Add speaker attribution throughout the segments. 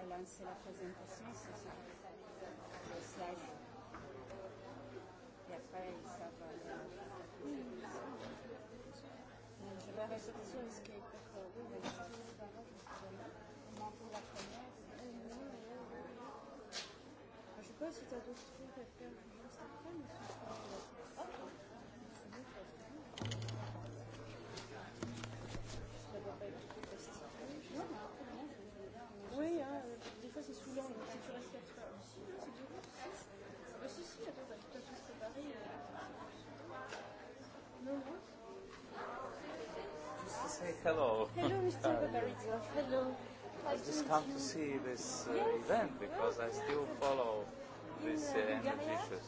Speaker 1: a a a va lancer la présentation, c'est ça. Le slide. Et après, ça va. Je vais rester sur ce qui est pour vous, mais je vais d'abord comment pour la première. Je sais pas si tu as d'autres trucs à faire juste après, mais je pense que.
Speaker 2: Hello. Hello, Mr. Babarizzo. Hello. I just come
Speaker 3: to see this uh, yes. event because I still follow this uh, uh energy issues.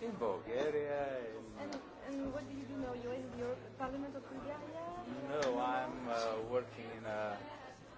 Speaker 3: In Bulgaria. In,
Speaker 1: and, and what do you do now? You're in the Parliament of Bulgaria?
Speaker 3: No, I'm uh, working in a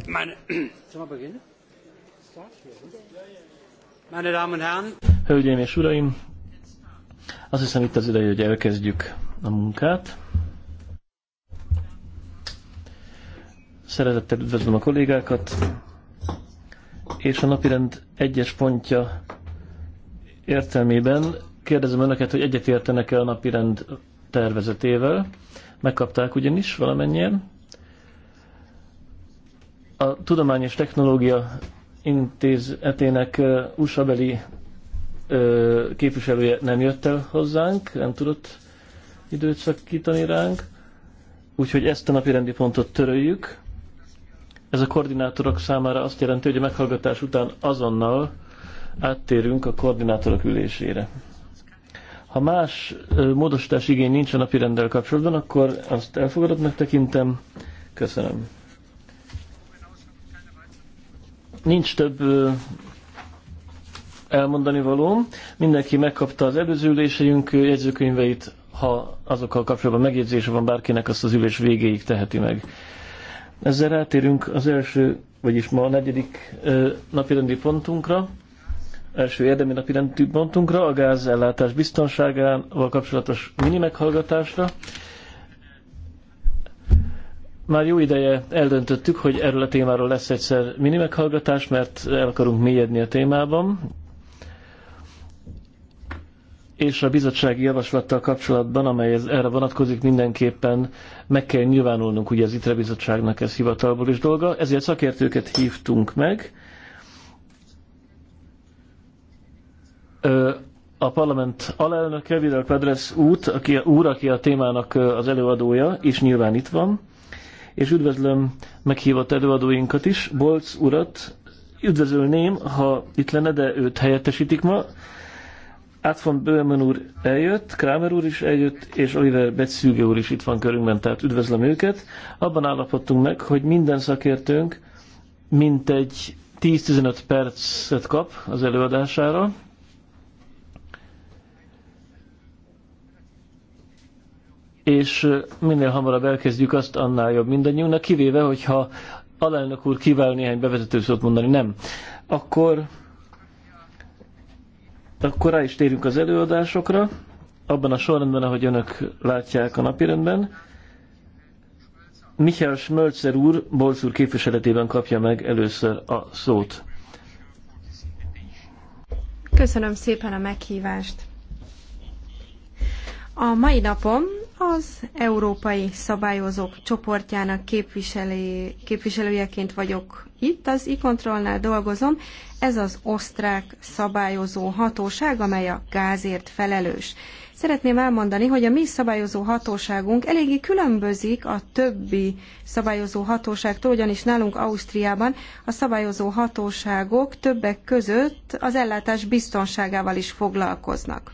Speaker 2: Hölgyeim és Uraim, azt hiszem itt az ideje, hogy elkezdjük a munkát. Szeretettel üdvözlöm a kollégákat, és a napirend egyes pontja értelmében kérdezem önöket, hogy egyetértenek-e a napirend tervezetével. Megkapták ugyanis valamennyien a Tudományos Technológia Intézetének usa képviselője nem jött el hozzánk, nem tudott időt szakítani ránk, úgyhogy ezt a napi rendi pontot töröljük. Ez a koordinátorok számára azt jelenti, hogy a meghallgatás után azonnal áttérünk a koordinátorok ülésére. Ha más módosítás igény nincs a napi rendel kapcsolatban, akkor azt elfogadottnak tekintem. Köszönöm. Nincs több elmondani valóm. Mindenki megkapta az előző ülésünk jegyzőkönyveit, ha azokkal kapcsolatban megjegyzése van bárkinek, azt az ülés végéig teheti meg. Ezzel rátérünk az első, vagyis ma a negyedik napirendi pontunkra, első érdemi napirendi pontunkra, a gázellátás biztonságával kapcsolatos mini meghallgatásra. Már jó ideje eldöntöttük, hogy erről a témáról lesz egyszer mini meghallgatás, mert el akarunk mélyedni a témában. És a bizottsági javaslattal kapcsolatban, amely ez, erre vonatkozik, mindenképpen meg kell nyilvánulnunk, ugye az ITRE bizottságnak ez hivatalból is dolga, ezért szakértőket hívtunk meg. Ö, a parlament alelnöke, Vidal Pedres út, aki, úr, aki a témának az előadója, és nyilván itt van és üdvözlöm meghívott előadóinkat is, Bolc urat, üdvözölném, ha itt lenne, de őt helyettesítik ma. Át van Böhmen úr eljött, Kramer úr is eljött, és Oliver Betszűge úr is itt van körünkben, tehát üdvözlöm őket. Abban állapodtunk meg, hogy minden szakértőnk mintegy 10-15 percet kap az előadására, és minél hamarabb elkezdjük azt, annál jobb mindannyiunknak, kivéve, hogyha alelnök úr kíván néhány bevezető szót mondani, nem, akkor, akkor rá is térünk az előadásokra, abban a sorrendben, ahogy önök látják a napirendben. Michael Schmölzer úr, Bolsz úr képviseletében kapja meg először a szót.
Speaker 1: Köszönöm szépen a meghívást. A mai napom az európai szabályozók csoportjának képviselőjeként vagyok itt, az e kontrollnál dolgozom. Ez az osztrák szabályozó hatóság, amely a gázért felelős. Szeretném elmondani, hogy a mi szabályozó hatóságunk eléggé különbözik a többi szabályozó hatóságtól, ugyanis nálunk Ausztriában a szabályozó hatóságok többek között az ellátás biztonságával is foglalkoznak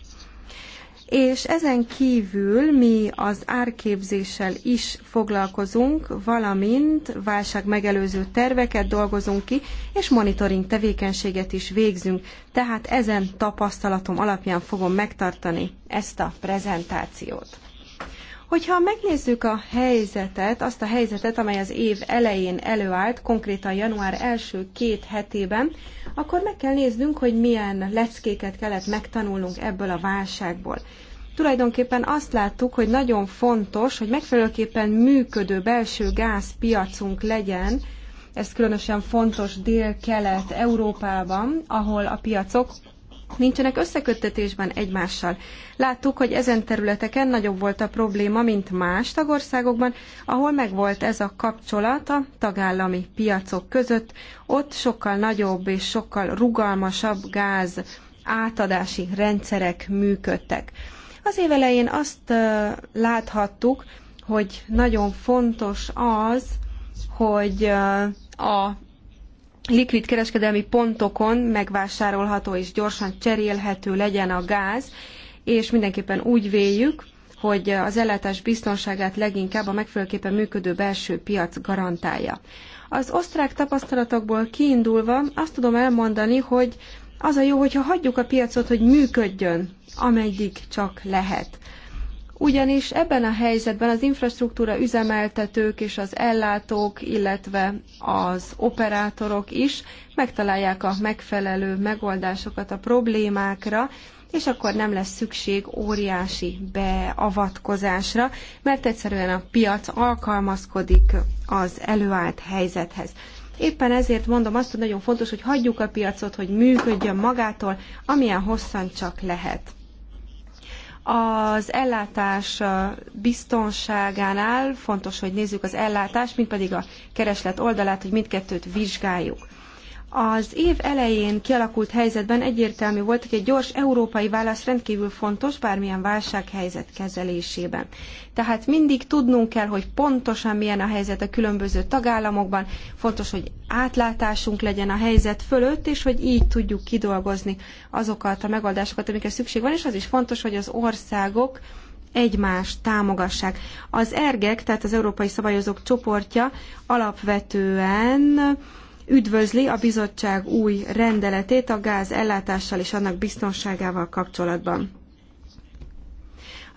Speaker 1: és ezen kívül mi az árképzéssel is foglalkozunk, valamint válság megelőző terveket dolgozunk ki, és monitoring tevékenységet is végzünk. Tehát ezen tapasztalatom alapján fogom megtartani ezt a prezentációt. Hogyha megnézzük a helyzetet, azt a helyzetet, amely az év elején előállt, konkrétan január első két hetében, akkor meg kell néznünk, hogy milyen leckéket kellett megtanulnunk ebből a válságból tulajdonképpen azt láttuk, hogy nagyon fontos, hogy megfelelőképpen működő belső gázpiacunk legyen, ez különösen fontos dél-kelet Európában, ahol a piacok nincsenek összeköttetésben egymással. Láttuk, hogy ezen területeken nagyobb volt a probléma, mint más tagországokban, ahol megvolt ez a kapcsolat a tagállami piacok között. Ott sokkal nagyobb és sokkal rugalmasabb gáz átadási rendszerek működtek. Az év elején azt láthattuk, hogy nagyon fontos az, hogy a likvid kereskedelmi pontokon megvásárolható és gyorsan cserélhető legyen a gáz, és mindenképpen úgy véljük, hogy az ellátás biztonságát leginkább a megfelelőképpen működő belső piac garantálja. Az osztrák tapasztalatokból kiindulva azt tudom elmondani, hogy az a jó, hogyha hagyjuk a piacot, hogy működjön, ameddig csak lehet ugyanis ebben a helyzetben az infrastruktúra üzemeltetők és az ellátók, illetve az operátorok is megtalálják a megfelelő megoldásokat a problémákra, és akkor nem lesz szükség óriási beavatkozásra, mert egyszerűen a piac alkalmazkodik az előállt helyzethez. Éppen ezért mondom azt, hogy nagyon fontos, hogy hagyjuk a piacot, hogy működjön magától, amilyen hosszan csak lehet. Az ellátás biztonságánál fontos, hogy nézzük az ellátást, mint pedig a kereslet oldalát, hogy mindkettőt vizsgáljuk. Az év elején kialakult helyzetben egyértelmű volt, hogy egy gyors európai válasz rendkívül fontos bármilyen válsághelyzet kezelésében. Tehát mindig tudnunk kell, hogy pontosan milyen a helyzet a különböző tagállamokban, fontos, hogy átlátásunk legyen a helyzet fölött, és hogy így tudjuk kidolgozni azokat a megoldásokat, amikre szükség van, és az is fontos, hogy az országok egymást támogassák. Az ERGEK, tehát az Európai Szabályozók csoportja alapvetően üdvözli a bizottság új rendeletét a gáz ellátással és annak biztonságával kapcsolatban.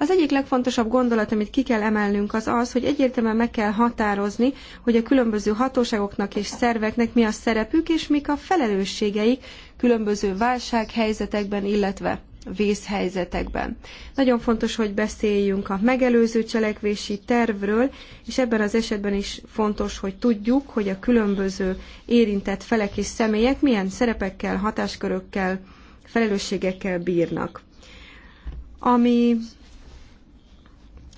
Speaker 1: Az egyik legfontosabb gondolat, amit ki kell emelnünk, az az, hogy egyértelműen meg kell határozni, hogy a különböző hatóságoknak és szerveknek mi a szerepük és mik a felelősségeik különböző válsághelyzetekben, illetve vészhelyzetekben. Nagyon fontos, hogy beszéljünk a megelőző cselekvési tervről, és ebben az esetben is fontos, hogy tudjuk, hogy a különböző érintett felek és személyek milyen szerepekkel, hatáskörökkel, felelősségekkel bírnak. Ami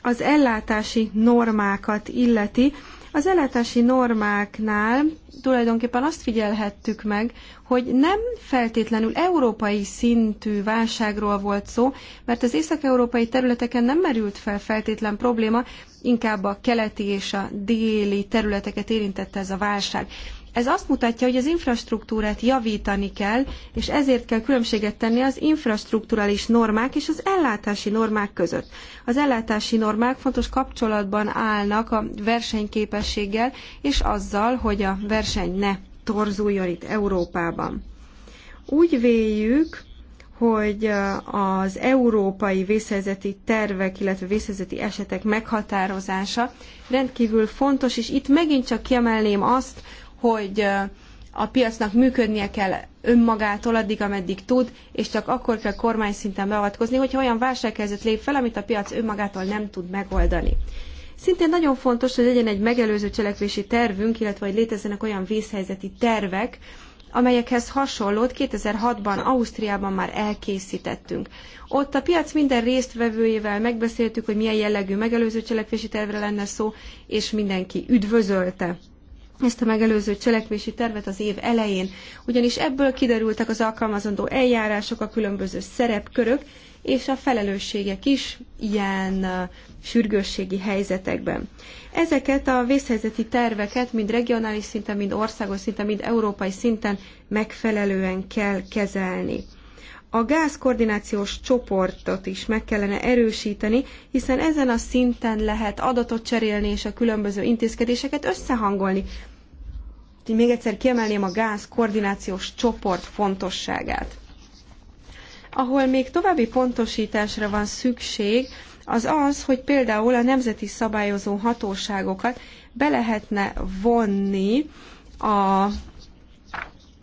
Speaker 1: az ellátási normákat illeti, az ellátási normáknál tulajdonképpen azt figyelhettük meg, hogy nem feltétlenül európai szintű válságról volt szó, mert az észak-európai területeken nem merült fel feltétlen probléma, inkább a keleti és a déli területeket érintette ez a válság. Ez azt mutatja, hogy az infrastruktúrát javítani kell, és ezért kell különbséget tenni az infrastruktúrális normák és az ellátási normák között. Az ellátási normák fontos kapcsolatban állnak a versenyképességgel, és azzal, hogy a verseny ne torzuljon itt Európában. Úgy véljük, hogy az európai vészhelyzeti tervek, illetve vészhelyzeti esetek meghatározása rendkívül fontos, és itt megint csak kiemelném azt, hogy a piacnak működnie kell önmagától addig, ameddig tud, és csak akkor kell kormány szinten beavatkozni, hogyha olyan válsághelyzet lép fel, amit a piac önmagától nem tud megoldani. Szintén nagyon fontos, hogy legyen egy megelőző cselekvési tervünk, illetve hogy létezzenek olyan vészhelyzeti tervek, amelyekhez hasonlót 2006-ban Ausztriában már elkészítettünk. Ott a piac minden résztvevőjével megbeszéltük, hogy milyen jellegű megelőző cselekvési tervre lenne szó, és mindenki üdvözölte ezt a megelőző cselekvési tervet az év elején, ugyanis ebből kiderültek az alkalmazandó eljárások, a különböző szerepkörök és a felelősségek is ilyen sürgősségi helyzetekben. Ezeket a vészhelyzeti terveket mind regionális szinten, mind országos szinten, mind európai szinten megfelelően kell kezelni. A gázkoordinációs csoportot is meg kellene erősíteni, hiszen ezen a szinten lehet adatot cserélni és a különböző intézkedéseket összehangolni, Úgyhogy még egyszer kiemelném a gáz koordinációs csoport fontosságát. Ahol még további pontosításra van szükség, az az, hogy például a nemzeti szabályozó hatóságokat be lehetne vonni a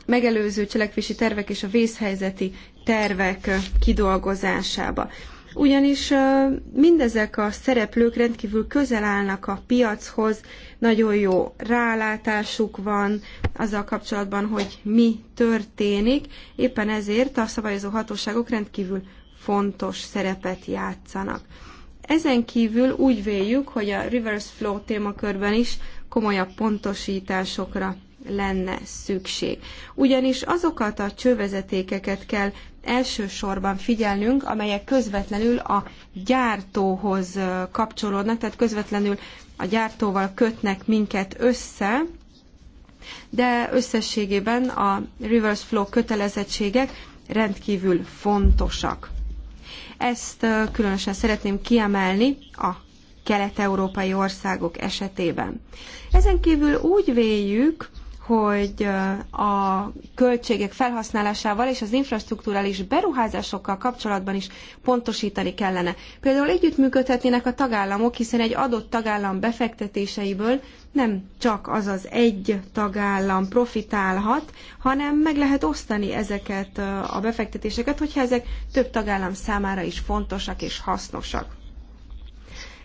Speaker 1: megelőző cselekvési tervek és a vészhelyzeti tervek kidolgozásába ugyanis mindezek a szereplők rendkívül közel állnak a piachoz, nagyon jó rálátásuk van azzal kapcsolatban, hogy mi történik, éppen ezért a szabályozó hatóságok rendkívül fontos szerepet játszanak. Ezen kívül úgy véljük, hogy a reverse flow témakörben is komolyabb pontosításokra lenne szükség. Ugyanis azokat a csővezetékeket kell elsősorban figyelnünk, amelyek közvetlenül a gyártóhoz kapcsolódnak, tehát közvetlenül a gyártóval kötnek minket össze, de összességében a reverse flow kötelezettségek rendkívül fontosak. Ezt különösen szeretném kiemelni a kelet-európai országok esetében. Ezen kívül úgy véljük, hogy a költségek felhasználásával és az infrastruktúrális beruházásokkal kapcsolatban is pontosítani kellene. Például együttműködhetnének a tagállamok, hiszen egy adott tagállam befektetéseiből nem csak az az egy tagállam profitálhat, hanem meg lehet osztani ezeket a befektetéseket, hogyha ezek több tagállam számára is fontosak és hasznosak.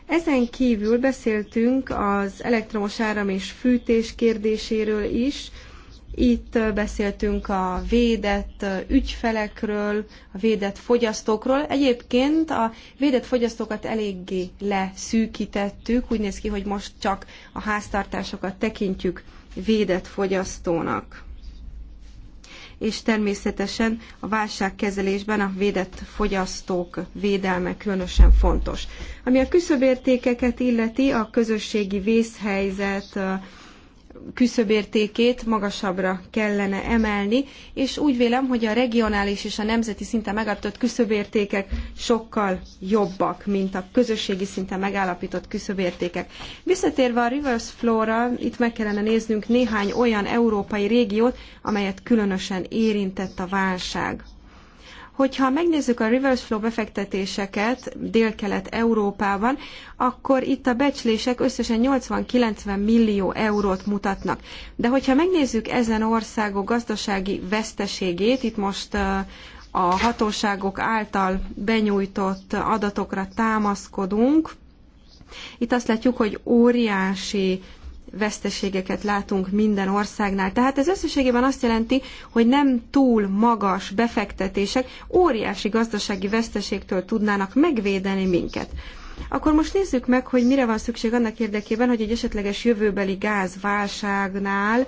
Speaker 1: Ezen kívül beszéltünk az elektromos áram és fűtés kérdéséről is, itt beszéltünk a védett ügyfelekről, a védett fogyasztókról. Egyébként a védett fogyasztókat eléggé leszűkítettük. Úgy néz ki, hogy most csak a háztartásokat tekintjük védett fogyasztónak és természetesen a válságkezelésben a védett fogyasztók védelme különösen fontos. Ami a küszöbértékeket illeti, a közösségi vészhelyzet, küszöbértékét magasabbra kellene emelni, és úgy vélem, hogy a regionális és a nemzeti szinten megállapított küszöbértékek sokkal jobbak, mint a közösségi szinten megállapított küszöbértékek. Visszatérve a reverse flow-ra, itt meg kellene néznünk néhány olyan európai régiót, amelyet különösen érintett a válság. Hogyha megnézzük a reverse flow befektetéseket Dél-Kelet-Európában, akkor itt a becslések összesen 80-90 millió eurót mutatnak. De hogyha megnézzük ezen országok gazdasági veszteségét, itt most a hatóságok által benyújtott adatokra támaszkodunk, itt azt látjuk, hogy óriási veszteségeket látunk minden országnál. Tehát ez összességében azt jelenti, hogy nem túl magas befektetések óriási gazdasági veszteségtől tudnának megvédeni minket. Akkor most nézzük meg, hogy mire van szükség annak érdekében, hogy egy esetleges jövőbeli gázválságnál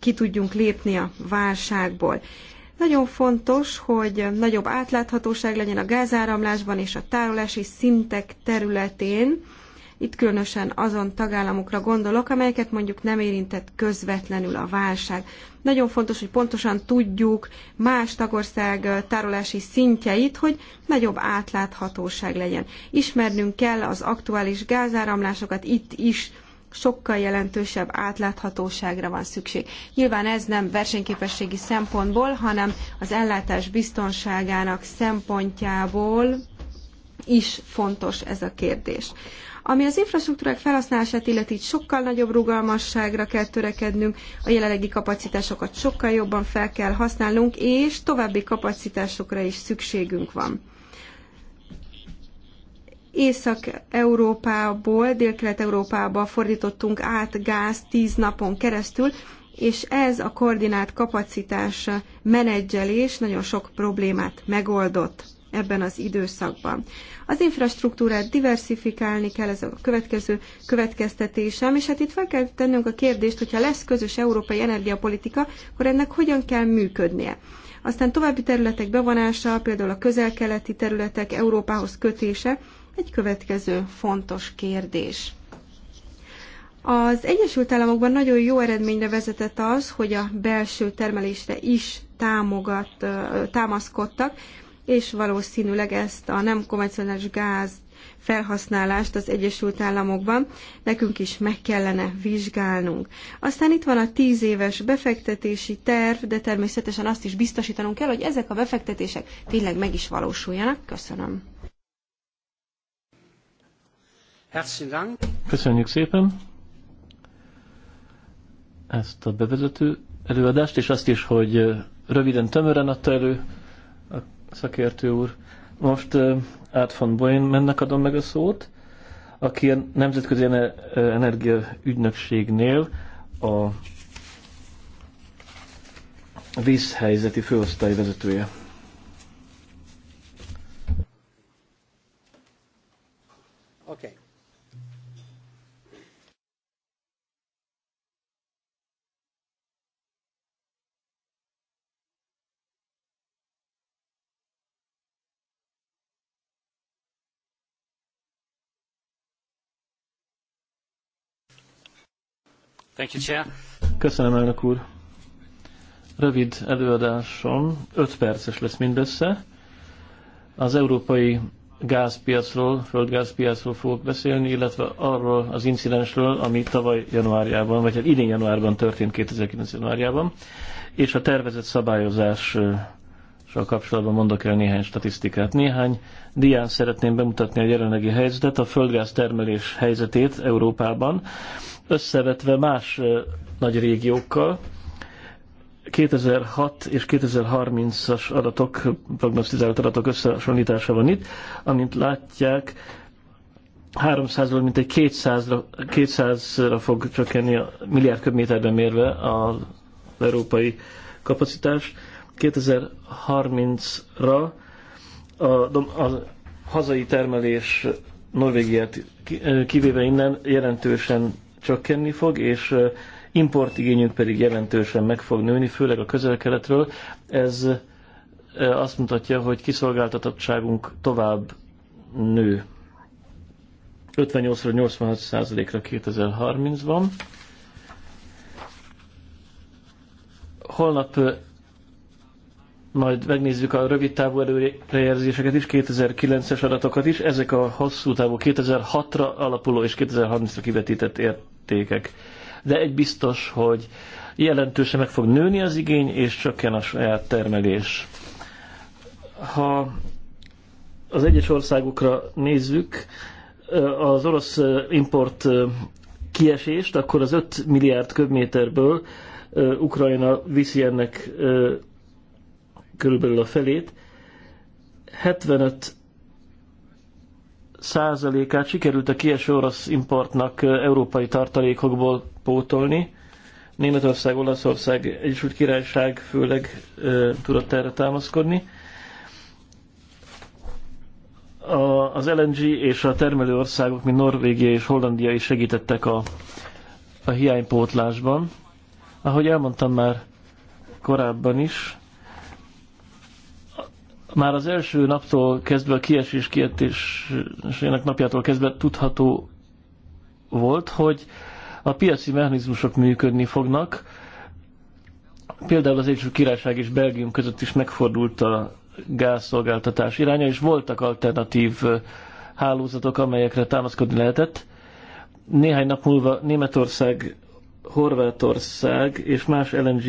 Speaker 1: ki tudjunk lépni a válságból. Nagyon fontos, hogy nagyobb átláthatóság legyen a gázáramlásban és a tárolási szintek területén, itt különösen azon tagállamokra gondolok, amelyeket mondjuk nem érintett közvetlenül a válság. Nagyon fontos, hogy pontosan tudjuk más tagország tárolási szintjeit, hogy nagyobb átláthatóság legyen. Ismernünk kell az aktuális gázáramlásokat itt is, sokkal jelentősebb átláthatóságra van szükség. Nyilván ez nem versenyképességi szempontból, hanem az ellátás biztonságának szempontjából is fontos ez a kérdés. Ami az infrastruktúrák felhasználását illeti, így sokkal nagyobb rugalmasságra kell törekednünk, a jelenlegi kapacitásokat sokkal jobban fel kell használnunk, és további kapacitásokra is szükségünk van. Észak-Európából, Dél-Kelet-Európába fordítottunk át gáz tíz napon keresztül, és ez a koordinált kapacitás menedzselés nagyon sok problémát megoldott ebben az időszakban. Az infrastruktúrát diversifikálni kell, ez a következő következtetésem, és hát itt fel kell tennünk a kérdést, hogyha lesz közös európai energiapolitika, akkor ennek hogyan kell működnie. Aztán további területek bevonása, például a közel-keleti területek Európához kötése, egy következő fontos kérdés. Az Egyesült Államokban nagyon jó eredményre vezetett az, hogy a belső termelésre is támogat, támaszkodtak, és valószínűleg ezt a nem konvencionális gáz felhasználást az Egyesült Államokban nekünk is meg kellene vizsgálnunk. Aztán itt van a tíz éves befektetési terv, de természetesen azt is biztosítanunk kell, hogy ezek a befektetések tényleg meg is valósuljanak. Köszönöm.
Speaker 2: Köszönjük szépen ezt a bevezető előadást, és azt is, hogy röviden, tömören adta elő szakértő úr. Most át van Boyen mennek adom meg a szót, aki a Nemzetközi Energia Ügynökségnél a vízhelyzeti főosztály vezetője. Okay. Thank you, Chair. Köszönöm, elnök úr. Rövid előadásom, 5 perces lesz mindössze. Az európai gázpiacról, földgázpiacról fogok beszélni, illetve arról az incidensről, ami tavaly januárjában, vagy hát idén januárban történt, 2009 januárjában, és a tervezett szabályozás és a kapcsolatban mondok el néhány statisztikát. Néhány dián szeretném bemutatni a jelenlegi helyzetet, a földgáz termelés helyzetét Európában, összevetve más nagy régiókkal. 2006 és 2030-as adatok, prognosztizált adatok összehasonlítása van itt, amint látják, 300-ról mintegy 200-ra, 200-ra fog csökkenni a milliárd köbméterben mérve az európai kapacitás. 2030-ra a, a hazai termelés Norvégiát kivéve innen jelentősen csökkenni fog, és importigényünk pedig jelentősen meg fog nőni, főleg a közel-keletről. Ez azt mutatja, hogy kiszolgáltatottságunk tovább nő. 58 86%-ra 2030-ban. Holnap majd megnézzük a rövid távú előrejelzéseket is, 2009-es adatokat is, ezek a hosszú távú 2006-ra alapuló és 2030-ra kivetített értékek. De egy biztos, hogy jelentősen meg fog nőni az igény, és csökken a saját termelés. Ha az egyes országokra nézzük, az orosz import kiesést, akkor az 5 milliárd köbméterből Ukrajna viszi ennek körülbelül a felét, 75 százalékát sikerült a kieső orosz importnak európai tartalékokból pótolni. Németország, Olaszország, Egyesült Királyság főleg ö, tudott erre támaszkodni. A, az LNG és a termelő országok, mint Norvégia és Hollandia is segítettek a, a hiánypótlásban. Ahogy elmondtam már korábban is, már az első naptól kezdve, a kiesés kiértésének napjától kezdve tudható volt, hogy a piaci mechanizmusok működni fognak. Például az Egyesült Királyság és Belgium között is megfordult a gázszolgáltatás iránya, és voltak alternatív hálózatok, amelyekre támaszkodni lehetett. Néhány nap múlva Németország, Horvátország és más lng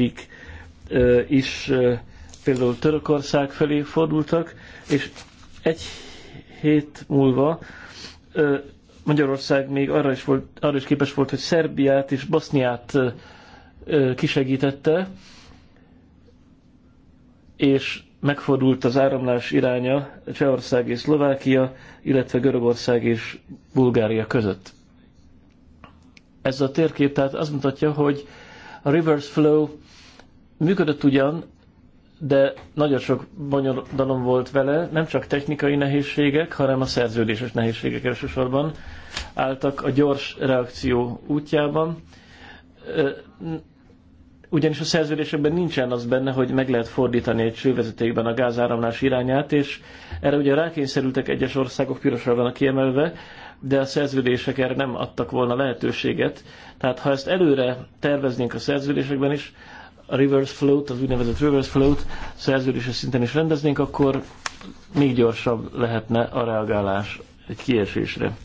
Speaker 2: is például Törökország felé fordultak, és egy hét múlva Magyarország még arra is, volt, arra is képes volt, hogy Szerbiát és Boszniát kisegítette, és megfordult az áramlás iránya Csehország és Szlovákia, illetve Görögország és Bulgária között. Ez a térkép tehát azt mutatja, hogy a reverse flow működött ugyan, de nagyon sok bonyodalom volt vele, nem csak technikai nehézségek, hanem a szerződéses nehézségek elsősorban álltak a gyors reakció útjában. Ugyanis a szerződésekben nincsen az benne, hogy meg lehet fordítani egy csővezetékben a gázáramlás irányát, és erre ugye rákényszerültek egyes országok pirosra a kiemelve, de a szerződések erre nem adtak volna lehetőséget. Tehát ha ezt előre terveznénk a szerződésekben is, a reverse flow-t, az úgynevezett reverse flow-t szerződéses szinten is rendeznénk, akkor még gyorsabb lehetne a reagálás egy kiesésre.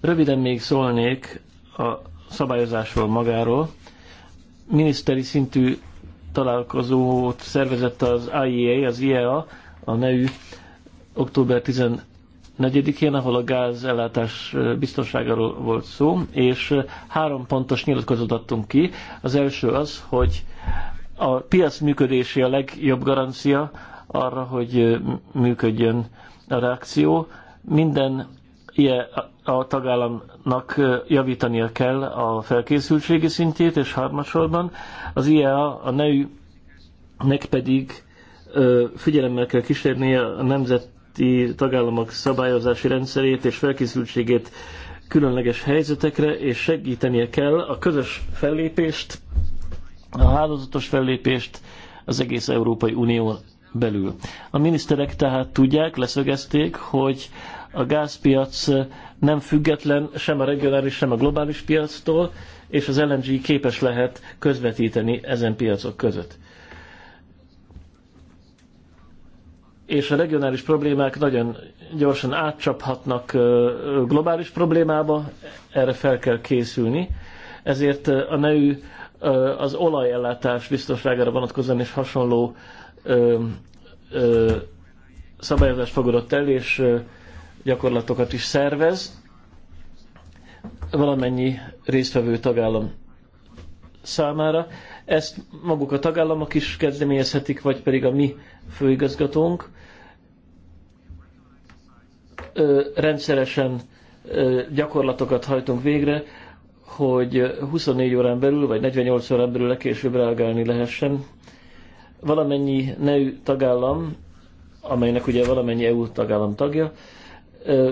Speaker 2: Röviden még szólnék a szabályozásról magáról. Miniszteri szintű találkozót szervezett az IEA, az IEA, a NEU október 4-én, ahol a gázellátás biztonságáról volt szó, és három pontos nyilatkozatot adtunk ki. Az első az, hogy a piac működési a legjobb garancia arra, hogy működjön a reakció. Minden ilyen a tagállamnak javítania kell a felkészültségi szintjét, és harmadsorban az IEA, a neu pedig figyelemmel kell kísérnie a nemzet közötti tagállamok szabályozási rendszerét és felkészültségét különleges helyzetekre, és segítenie kell a közös fellépést, a hálózatos fellépést az egész Európai Unión belül. A miniszterek tehát tudják, leszögezték, hogy a gázpiac nem független sem a regionális, sem a globális piactól, és az LNG képes lehet közvetíteni ezen piacok között. és a regionális problémák nagyon gyorsan átcsaphatnak globális problémába, erre fel kell készülni. Ezért a NEU az olajellátás biztonságára vonatkozóan és hasonló ö, ö, szabályozást fogadott el, és gyakorlatokat is szervez valamennyi résztvevő tagállam számára. Ezt maguk a tagállamok is kezdeményezhetik, vagy pedig a mi főigazgatónk rendszeresen gyakorlatokat hajtunk végre, hogy 24 órán belül, vagy 48 órán belül legkésőbb reagálni lehessen. Valamennyi NEU tagállam, amelynek ugye valamennyi EU tagállam tagja,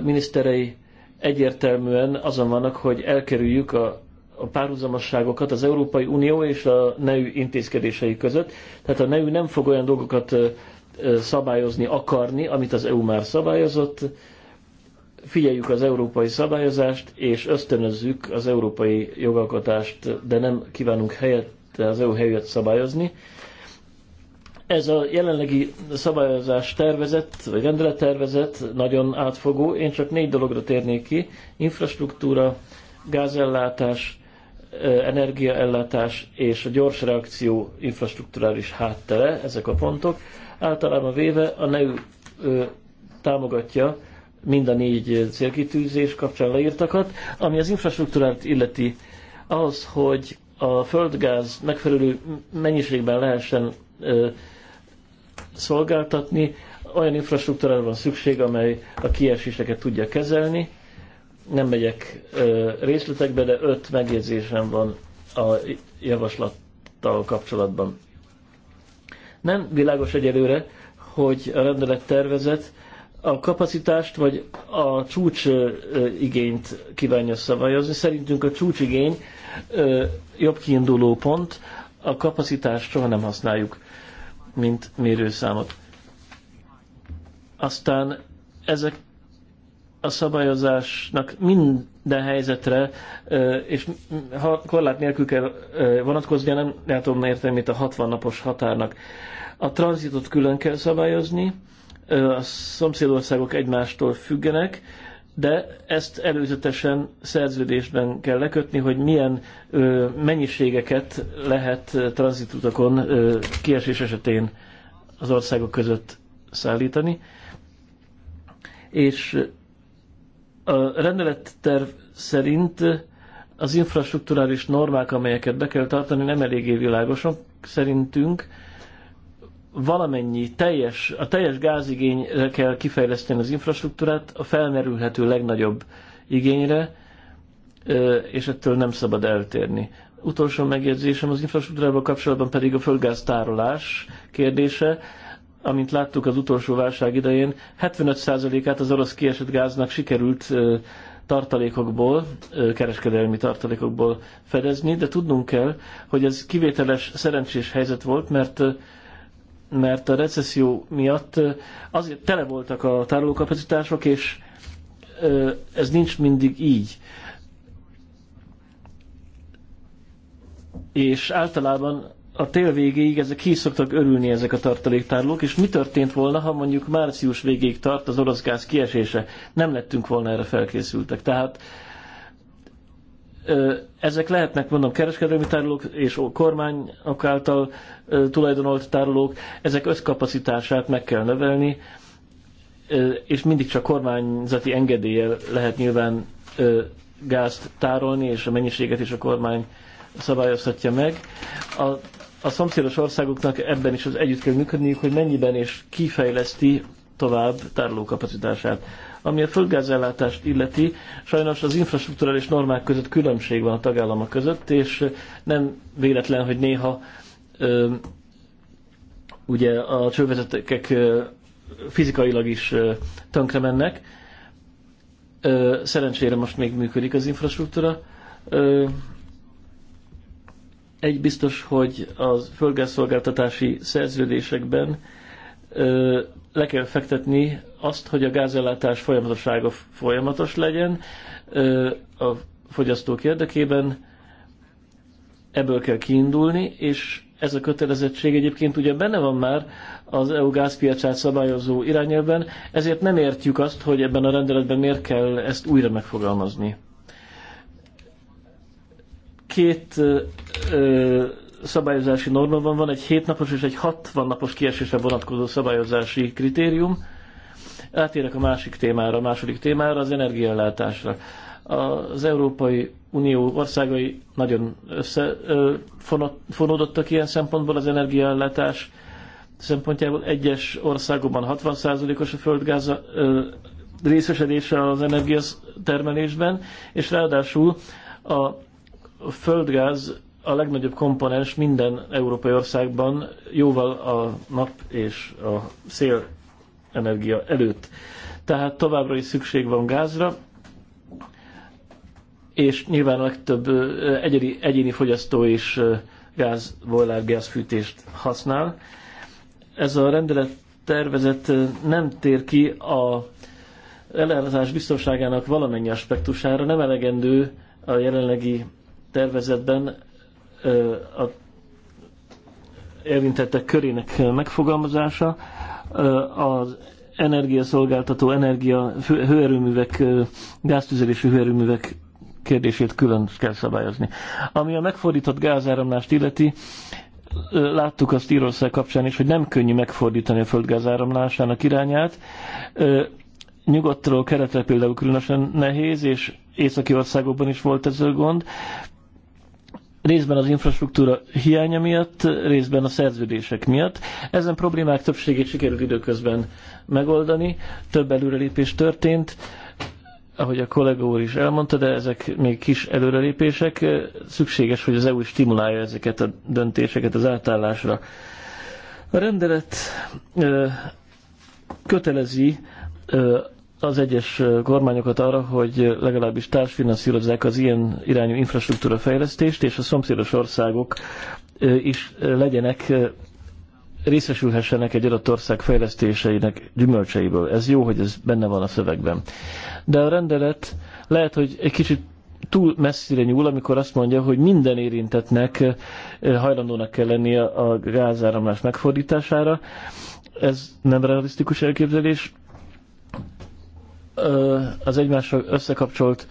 Speaker 2: miniszterei egyértelműen azon vannak, hogy elkerüljük a a párhuzamosságokat az Európai Unió és a NEU intézkedései között. Tehát a NEU nem fog olyan dolgokat szabályozni akarni, amit az EU már szabályozott. Figyeljük az európai szabályozást, és ösztönözzük az európai jogalkotást, de nem kívánunk helyette az EU helyet szabályozni. Ez a jelenlegi szabályozás tervezet, vagy rendelettervezet nagyon átfogó. Én csak négy dologra térnék ki. Infrastruktúra, gázellátás, energiaellátás és a gyors reakció infrastruktúrális háttere, ezek a pontok. Általában véve a NEU támogatja mind a négy célkitűzés kapcsán leírtakat, ami az infrastruktúrát illeti az, hogy a földgáz megfelelő mennyiségben lehessen ö, szolgáltatni, olyan infrastruktúrára van szükség, amely a kieséseket tudja kezelni, nem megyek részletekbe, de öt megjegyzésem van a javaslattal kapcsolatban. Nem világos egyelőre, hogy a rendelet tervezet a kapacitást vagy a csúcs igényt kívánja szabályozni. Szerintünk a csúcsigény jobb kiinduló pont, a kapacitást soha nem használjuk, mint mérőszámot. Aztán ezek a szabályozásnak minden helyzetre, és ha korlát nélkül kell vonatkozni, nem látom értelmét a 60 napos határnak. A tranzitot külön kell szabályozni, a szomszédországok egymástól függenek, de ezt előzetesen szerződésben kell lekötni, hogy milyen mennyiségeket lehet tranzitutakon kiesés esetén az országok között szállítani. És a rendeletterv szerint az infrastruktúrális normák, amelyeket be kell tartani, nem eléggé világosak. Szerintünk valamennyi teljes, a teljes gázigényre kell kifejleszteni az infrastruktúrát, a felmerülhető legnagyobb igényre, és ettől nem szabad eltérni. Utolsó megjegyzésem az infrastruktúrával kapcsolatban pedig a földgáztárolás kérdése amint láttuk az utolsó válság idején, 75%-át az orosz kiesett gáznak sikerült tartalékokból, kereskedelmi tartalékokból fedezni, de tudnunk kell, hogy ez kivételes, szerencsés helyzet volt, mert mert a recesszió miatt azért tele voltak a tárolókapacitások, és ez nincs mindig így. És általában a tél végéig ezek ki szoktak örülni ezek a tartaléktárlók, és mi történt volna, ha mondjuk március végéig tart az orosz gáz kiesése? Nem lettünk volna erre felkészültek. Tehát ezek lehetnek, mondom, kereskedelmi tárolók és kormányok által tulajdonolt tárolók, ezek összkapacitását meg kell növelni, és mindig csak kormányzati engedéllyel lehet nyilván gázt tárolni, és a mennyiséget is a kormány szabályozhatja meg. A, a szomszédos országoknak ebben is az együtt kell működniük, hogy mennyiben és kifejleszti tovább tárolókapacitását. Ami a földgázellátást illeti, sajnos az infrastruktúrális normák között különbség van a tagállamok között, és nem véletlen, hogy néha ö, ugye a csővezetekek ö, fizikailag is ö, tönkre mennek. Ö, szerencsére most még működik az infrastruktúra. Ö, egy biztos, hogy a földgázszolgáltatási szerződésekben ö, le kell fektetni azt, hogy a gázellátás folyamatossága folyamatos legyen ö, a fogyasztók érdekében, ebből kell kiindulni, és ez a kötelezettség egyébként ugye benne van már az EU gázpiacát szabályozó irányelben, ezért nem értjük azt, hogy ebben a rendeletben miért kell ezt újra megfogalmazni. Két ö, szabályozási norma van, van egy 7 napos és egy 60 napos kiesésre vonatkozó szabályozási kritérium. Átérek a másik témára, a második témára, az energiaellátásra. Az Európai Unió országai nagyon összefonódottak ilyen szempontból az energiaellátás szempontjából. Egyes országokban 60%-os a földgáz részesedése az energiatermelésben, és ráadásul a a földgáz a legnagyobb komponens minden európai országban, jóval a nap és a szél energia előtt. Tehát továbbra is szükség van gázra, és nyilván a legtöbb egyedi, egyéni fogyasztó is gáz, boiler, gázfűtést használ. Ez a rendelet tervezet nem tér ki a ellenállás biztonságának valamennyi aspektusára, nem elegendő a jelenlegi tervezetben a érintettek körének megfogalmazása, az energiaszolgáltató energia hőerőművek, gáztüzelési hőerőművek kérdését külön kell szabályozni. Ami a megfordított gázáramlást illeti, láttuk azt Írország kapcsán is, hogy nem könnyű megfordítani a földgázáramlásának irányát. Nyugatról keletre például különösen nehéz, és északi országokban is volt ez a gond részben az infrastruktúra hiánya miatt, részben a szerződések miatt. Ezen problémák többségét sikerült időközben megoldani, több előrelépés történt, ahogy a kollega úr is elmondta, de ezek még kis előrelépések. Szükséges, hogy az EU stimulálja ezeket a döntéseket az átállásra. A rendelet kötelezi az egyes kormányokat arra, hogy legalábbis társfinanszírozzák az ilyen irányú infrastruktúra fejlesztést, és a szomszédos országok is legyenek, részesülhessenek egy adott ország fejlesztéseinek gyümölcseiből. Ez jó, hogy ez benne van a szövegben. De a rendelet lehet, hogy egy kicsit túl messzire nyúl, amikor azt mondja, hogy minden érintetnek hajlandónak kell lennie a gázáramlás megfordítására. Ez nem realisztikus elképzelés az egymással összekapcsolt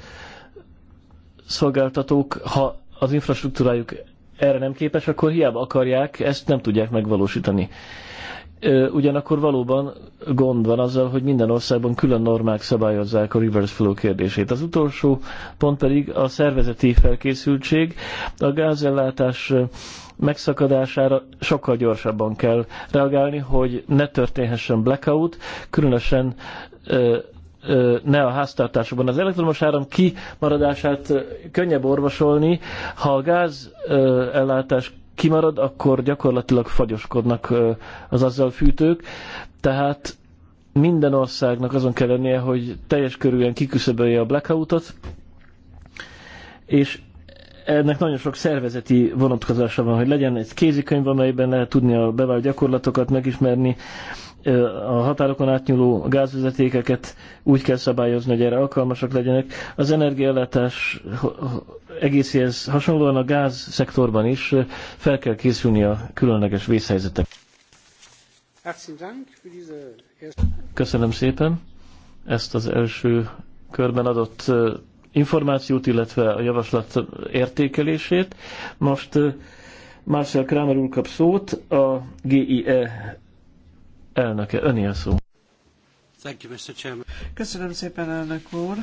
Speaker 2: szolgáltatók, ha az infrastruktúrájuk erre nem képes, akkor hiába akarják, ezt nem tudják megvalósítani. Ugyanakkor valóban gond van azzal, hogy minden országban külön normák szabályozzák a reverse flow kérdését. Az utolsó pont pedig a szervezeti felkészültség. A gázellátás megszakadására sokkal gyorsabban kell reagálni, hogy ne történhessen blackout, különösen ne a háztartásokban. Az elektromos áram kimaradását könnyebb orvosolni, ha a gáz ellátás kimarad, akkor gyakorlatilag fagyoskodnak az azzal fűtők, tehát minden országnak azon kell lennie, hogy teljes körülön kiküszöbölje a blackoutot, és ennek nagyon sok szervezeti vonatkozása van, hogy legyen egy kézikönyv, amelyben lehet tudni a bevált gyakorlatokat megismerni, a határokon átnyúló gázvezetékeket úgy kell szabályozni, hogy erre alkalmasak legyenek. Az energiállátás egészéhez hasonlóan a gáz szektorban is fel kell készülni a különleges vészhelyzetek. Köszönöm szépen ezt az első körben adott információt, illetve a javaslat értékelését. Most Marcel Kramer úr kap szót a GIE elnöke. Öné a szó.
Speaker 3: Köszönöm szépen, elnök úr.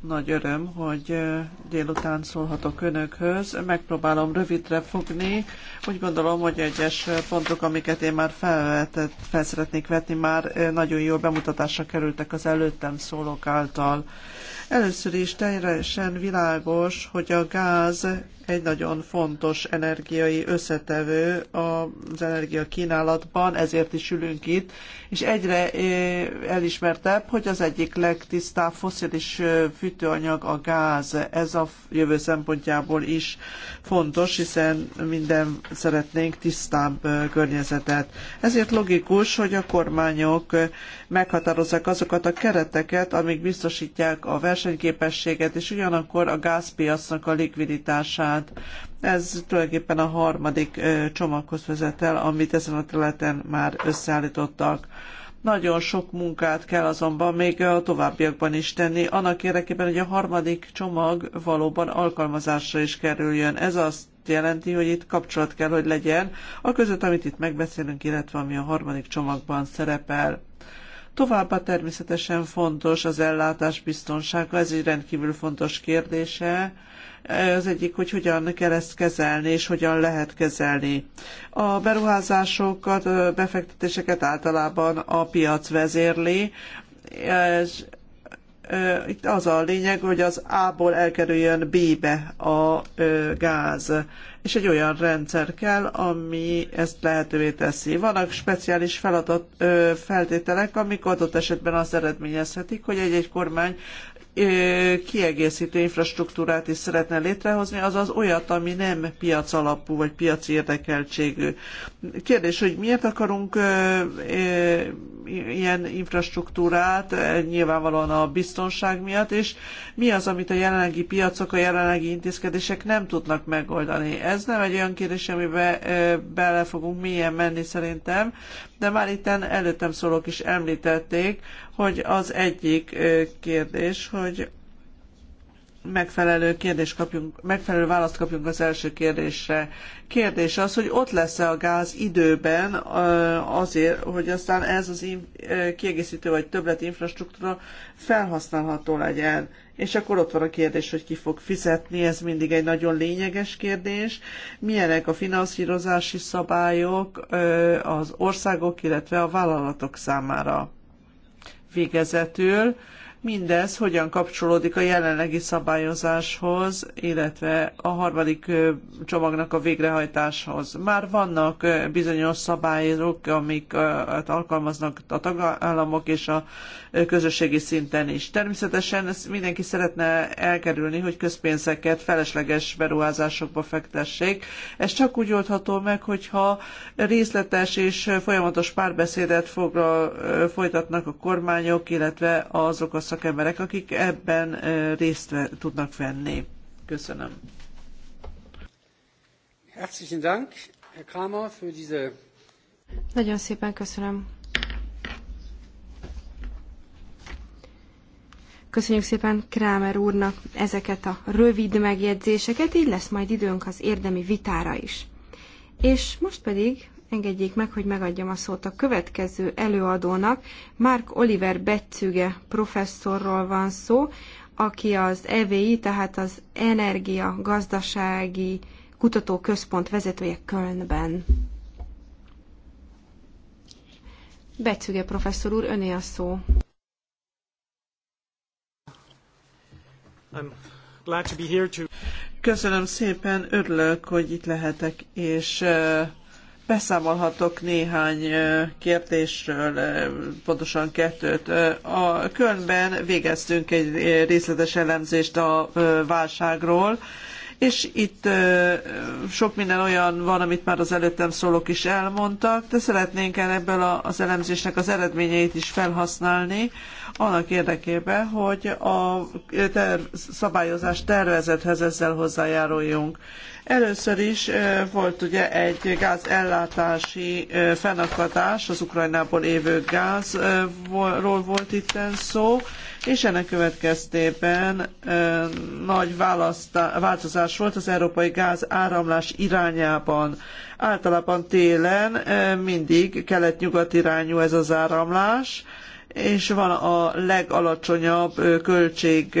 Speaker 3: Nagy öröm, hogy eh, délután szólhatok önökhöz. Megpróbálom rövidre fogni. Úgy gondolom, hogy egyes pontok, amiket én már felvetett, fel szeretnék vetni, már eh, nagyon jó bemutatásra kerültek az előttem szólók által. Először is teljesen világos, hogy a gáz egy nagyon fontos energiai összetevő az energia kínálatban, ezért is ülünk itt, és egyre elismertebb, hogy az egyik legtisztább foszilis fűtőanyag a gáz. Ez a jövő szempontjából is fontos, hiszen minden szeretnénk tisztább környezetet. Ezért logikus, hogy a kormányok meghatározzák azokat a kereteket, amik biztosítják a versenyképességet, és ugyanakkor a gázpiacnak a likviditását problémát. Ez tulajdonképpen a harmadik csomaghoz vezet el, amit ezen a területen már összeállítottak. Nagyon sok munkát kell azonban még a továbbiakban is tenni, annak érdekében, hogy a harmadik csomag valóban alkalmazásra is kerüljön. Ez azt jelenti, hogy itt kapcsolat kell, hogy legyen a között, amit itt megbeszélünk, illetve ami a harmadik csomagban szerepel. Továbbá természetesen fontos az ellátás biztonsága, ez egy rendkívül fontos kérdése az egyik, hogy hogyan kell ezt kezelni, és hogyan lehet kezelni. A beruházásokat, befektetéseket általában a piac vezérli, és itt az a lényeg, hogy az A-ból elkerüljön B-be a gáz. És egy olyan rendszer kell, ami ezt lehetővé teszi. Vannak speciális feladat, feltételek, amik adott esetben azt eredményezhetik, hogy egy-egy kormány kiegészítő infrastruktúrát is szeretne létrehozni, azaz olyat, ami nem piacalapú vagy piaci érdekeltségű. Kérdés, hogy miért akarunk ilyen infrastruktúrát, eh, nyilvánvalóan a biztonság miatt, és mi az, amit a jelenlegi piacok, a jelenlegi intézkedések nem tudnak megoldani. Ez nem egy olyan kérdés, amiben eh, bele fogunk mélyen menni szerintem, de már itt előttem szólók is említették, hogy az egyik eh, kérdés, hogy megfelelő kérdést kapjunk, megfelelő választ kapjunk az első kérdésre. Kérdés az, hogy ott lesz-e a gáz időben azért, hogy aztán ez az kiegészítő vagy többlet infrastruktúra felhasználható legyen. És akkor ott van a kérdés, hogy ki fog fizetni, ez mindig egy nagyon lényeges kérdés. Milyenek a finanszírozási szabályok az országok, illetve a vállalatok számára? Végezetül Mindez hogyan kapcsolódik a jelenlegi szabályozáshoz, illetve a harmadik csomagnak a végrehajtáshoz? Már vannak bizonyos szabályok, amik hát alkalmaznak a tagállamok és a közösségi szinten is. Természetesen ezt mindenki szeretne elkerülni, hogy közpénzeket felesleges beruházásokba fektessék. Ez csak úgy oldható meg, hogyha részletes és folyamatos párbeszédet fogra, folytatnak a kormányok, illetve azok a szakemberek, akik ebben részt tudnak venni. Köszönöm. Herzlichen Dank, Herr Kramer, für
Speaker 2: diese...
Speaker 1: Nagyon szépen köszönöm. Köszönjük szépen Krámer úrnak ezeket a rövid megjegyzéseket, így lesz majd időnk az érdemi vitára is. És most pedig Engedjék meg, hogy megadjam a szót a következő előadónak. Mark Oliver Betzüge professzorról van szó, aki az EVI, tehát az Energia Gazdasági Kutatóközpont vezetője Kölnben. Becüge professzor úr, öné a szó.
Speaker 2: I'm glad to be here to...
Speaker 3: Köszönöm szépen, örülök, hogy itt lehetek, és uh beszámolhatok néhány kérdésről, pontosan kettőt. A Kölnben végeztünk egy részletes elemzést a válságról, és itt sok minden olyan van, amit már az előttem szólók is elmondtak, de szeretnénk el ebből az elemzésnek az eredményeit is felhasználni, annak érdekében, hogy a terv, szabályozás tervezethez ezzel hozzájáruljunk. Először is volt ugye egy gázellátási fennakadás, az Ukrajnából évő gázról volt itt szó, és ennek következtében nagy változás volt az európai gáz áramlás irányában. Általában télen mindig kelet-nyugat irányú ez az áramlás, és van a legalacsonyabb költség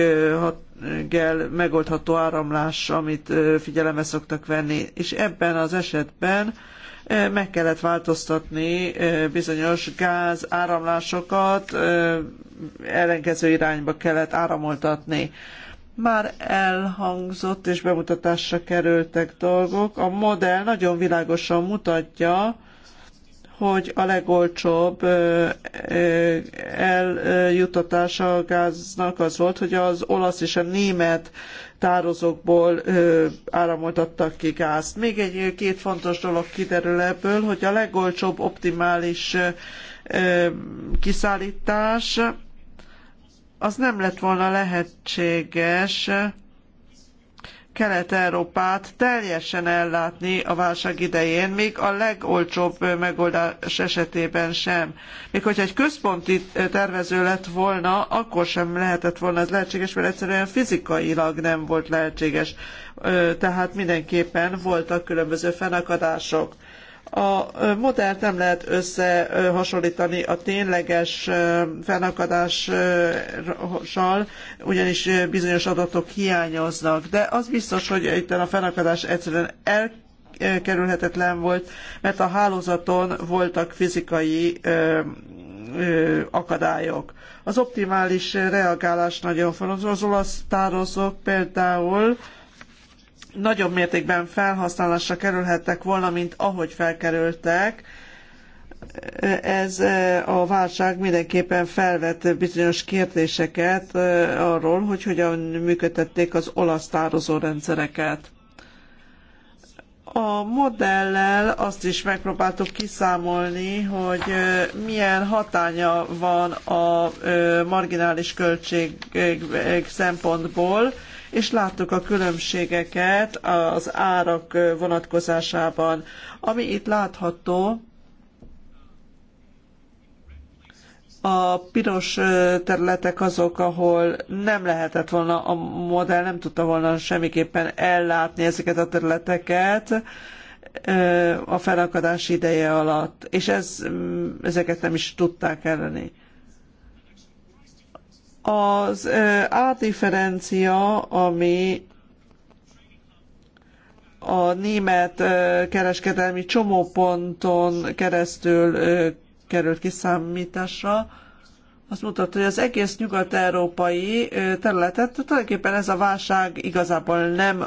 Speaker 3: megoldható áramlás, amit figyelembe szoktak venni. És ebben az esetben meg kellett változtatni bizonyos gáz áramlásokat, ellenkező irányba kellett áramoltatni. Már elhangzott és bemutatásra kerültek dolgok. A modell nagyon világosan mutatja, hogy a legolcsóbb eljutatása a gáznak az volt, hogy az olasz és a német tározókból áramoltattak ki gázt. Még egy két fontos dolog kiderül ebből, hogy a legolcsóbb optimális kiszállítás az nem lett volna lehetséges, Kelet-Európát teljesen ellátni a válság idején, még a legolcsóbb megoldás esetében sem. Még hogyha egy központi tervező lett volna, akkor sem lehetett volna ez lehetséges, mert egyszerűen fizikailag nem volt lehetséges. Tehát mindenképpen voltak különböző fennakadások. A modellt nem lehet összehasonlítani a tényleges fennakadással, ugyanis bizonyos adatok hiányoznak, de az biztos, hogy itt a fennakadás egyszerűen el kerülhetetlen volt, mert a hálózaton voltak fizikai ö, ö, akadályok. Az optimális reagálás nagyon fontos. Az olasz tározók például ö, nagyobb mértékben felhasználásra kerülhettek volna, mint ahogy felkerültek. Ez a válság mindenképpen felvett bizonyos kérdéseket arról, hogy hogyan működtették az olasz tározó rendszereket. A modellel azt is megpróbáltuk kiszámolni, hogy milyen hatánya van a marginális költség szempontból, és láttuk a különbségeket az árak vonatkozásában. Ami itt látható, a piros területek azok, ahol nem lehetett volna, a modell nem tudta volna semmiképpen ellátni ezeket a területeket a felakadás ideje alatt, és ez, mm, ezeket nem is tudták elleni. Az át-differencia, ami a német kereskedelmi csomóponton keresztül került kiszámításra, azt mutatta, hogy az egész nyugat-európai területet tulajdonképpen ez a válság igazából nem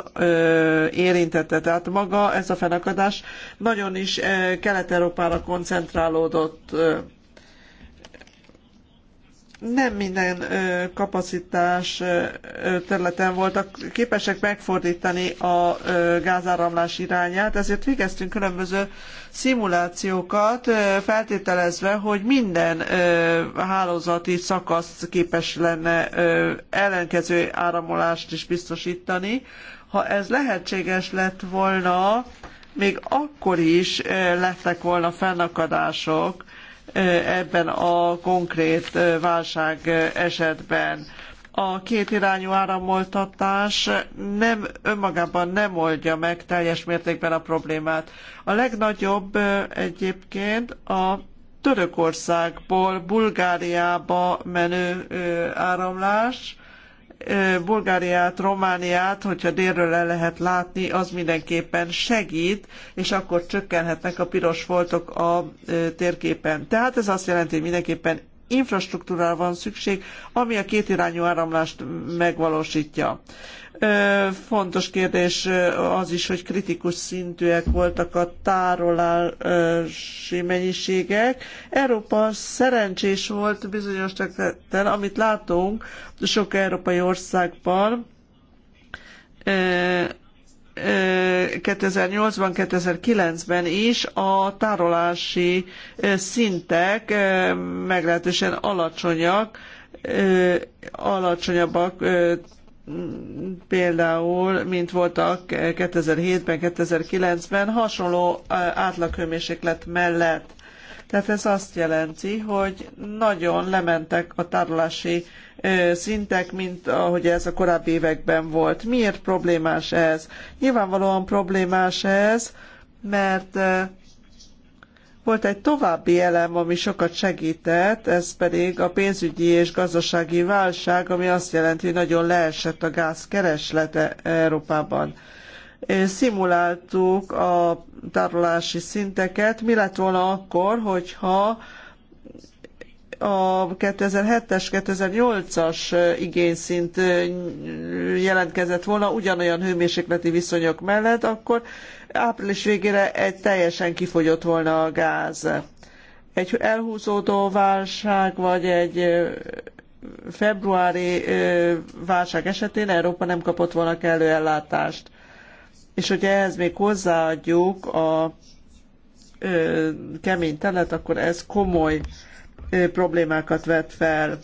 Speaker 3: érintette. Tehát maga ez a fennakadás nagyon is Kelet-Európára koncentrálódott nem minden kapacitás területen voltak képesek megfordítani a gázáramlás irányát, ezért végeztünk különböző szimulációkat, feltételezve, hogy minden hálózati szakasz képes lenne ellenkező áramolást is biztosítani. Ha ez lehetséges lett volna, még akkor is lettek volna fennakadások, ebben a konkrét válság esetben a két irányú áramoltatás nem önmagában nem oldja meg teljes mértékben a problémát. A legnagyobb egyébként a Törökországból Bulgáriába menő áramlás, Bulgáriát, Romániát, hogyha délről le lehet látni, az mindenképpen segít, és akkor csökkenhetnek a piros foltok a térképen. Tehát ez azt jelenti, hogy mindenképpen infrastruktúrára van szükség, ami a kétirányú áramlást megvalósítja. Fontos kérdés az is, hogy kritikus szintűek voltak a tárolási mennyiségek. Európa szerencsés volt bizonyos területen, amit látunk sok európai országban, 2008-ban, 2009-ben is a tárolási szintek meglehetősen alacsonyak, alacsonyabbak például, mint voltak 2007-ben, 2009-ben, hasonló átlaghőmérséklet mellett. Tehát ez azt jelenti, hogy nagyon lementek a tárolási szintek, mint ahogy ez a korábbi években volt. Miért problémás ez? Nyilvánvalóan problémás ez, mert volt egy további elem, ami sokat segített, ez pedig a pénzügyi és gazdasági válság, ami azt jelenti, hogy nagyon leesett a gáz kereslete Európában. Szimuláltuk a tárolási szinteket. Mi lett volna akkor, hogyha a 2007-es, 2008-as igényszint jelentkezett volna ugyanolyan hőmérsékleti viszonyok mellett, akkor április végére egy teljesen kifogyott volna a gáz. Egy elhúzódó válság, vagy egy februári válság esetén Európa nem kapott volna kellő ellátást. És hogyha ehhez még hozzáadjuk a kemény telet, akkor ez komoly problémákat vet fel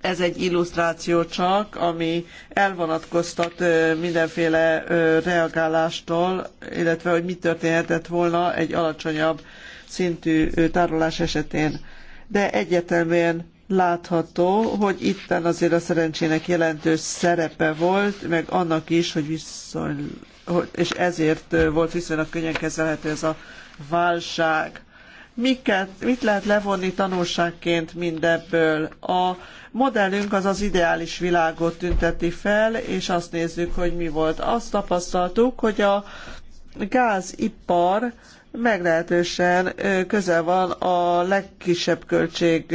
Speaker 3: ez egy illusztráció csak, ami elvonatkoztat mindenféle reagálástól, illetve hogy mi történhetett volna egy alacsonyabb szintű tárolás esetén. De egyetemén látható, hogy itten azért a szerencsének jelentős szerepe volt, meg annak is, hogy viszony, és ezért volt viszonylag könnyen kezelhető ez a válság miket, mit lehet levonni tanulságként mindebből. A modellünk az az ideális világot tünteti fel, és azt nézzük, hogy mi volt. Azt tapasztaltuk, hogy a gázipar meglehetősen közel van a legkisebb költség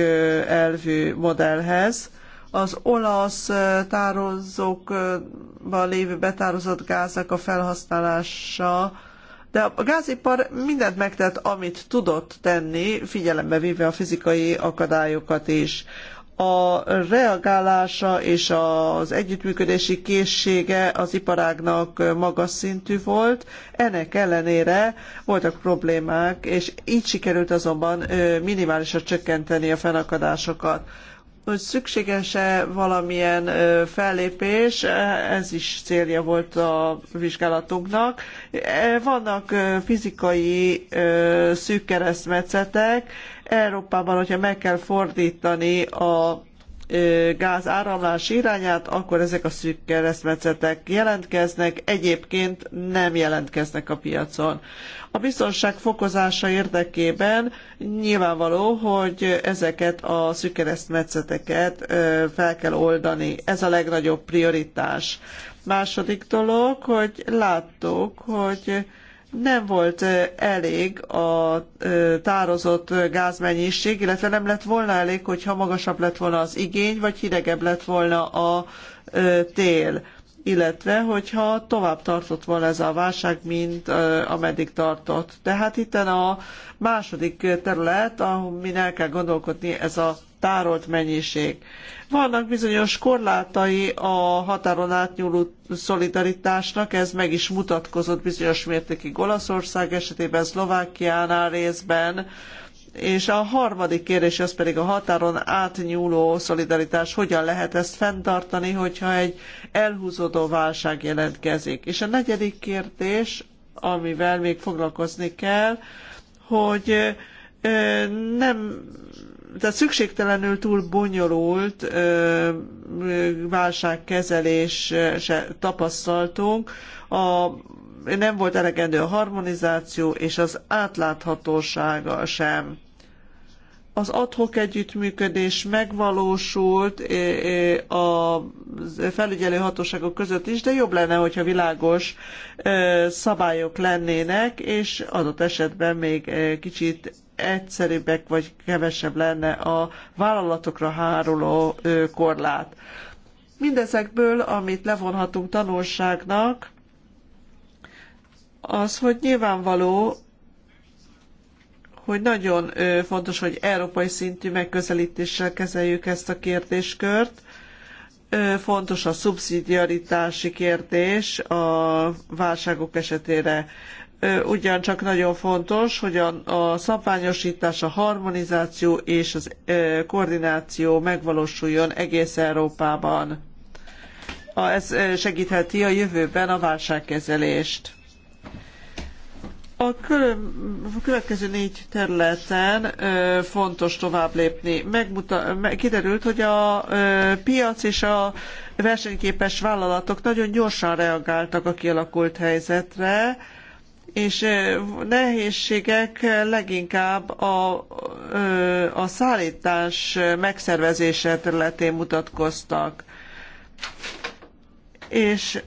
Speaker 3: elvű modellhez. Az olasz tározókban lévő betározott gázak a felhasználása de a gázipar mindent megtett, amit tudott tenni, figyelembe véve a fizikai akadályokat is. A reagálása és az együttműködési készsége az iparágnak magas szintű volt, ennek ellenére voltak problémák, és így sikerült azonban minimálisra csökkenteni a fennakadásokat hogy szükséges-e valamilyen fellépés, e, ez is célja volt a vizsgálatunknak. E, vannak fizikai szűk keresztmetszetek, Európában, hogyha meg kell fordítani a gáz áramlás irányát, akkor ezek a szűk keresztmetszetek jelentkeznek, egyébként nem jelentkeznek a piacon. A biztonság fokozása érdekében nyilvánvaló, hogy ezeket a szűk keresztmetszeteket fel kell oldani. Ez a legnagyobb prioritás. Második dolog, hogy láttuk, hogy nem volt elég a tározott gázmennyiség, illetve nem lett volna elég, hogyha magasabb lett volna az igény, vagy hidegebb lett volna a tél illetve hogyha tovább tartott volna ez a válság, mint ameddig tartott. Tehát itt a második terület, amin el kell gondolkodni, ez a tárolt mennyiség. Vannak bizonyos korlátai a határon átnyúló szolidaritásnak, ez meg is mutatkozott bizonyos mértékig Olaszország esetében, Szlovákiánál részben, és a harmadik kérdés az pedig a határon átnyúló szolidaritás. Hogyan lehet ezt fenntartani, hogyha egy elhúzódó válság jelentkezik? És a negyedik kérdés, amivel még foglalkozni kell, hogy nem tehát szükségtelenül túl bonyolult válságkezelés tapasztaltunk. A, nem volt elegendő a harmonizáció és az átláthatósága sem az adhok együttműködés megvalósult a felügyelő hatóságok között is, de jobb lenne, hogyha világos szabályok lennének, és adott esetben még kicsit egyszerűbbek vagy kevesebb lenne a vállalatokra háruló korlát. Mindezekből, amit levonhatunk tanulságnak, az, hogy nyilvánvaló, hogy nagyon fontos, hogy európai szintű megközelítéssel kezeljük ezt a kérdéskört. Fontos a szubszidiaritási kérdés a válságok esetére ugyancsak nagyon fontos, hogy a, a szabványosítás, a harmonizáció és a koordináció megvalósuljon egész Európában. Ez segítheti a jövőben a válságkezelést. A következő négy területen fontos tovább lépni. Megmuta, kiderült, hogy a piac és a versenyképes vállalatok nagyon gyorsan reagáltak a kialakult helyzetre, és nehézségek leginkább a, a szállítás megszervezése területén mutatkoztak. És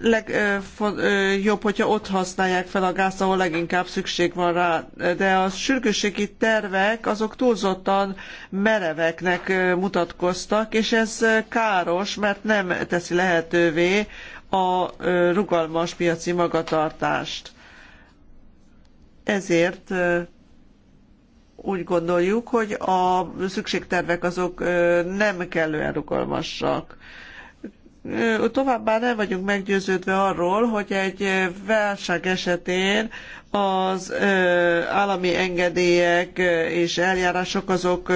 Speaker 3: legjobb, hogyha ott használják fel a gázt, ahol leginkább szükség van rá. De a sürgősségi tervek azok túlzottan mereveknek mutatkoztak, és ez káros, mert nem teszi lehetővé a rugalmas piaci magatartást. Ezért úgy gondoljuk, hogy a szükségtervek azok nem kellően rugalmasak. Továbbá nem vagyunk meggyőződve arról, hogy egy válság esetén az állami engedélyek és eljárások azok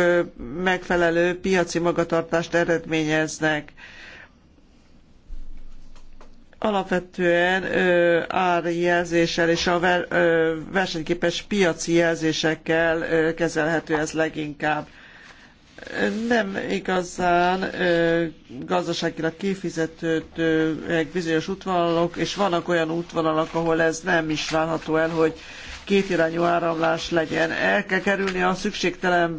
Speaker 3: megfelelő piaci magatartást eredményeznek alapvetően ö, árjelzéssel és a ver, ö, versenyképes piaci jelzésekkel ö, kezelhető ez leginkább. Nem igazán ö, gazdaságilag kifizetődőek bizonyos útvonalok és vannak olyan útvonalak, ahol ez nem is várható el, hogy kétirányú áramlás legyen. El kell kerülni a szükségtelen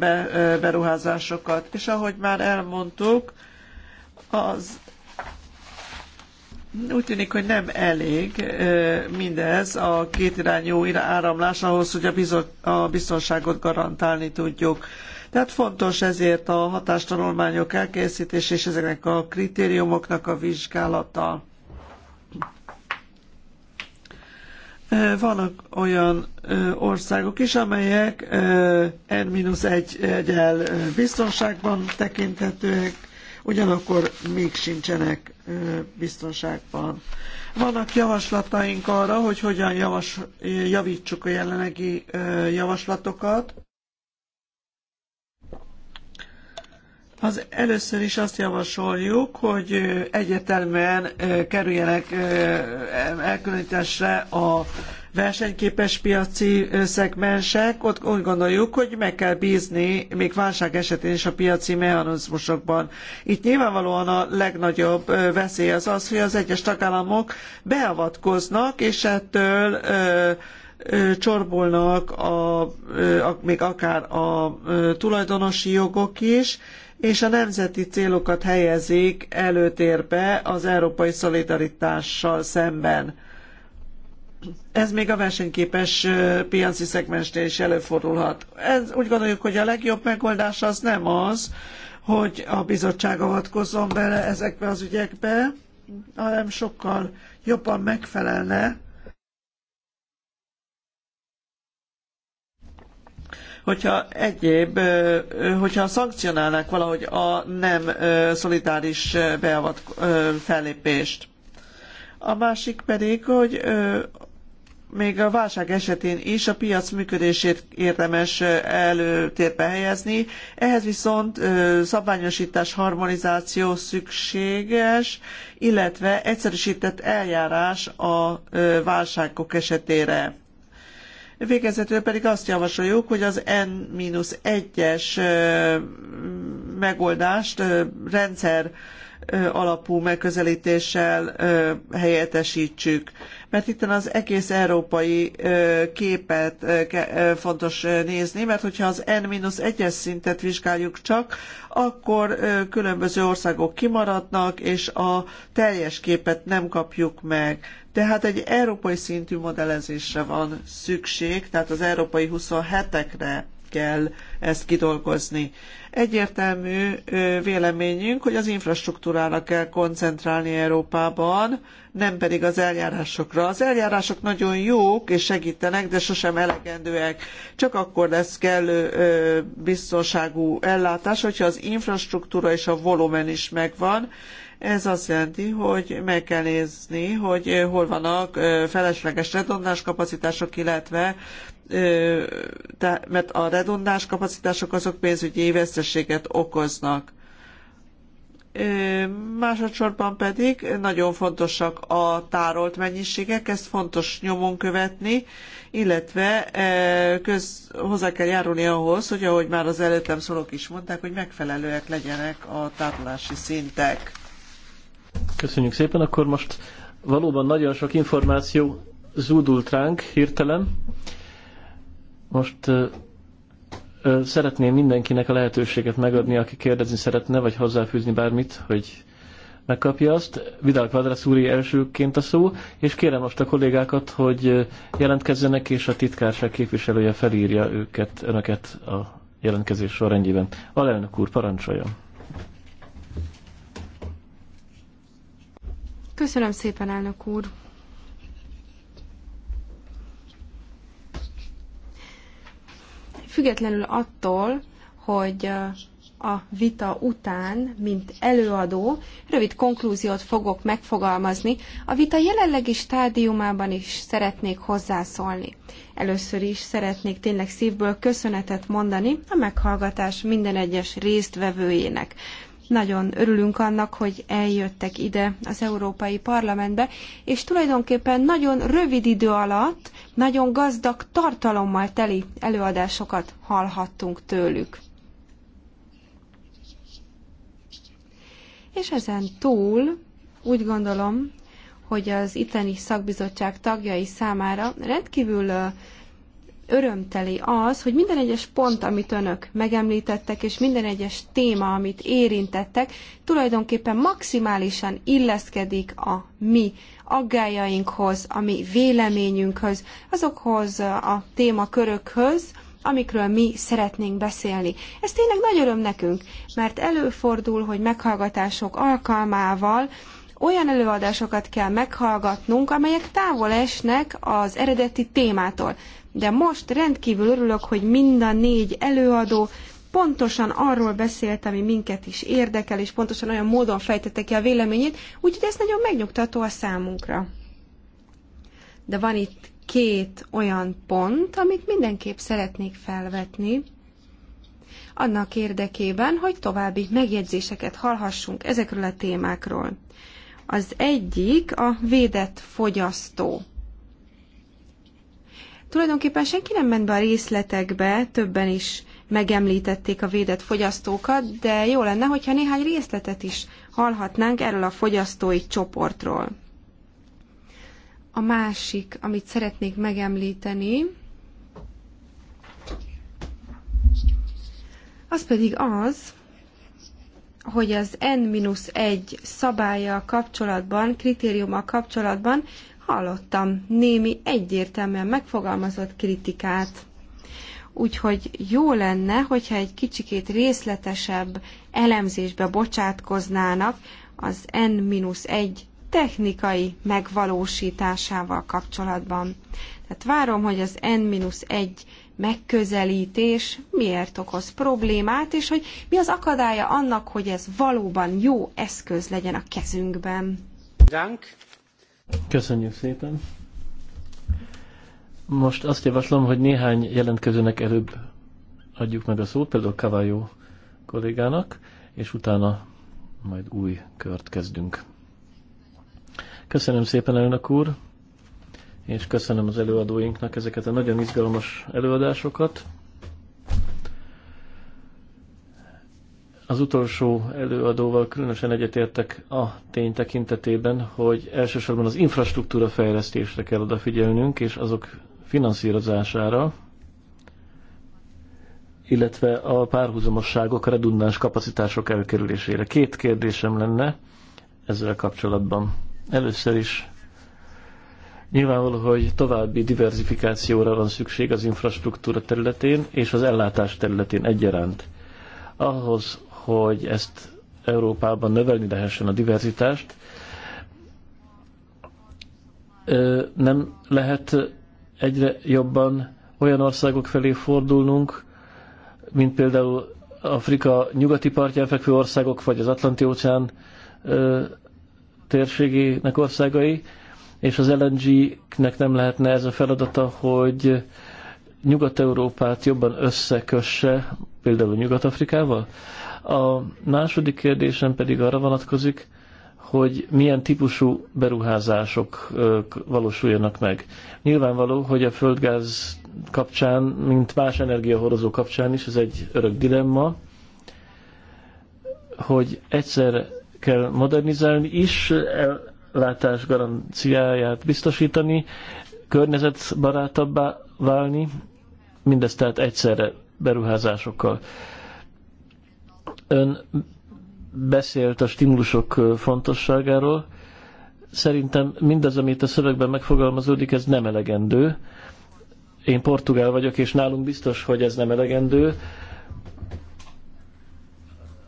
Speaker 3: beruházásokat, és ahogy már elmondtuk, az úgy tűnik, hogy nem elég mindez a kétirányú áramlás ahhoz, hogy a biztonságot garantálni tudjuk. Tehát fontos ezért a hatástanulmányok elkészítése és ezeknek a kritériumoknak a vizsgálata. Vannak olyan országok is, amelyek N-1 egyel biztonságban tekinthetőek, ugyanakkor még sincsenek biztonságban. Vannak javaslataink arra, hogy hogyan javas, javítsuk a jelenlegi javaslatokat, Az először is azt javasoljuk, hogy egyértelműen kerüljenek elkülönítésre a versenyképes piaci szegmensek, ott úgy gondoljuk, hogy meg kell bízni még válság esetén is a piaci mechanizmusokban. Itt nyilvánvalóan a legnagyobb veszély az az, hogy az egyes tagállamok beavatkoznak, és ettől csorbulnak a, még akár a tulajdonosi jogok is, és a nemzeti célokat helyezik előtérbe az európai szolidaritással szemben. Ez még a versenyképes piaci szegmensnél is előfordulhat. Ez, úgy gondoljuk, hogy a legjobb megoldás az nem az, hogy a bizottság avatkozzon bele ezekbe az ügyekbe, hanem sokkal jobban megfelelne hogyha egyéb, hogyha szankcionálnák valahogy a nem szolidáris beavat fellépést. A másik pedig, hogy még a válság esetén is a piac működését érdemes előtérbe helyezni. Ehhez viszont szabványosítás, harmonizáció szükséges, illetve egyszerűsített eljárás a válságok esetére. Végezetül pedig azt javasoljuk, hogy az N-1-es megoldást rendszer alapú megközelítéssel helyettesítsük. Mert itt az egész európai képet fontos nézni, mert hogyha az N-1-es szintet vizsgáljuk csak, akkor különböző országok kimaradnak, és a teljes képet nem kapjuk meg. Tehát egy európai szintű modellezésre van szükség, tehát az európai 27-ekre kell ezt kidolgozni. Egyértelmű véleményünk, hogy az infrastruktúrára kell koncentrálni Európában, nem pedig az eljárásokra. Az eljárások nagyon jók és segítenek, de sosem elegendőek. Csak akkor lesz kellő biztonságú ellátás, hogyha az infrastruktúra és a volumen is megvan, ez azt jelenti, hogy meg kell nézni, hogy hol vannak felesleges redondás kapacitások, illetve mert a redondás kapacitások azok pénzügyi veszteséget okoznak. Másodszorban pedig nagyon fontosak a tárolt mennyiségek, ezt fontos nyomon követni, illetve köz, hozzá kell járulni ahhoz, hogy ahogy már az előttem szólók is mondták, hogy megfelelőek legyenek a tárolási szintek.
Speaker 2: Köszönjük szépen, akkor most valóban nagyon sok információ zúdult ránk hirtelen. Most ö, ö, szeretném mindenkinek a lehetőséget megadni, aki kérdezni szeretne, vagy hozzáfűzni bármit, hogy megkapja azt. Vidal Kvadrasz úri elsőként a szó, és kérem most a kollégákat, hogy jelentkezzenek, és a titkárság képviselője felírja őket, önöket a jelentkezés sorrendjében. Alelnök úr, parancsoljon!
Speaker 1: Köszönöm szépen, elnök úr. Függetlenül attól, hogy a vita után, mint előadó, rövid konklúziót fogok megfogalmazni. A vita jelenlegi stádiumában is szeretnék hozzászólni. Először is szeretnék tényleg szívből köszönetet mondani a meghallgatás minden egyes résztvevőjének. Nagyon örülünk annak, hogy eljöttek ide az Európai Parlamentbe, és tulajdonképpen nagyon rövid idő alatt nagyon gazdag tartalommal teli előadásokat hallhattunk tőlük. És ezen túl úgy gondolom, hogy az itteni szakbizottság tagjai számára rendkívül örömteli az, hogy minden egyes pont, amit önök megemlítettek, és minden egyes téma, amit érintettek, tulajdonképpen maximálisan illeszkedik a mi aggájainkhoz, a mi véleményünkhöz, azokhoz a témakörökhöz, amikről mi szeretnénk beszélni. Ez tényleg nagy öröm nekünk, mert előfordul, hogy meghallgatások alkalmával olyan előadásokat kell meghallgatnunk, amelyek távol esnek az eredeti témától. De most rendkívül örülök, hogy mind a négy előadó pontosan arról beszélt, ami minket is érdekel, és pontosan olyan módon fejtette ki a véleményét, úgyhogy ez nagyon megnyugtató a számunkra. De van itt két olyan pont, amit mindenképp szeretnék felvetni, annak érdekében, hogy további megjegyzéseket hallhassunk ezekről a témákról. Az egyik a védett fogyasztó. Tulajdonképpen senki nem ment be a részletekbe, többen is megemlítették a védett fogyasztókat, de jó lenne, hogyha néhány részletet is hallhatnánk erről a fogyasztói csoportról. A másik, amit szeretnék megemlíteni, az pedig az, hogy az N-1 szabálya kapcsolatban, kritériuma kapcsolatban hallottam némi egyértelműen megfogalmazott kritikát. Úgyhogy jó lenne, hogyha egy kicsikét részletesebb elemzésbe bocsátkoznának az N-1 technikai megvalósításával kapcsolatban. Tehát várom, hogy az N-1 megközelítés miért okoz problémát, és hogy mi az akadálya annak, hogy ez valóban jó eszköz legyen a kezünkben.
Speaker 3: Dank.
Speaker 2: Köszönjük szépen. Most azt javaslom, hogy néhány jelentkezőnek előbb adjuk meg a szót, például Kavajó kollégának, és utána majd új kört kezdünk. Köszönöm szépen, elnök úr, és köszönöm az előadóinknak ezeket a nagyon izgalmas előadásokat. Az utolsó előadóval különösen egyetértek a tény tekintetében, hogy elsősorban az infrastruktúra fejlesztésre kell odafigyelnünk, és azok finanszírozására, illetve a párhuzamosságok, redundáns kapacitások elkerülésére. Két kérdésem lenne ezzel kapcsolatban. Először is nyilvánvaló, hogy további diversifikációra van szükség az infrastruktúra területén és az ellátás területén egyaránt. Ahhoz, hogy ezt Európában növelni lehessen a diverzitást, nem lehet egyre jobban olyan országok felé fordulnunk, mint például Afrika nyugati partján fekvő országok, vagy az Atlanti-óceán térségének országai, és az LNG-nek nem lehetne ez a feladata, hogy Nyugat-Európát jobban összekösse, például Nyugat-Afrikával? A második kérdésem pedig arra vonatkozik, hogy milyen típusú beruházások valósuljanak meg. Nyilvánvaló, hogy a földgáz kapcsán, mint más energiahorozó kapcsán is, ez egy örök dilemma, hogy egyszer kell modernizálni is, ellátás garanciáját biztosítani, környezetbarátabbá válni, mindezt tehát egyszerre beruházásokkal. Ön beszélt a stimulusok fontosságáról. Szerintem mindaz, amit a szövegben megfogalmazódik, ez nem elegendő. Én portugál vagyok, és nálunk biztos, hogy ez nem elegendő.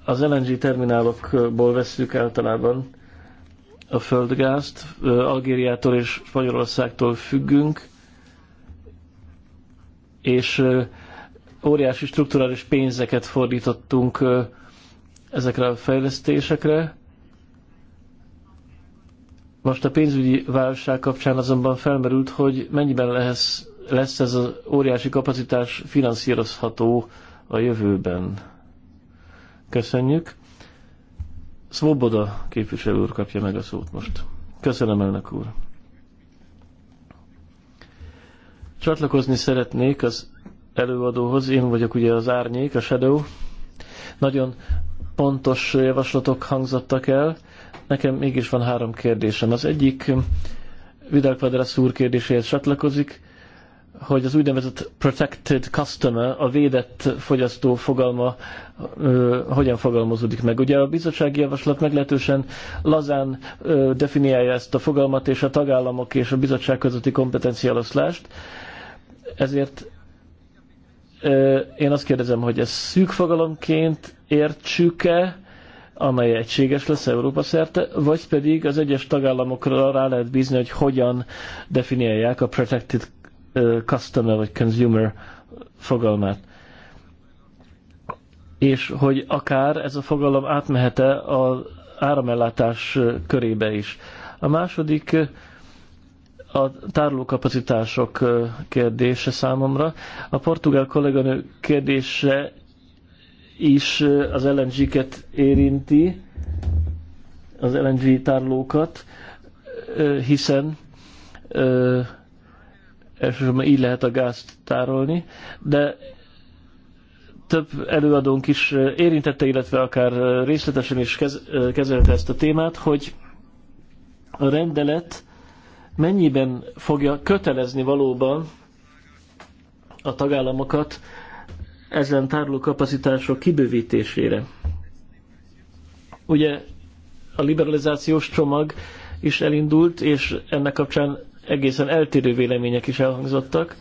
Speaker 2: Az LNG terminálokból vesszük általában a földgázt, Algériától és Spanyolországtól függünk, és óriási strukturális pénzeket fordítottunk ezekre a fejlesztésekre. Most a pénzügyi válság kapcsán azonban felmerült, hogy mennyiben lesz, lesz ez az óriási kapacitás finanszírozható a jövőben. Köszönjük. Svoboda képviselő úr kapja meg a szót most. Köszönöm, elnök úr. Csatlakozni szeretnék az előadóhoz, én vagyok ugye az árnyék, a Shadow. Nagyon pontos javaslatok hangzottak el. Nekem mégis van három kérdésem. Az egyik Vidal Quadras úr kérdéséhez csatlakozik, hogy az úgynevezett protected customer, a védett fogyasztó fogalma ö, hogyan fogalmazódik meg. Ugye a bizottsági javaslat meglehetősen lazán ö, definiálja ezt a fogalmat és a tagállamok és a bizottság közötti kompetenciáloszlást, ezért én azt kérdezem, hogy ez szűk fogalomként értsük-e, amely egységes lesz Európa szerte, vagy pedig az egyes tagállamokra rá lehet bízni, hogy hogyan definiálják a protected customer vagy consumer fogalmát. És hogy akár ez a fogalom átmehet-e az áramellátás körébe is. A második a tárlókapacitások kérdése számomra. A portugál kolléganő kérdése is az LNG-ket érinti, az LNG tárlókat, hiszen elsősorban így lehet a gázt tárolni, de több előadónk is érintette, illetve akár részletesen is kezelte ezt a témát, hogy a rendelet mennyiben fogja kötelezni valóban a tagállamokat ezen kapacitások kibővítésére. Ugye a liberalizációs csomag is elindult, és ennek kapcsán egészen eltérő vélemények is elhangzottak.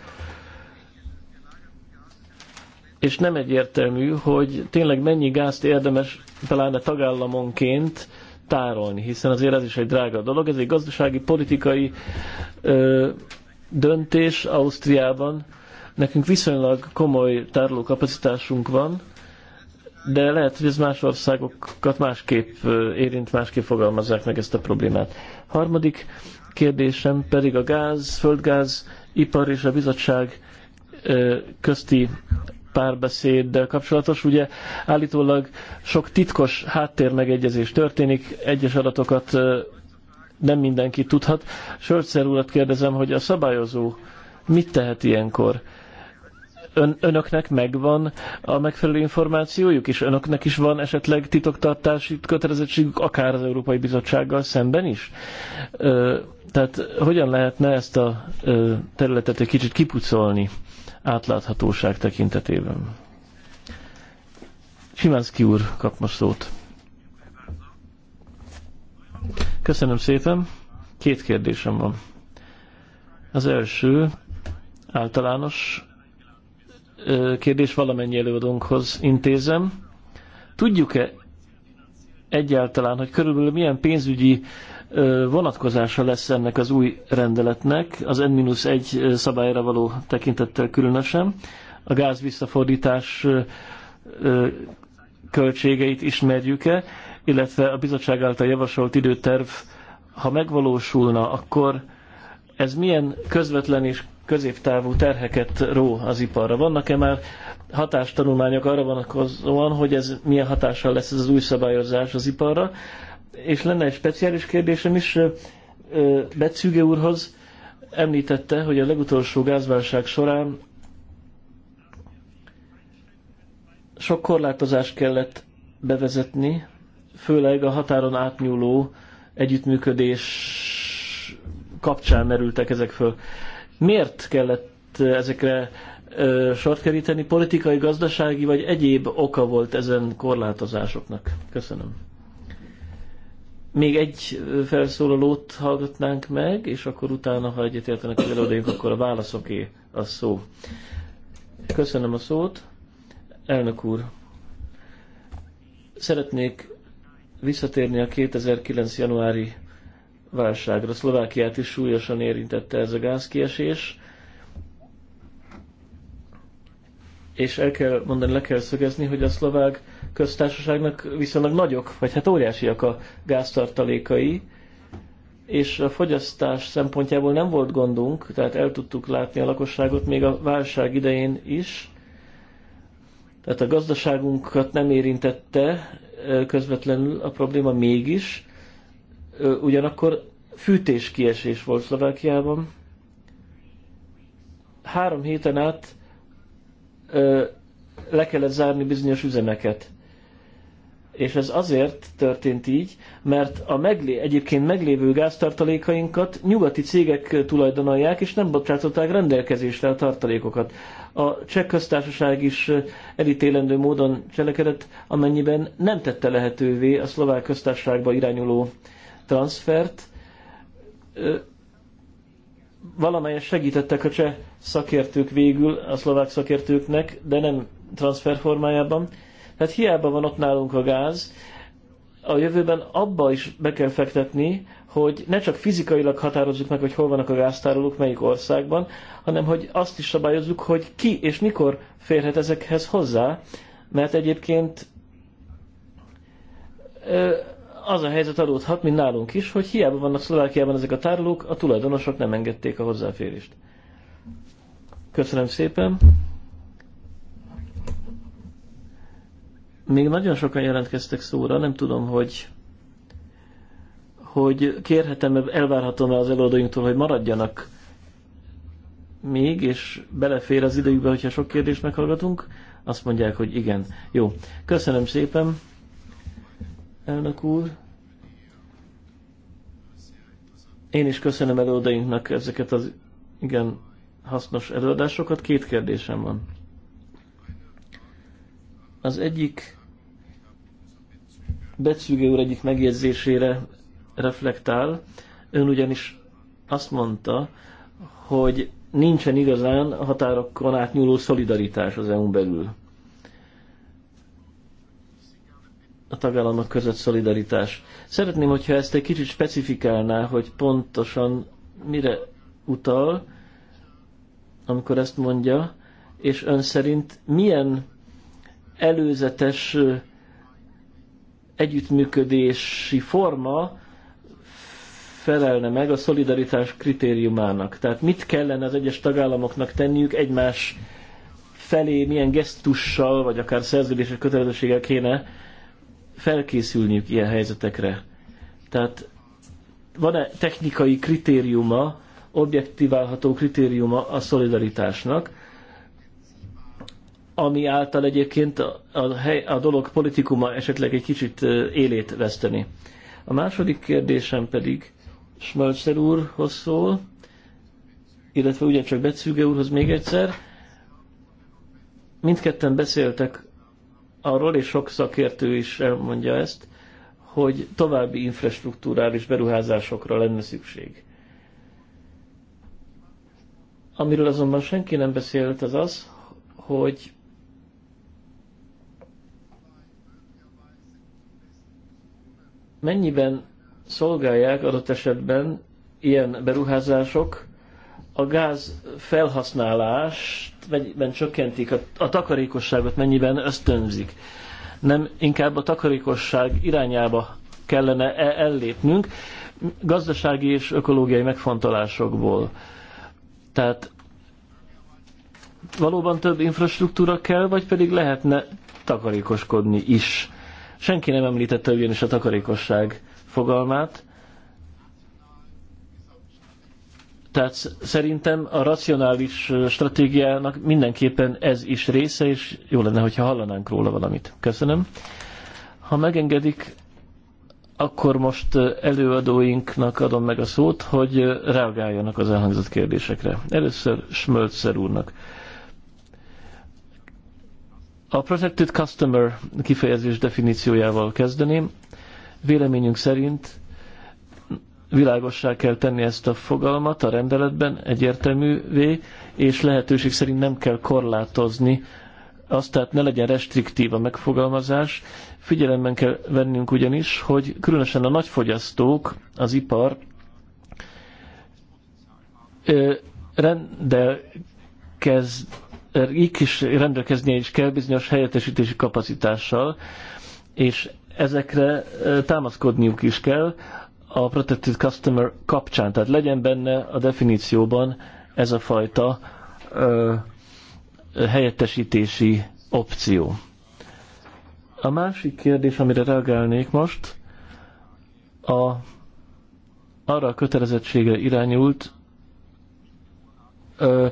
Speaker 2: És nem egyértelmű, hogy tényleg mennyi gázt érdemes, a tagállamonként tárolni, hiszen azért ez is egy drága dolog, ez egy gazdasági, politikai ö, döntés Ausztriában. Nekünk viszonylag komoly tárolókapacitásunk van, de lehet, hogy ez más országokat másképp érint, másképp fogalmazzák meg ezt a problémát. Harmadik kérdésem pedig a gáz, földgáz, ipar és a bizottság közti párbeszéddel kapcsolatos. Ugye állítólag sok titkos háttérmegegyezés történik, egyes adatokat nem mindenki tudhat. Sörcer urat kérdezem, hogy a szabályozó mit tehet ilyenkor? Ön, önöknek megvan a megfelelő információjuk, és önöknek is van esetleg titoktartási kötelezettségük, akár az Európai Bizottsággal szemben is? Ö, tehát hogyan lehetne ezt a ö, területet egy kicsit kipucolni? átláthatóság tekintetében. Simánszki úr kap most szót. Köszönöm szépen. Két kérdésem van. Az első általános kérdés valamennyi előadónkhoz intézem. Tudjuk-e egyáltalán, hogy körülbelül milyen pénzügyi vonatkozása lesz ennek az új rendeletnek, az N-1 szabályra való tekintettel különösen. A gáz visszafordítás költségeit ismerjük-e, illetve a bizottság által javasolt időterv, ha megvalósulna, akkor ez milyen közvetlen és középtávú terheket ró az iparra? Vannak-e már hatástanulmányok arra vonatkozóan, hogy ez milyen hatással lesz ez az új szabályozás az iparra? és lenne egy speciális kérdésem is Becüge úrhoz. Említette, hogy a legutolsó gázválság során sok korlátozást kellett bevezetni, főleg a határon átnyúló együttműködés kapcsán merültek ezek föl. Miért kellett ezekre sort keríteni? Politikai, gazdasági vagy egyéb oka volt ezen korlátozásoknak? Köszönöm. Még egy felszólalót hallgatnánk meg, és akkor utána, ha egyetértenek az előadóink, akkor a válaszoké a szó. Köszönöm a szót. Elnök úr, szeretnék visszatérni a 2009. januári válságra. Szlovákiát is súlyosan érintette ez a gázkiesés, és el kell mondani, le kell szögezni, hogy a szlovák köztársaságnak viszonylag nagyok, vagy hát óriásiak a gáztartalékai, és a fogyasztás szempontjából nem volt gondunk, tehát el tudtuk látni a lakosságot még a válság idején is, tehát a gazdaságunkat nem érintette közvetlenül a probléma mégis, ugyanakkor fűtéskiesés volt Szlovákiában. Három héten át le kellett zárni bizonyos üzemeket. És ez azért történt így, mert a meglé, egyébként meglévő gáztartalékainkat nyugati cégek tulajdonolják, és nem bocsátották rendelkezésre a tartalékokat. A cseh köztársaság is elítélendő módon cselekedett, amennyiben nem tette lehetővé a szlovák köztársaságba irányuló transfert. Valamelyen segítettek a cseh szakértők végül a szlovák szakértőknek, de nem transfer formájában tehát hiába van ott nálunk a gáz, a jövőben abba is be kell fektetni, hogy ne csak fizikailag határozzuk meg, hogy hol vannak a gáztárolók, melyik országban, hanem hogy azt is szabályozzuk, hogy ki és mikor férhet ezekhez hozzá, mert egyébként az a helyzet adódhat, mint nálunk is, hogy hiába vannak Szlovákiában ezek a tárolók, a tulajdonosok nem engedték a hozzáférést. Köszönöm szépen! Még nagyon sokan jelentkeztek szóra, nem tudom, hogy hogy kérhetem, elvárhatom-e az előadóinktól, hogy maradjanak még, és belefér az időjükbe, hogyha sok kérdést meghallgatunk. Azt mondják, hogy igen. Jó. Köszönöm szépen, elnök úr. Én is köszönöm előadóinknak ezeket az igen hasznos előadásokat. Két kérdésem van. Az egyik Becsüge úr egyik megjegyzésére reflektál. Ön ugyanis azt mondta, hogy nincsen igazán a határokon átnyúló szolidaritás az EU-n belül. A tagállamok között szolidaritás. Szeretném, hogyha ezt egy kicsit specifikálná, hogy pontosan mire utal, amikor ezt mondja, és ön szerint milyen előzetes együttműködési forma felelne meg a szolidaritás kritériumának. Tehát mit kellene az egyes tagállamoknak tenniük egymás felé, milyen gesztussal, vagy akár szerződéses kötelezettséggel kéne felkészülniük ilyen helyzetekre. Tehát van-e technikai kritériuma, objektiválható kritériuma a szolidaritásnak, ami által egyébként a, a, hely, a dolog politikuma esetleg egy kicsit élét veszteni. A második kérdésem pedig Smölcer úrhoz szól, illetve ugyancsak Becsüge úrhoz még egyszer. Mindketten beszéltek arról, és sok szakértő is elmondja ezt, hogy további infrastruktúrális beruházásokra lenne szükség. Amiről azonban senki nem beszélt, az az, hogy mennyiben szolgálják adott esetben ilyen beruházások a gáz felhasználást, mennyiben csökkentik, a, a takarékosságot mennyiben ösztönzik. Nem inkább a takarékosság irányába kellene -e ellépnünk, gazdasági és ökológiai megfontolásokból. Tehát valóban több infrastruktúra kell, vagy pedig lehetne takarékoskodni is. Senki nem említette ugyanis a takarékosság fogalmát, Tehát szerintem a racionális stratégiának mindenképpen ez is része, és jó lenne, hogyha hallanánk róla valamit. Köszönöm. Ha megengedik, akkor most előadóinknak adom meg a szót, hogy reagáljanak az elhangzott kérdésekre. Először Smölcer úrnak. A Protected Customer kifejezés definíciójával kezdeném. Véleményünk szerint világossá kell tenni ezt a fogalmat a rendeletben egyértelművé, és lehetőség szerint nem kell korlátozni azt, tehát ne legyen restriktív a megfogalmazás. Figyelemben kell vennünk ugyanis, hogy különösen a nagyfogyasztók, az ipar rendelkezik embernek is rendelkeznie is kell bizonyos helyettesítési kapacitással, és ezekre támaszkodniuk is kell a Protected Customer kapcsán. Tehát legyen benne a definícióban ez a fajta ö, helyettesítési opció. A másik kérdés, amire reagálnék most, a, arra a kötelezettségre irányult, ö,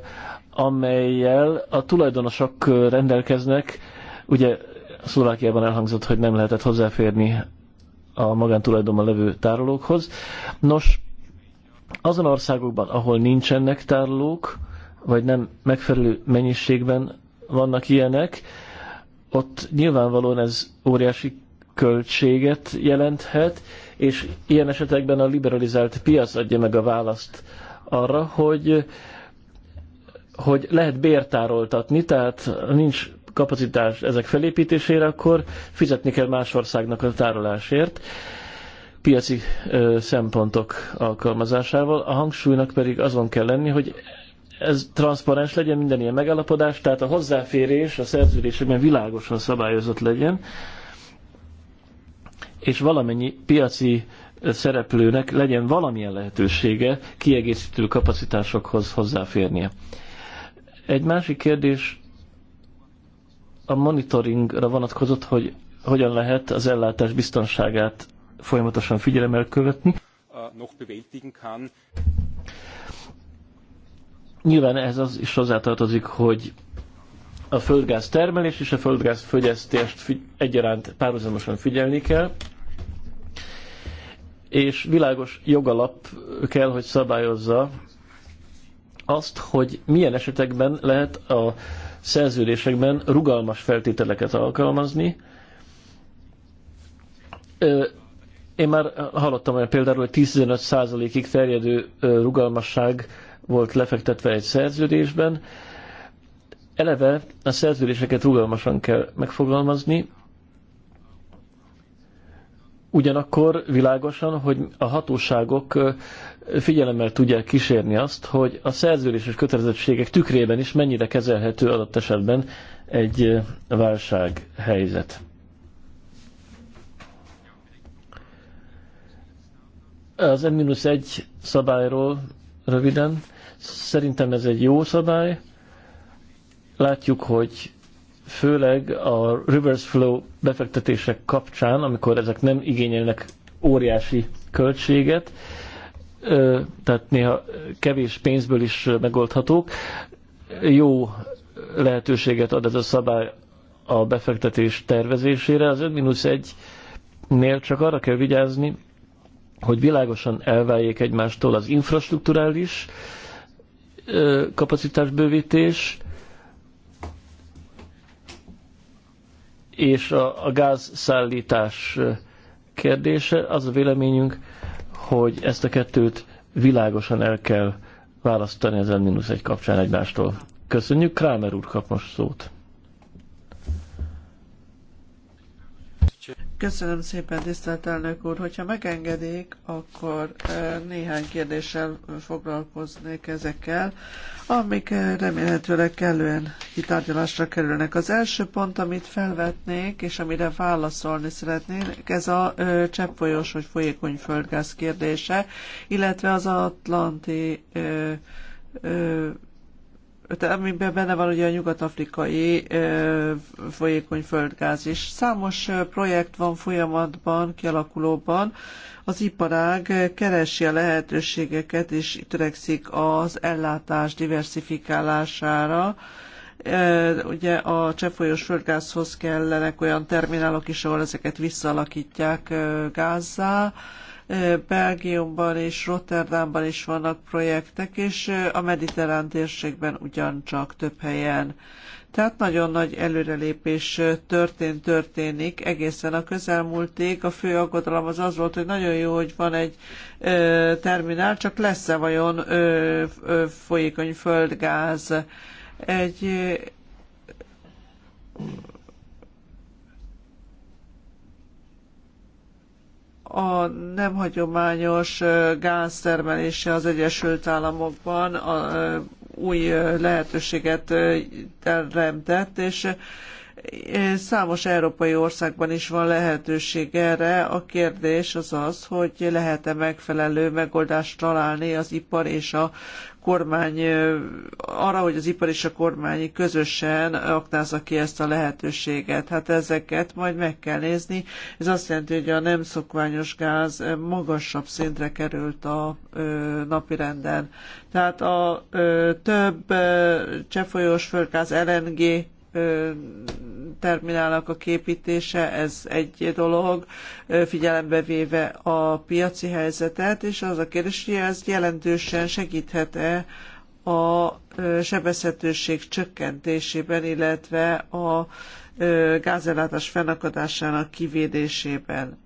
Speaker 2: amelyel a tulajdonosok rendelkeznek, ugye Szlovákiában elhangzott, hogy nem lehetett hozzáférni a magántulajdonban levő tárolókhoz. Nos, azon országokban, ahol nincsenek tárolók, vagy nem megfelelő mennyiségben vannak ilyenek, ott nyilvánvalóan ez óriási költséget jelenthet, és ilyen esetekben a liberalizált piac adja meg a választ arra, hogy hogy lehet bértároltatni, tehát nincs kapacitás ezek felépítésére, akkor fizetni kell más országnak a tárolásért piaci ö, szempontok alkalmazásával. A hangsúlynak pedig azon kell lenni, hogy ez transzparens legyen minden ilyen megállapodás, tehát a hozzáférés a szerződésekben világosan szabályozott legyen, és valamennyi piaci szereplőnek legyen valamilyen lehetősége kiegészítő kapacitásokhoz hozzáférnie. Egy másik kérdés a monitoringra vonatkozott, hogy hogyan lehet az ellátás biztonságát folyamatosan figyelemmel követni. Äh, Nyilván ez az is hozzátartozik, hogy a földgáz termelés és a földgáz fogyasztást egyaránt párhuzamosan figyelni kell, és világos jogalap kell, hogy szabályozza azt, hogy milyen esetekben lehet a szerződésekben rugalmas feltételeket alkalmazni. Én már hallottam olyan például, hogy 15 ig terjedő rugalmasság volt lefektetve egy szerződésben. Eleve a szerződéseket rugalmasan kell megfogalmazni, ugyanakkor világosan, hogy a hatóságok figyelemmel tudják kísérni azt, hogy a szerződéses kötelezettségek tükrében is mennyire kezelhető adott esetben egy válsághelyzet. Az N-1 szabályról röviden. Szerintem ez egy jó szabály. Látjuk, hogy főleg a reverse flow befektetések kapcsán, amikor ezek nem igényelnek óriási költséget, tehát néha kevés pénzből is megoldhatók. Jó lehetőséget ad ez a szabály a befektetés tervezésére. Az 5-1-nél csak arra kell vigyázni, hogy világosan elváljék egymástól az infrastruktúrális kapacitásbővítés és a, a gázszállítás kérdése. Az a véleményünk, hogy ezt a kettőt világosan el kell választani az N-1 kapcsán egymástól. Köszönjük, Krámer úr kap most szót.
Speaker 3: Köszönöm szépen, tisztelt elnök úr. Hogyha megengedik, akkor eh, néhány kérdéssel foglalkoznék ezekkel, amik eh, remélhetőleg kellően kitárgyalásra kerülnek. Az első pont, amit felvetnék, és amire válaszolni szeretnék, ez a eh, cseppfolyós vagy folyékony földgáz kérdése, illetve az atlanti ö, ö, amiben benne van ugye a nyugat-afrikai folyékony földgáz is. Számos projekt van folyamatban, kialakulóban. Az iparág keresi a lehetőségeket és törekszik az ellátás diversifikálására. Ugye a cseppfolyós földgázhoz kellenek olyan terminálok is, ahol ezeket visszaalakítják gázzá Belgiumban és Rotterdamban is vannak projektek, és a mediterrán térségben ugyancsak több helyen. Tehát nagyon nagy előrelépés történt, történik egészen a közelmúltig. A fő aggodalom az az volt, hogy nagyon jó, hogy van egy ö, terminál, csak lesz-e vajon ö, ö, folyékony földgáz. Egy ö, a nem hagyományos gáztermelése az Egyesült Államokban a, új lehetőséget teremtett, és számos európai országban is van lehetőség erre. A kérdés az az, hogy lehet-e megfelelő megoldást találni az ipar és a kormány, arra, hogy az ipar és a kormány közösen aknázza ki ezt a lehetőséget. Hát ezeket majd meg kell nézni. Ez azt jelenti, hogy a nem szokványos gáz magasabb szintre került a napirenden. Tehát a több cseppfolyós földgáz LNG terminálnak a képítése, ez egy dolog, figyelembe véve a piaci helyzetet, és az a kérdés, hogy ez jelentősen segíthet-e a sebezhetőség csökkentésében, illetve a gázellátás fennakadásának kivédésében.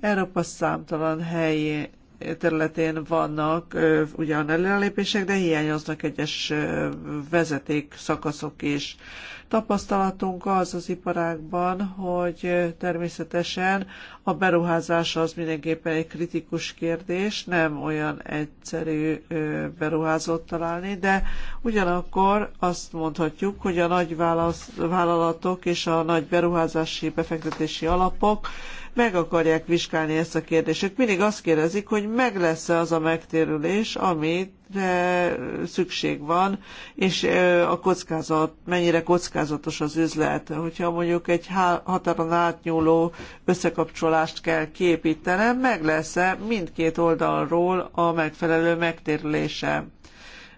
Speaker 3: Európa számtalan helyi, területén vannak ugyan előrelépések, de hiányoznak egyes vezeték szakaszok is. Tapasztalatunk az az iparákban, hogy természetesen a beruházás az mindenképpen egy kritikus kérdés, nem olyan egyszerű beruházót találni, de ugyanakkor azt mondhatjuk, hogy a nagy vállalatok és a nagy beruházási befektetési alapok meg akarják vizsgálni ezt a kérdést. Ők mindig azt kérdezik, hogy meg lesz-e az a megtérülés, amit szükség van, és a kockázat, mennyire kockázatos az üzlet. Hogyha mondjuk egy határon átnyúló összekapcsolást kell képítenem, meg lesz-e mindkét oldalról a megfelelő megtérülése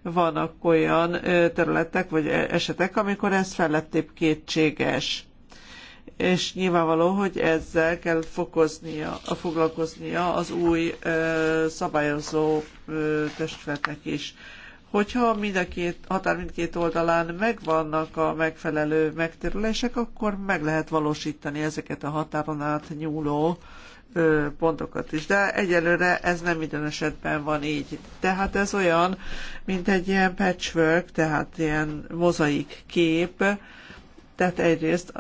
Speaker 3: vannak olyan területek vagy e-, esetek, amikor ez felettébb kétséges és nyilvánvaló, hogy ezzel kell fokoznia, foglalkoznia az új ö, szabályozó ö, testületnek is. Hogyha mind a két, határ mindkét oldalán megvannak a megfelelő megterülések, akkor meg lehet valósítani ezeket a határon át nyúló ö, pontokat is. De egyelőre ez nem minden esetben van így. Tehát ez olyan, mint egy ilyen patchwork, tehát ilyen mozaik kép, tehát egyrészt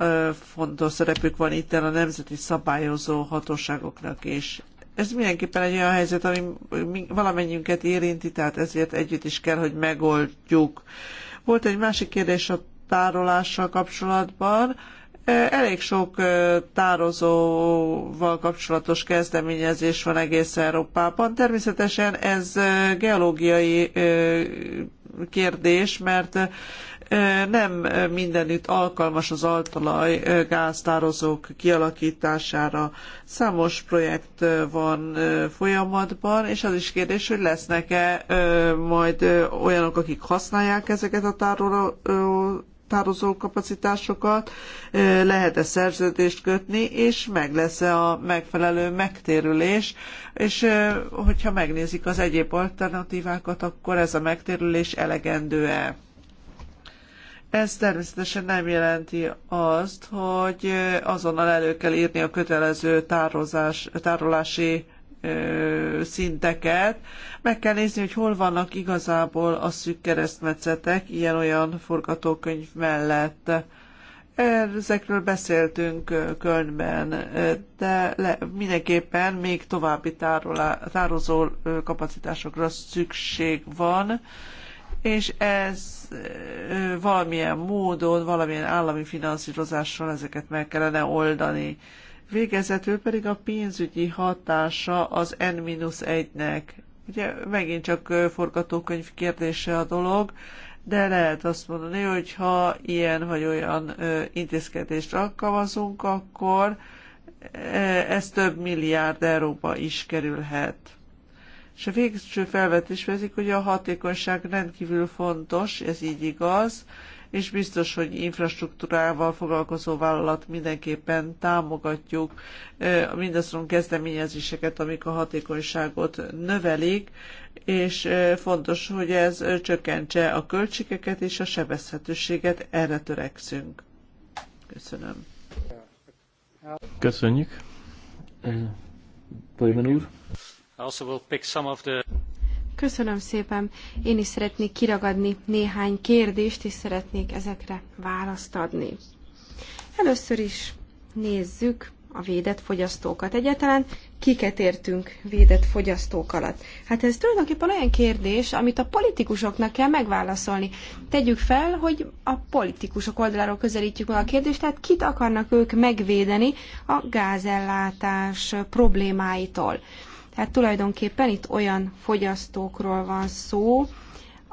Speaker 3: fontos szerepük van itt a nemzeti szabályozó hatóságoknak is. Ez mindenképpen egy olyan helyzet, ami valamennyünket érinti, tehát ezért együtt is kell, hogy megoldjuk. Volt egy másik kérdés a tárolással kapcsolatban. Elég sok tározóval kapcsolatos kezdeményezés van egész Európában. Természetesen ez geológiai kérdés, mert nem mindenütt alkalmas az altalaj gáztározók kialakítására. Számos projekt van folyamatban, és az is kérdés, hogy lesznek-e majd olyanok, akik használják ezeket a tároló tározó kapacitásokat, lehet-e szerződést kötni, és meg lesz-e a megfelelő megtérülés, és hogyha megnézik az egyéb alternatívákat, akkor ez a megtérülés elegendő-e. Ez természetesen nem jelenti azt, hogy azonnal elő kell írni a kötelező tározás, tárolási szinteket. Meg kell nézni, hogy hol vannak igazából a szűk keresztmetszetek ilyen-olyan forgatókönyv mellett. Ezekről beszéltünk Kölnben, de le, mindenképpen még további tárolá, tározó kapacitásokra szükség van, és ez valamilyen módon, valamilyen állami finanszírozással ezeket meg kellene oldani. Végezetül pedig a pénzügyi hatása az N-1-nek. Ugye megint csak forgatókönyv kérdése a dolog, de lehet azt mondani, hogy ha ilyen vagy olyan intézkedést alkalmazunk, akkor ez több milliárd euróba is kerülhet. És a végső felvetés vezik, hogy a hatékonyság rendkívül fontos, ez így igaz, és biztos, hogy infrastruktúrával foglalkozó vállalat mindenképpen támogatjuk mindazon kezdeményezéseket, amik a hatékonyságot növelik, és fontos, hogy ez csökkentse a költségeket és a sebezhetőséget, erre törekszünk. Köszönöm.
Speaker 2: Köszönjük. Pajman úr.
Speaker 1: Köszönöm szépen. Én is szeretnék kiragadni néhány kérdést, és szeretnék ezekre választ adni. Először is nézzük a védett fogyasztókat. Egyáltalán kiket értünk védett fogyasztók alatt? Hát ez tulajdonképpen olyan kérdés, amit a politikusoknak kell megválaszolni. Tegyük fel, hogy a politikusok oldaláról közelítjük meg a kérdést, tehát kit akarnak ők megvédeni a gázellátás problémáitól. Tehát tulajdonképpen itt olyan fogyasztókról van szó,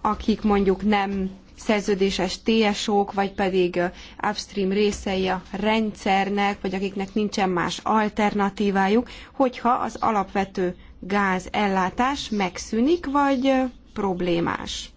Speaker 1: akik mondjuk nem szerződéses TSO-k, vagy pedig upstream részei a rendszernek, vagy akiknek nincsen más alternatívájuk, hogyha az alapvető gázellátás megszűnik, vagy problémás.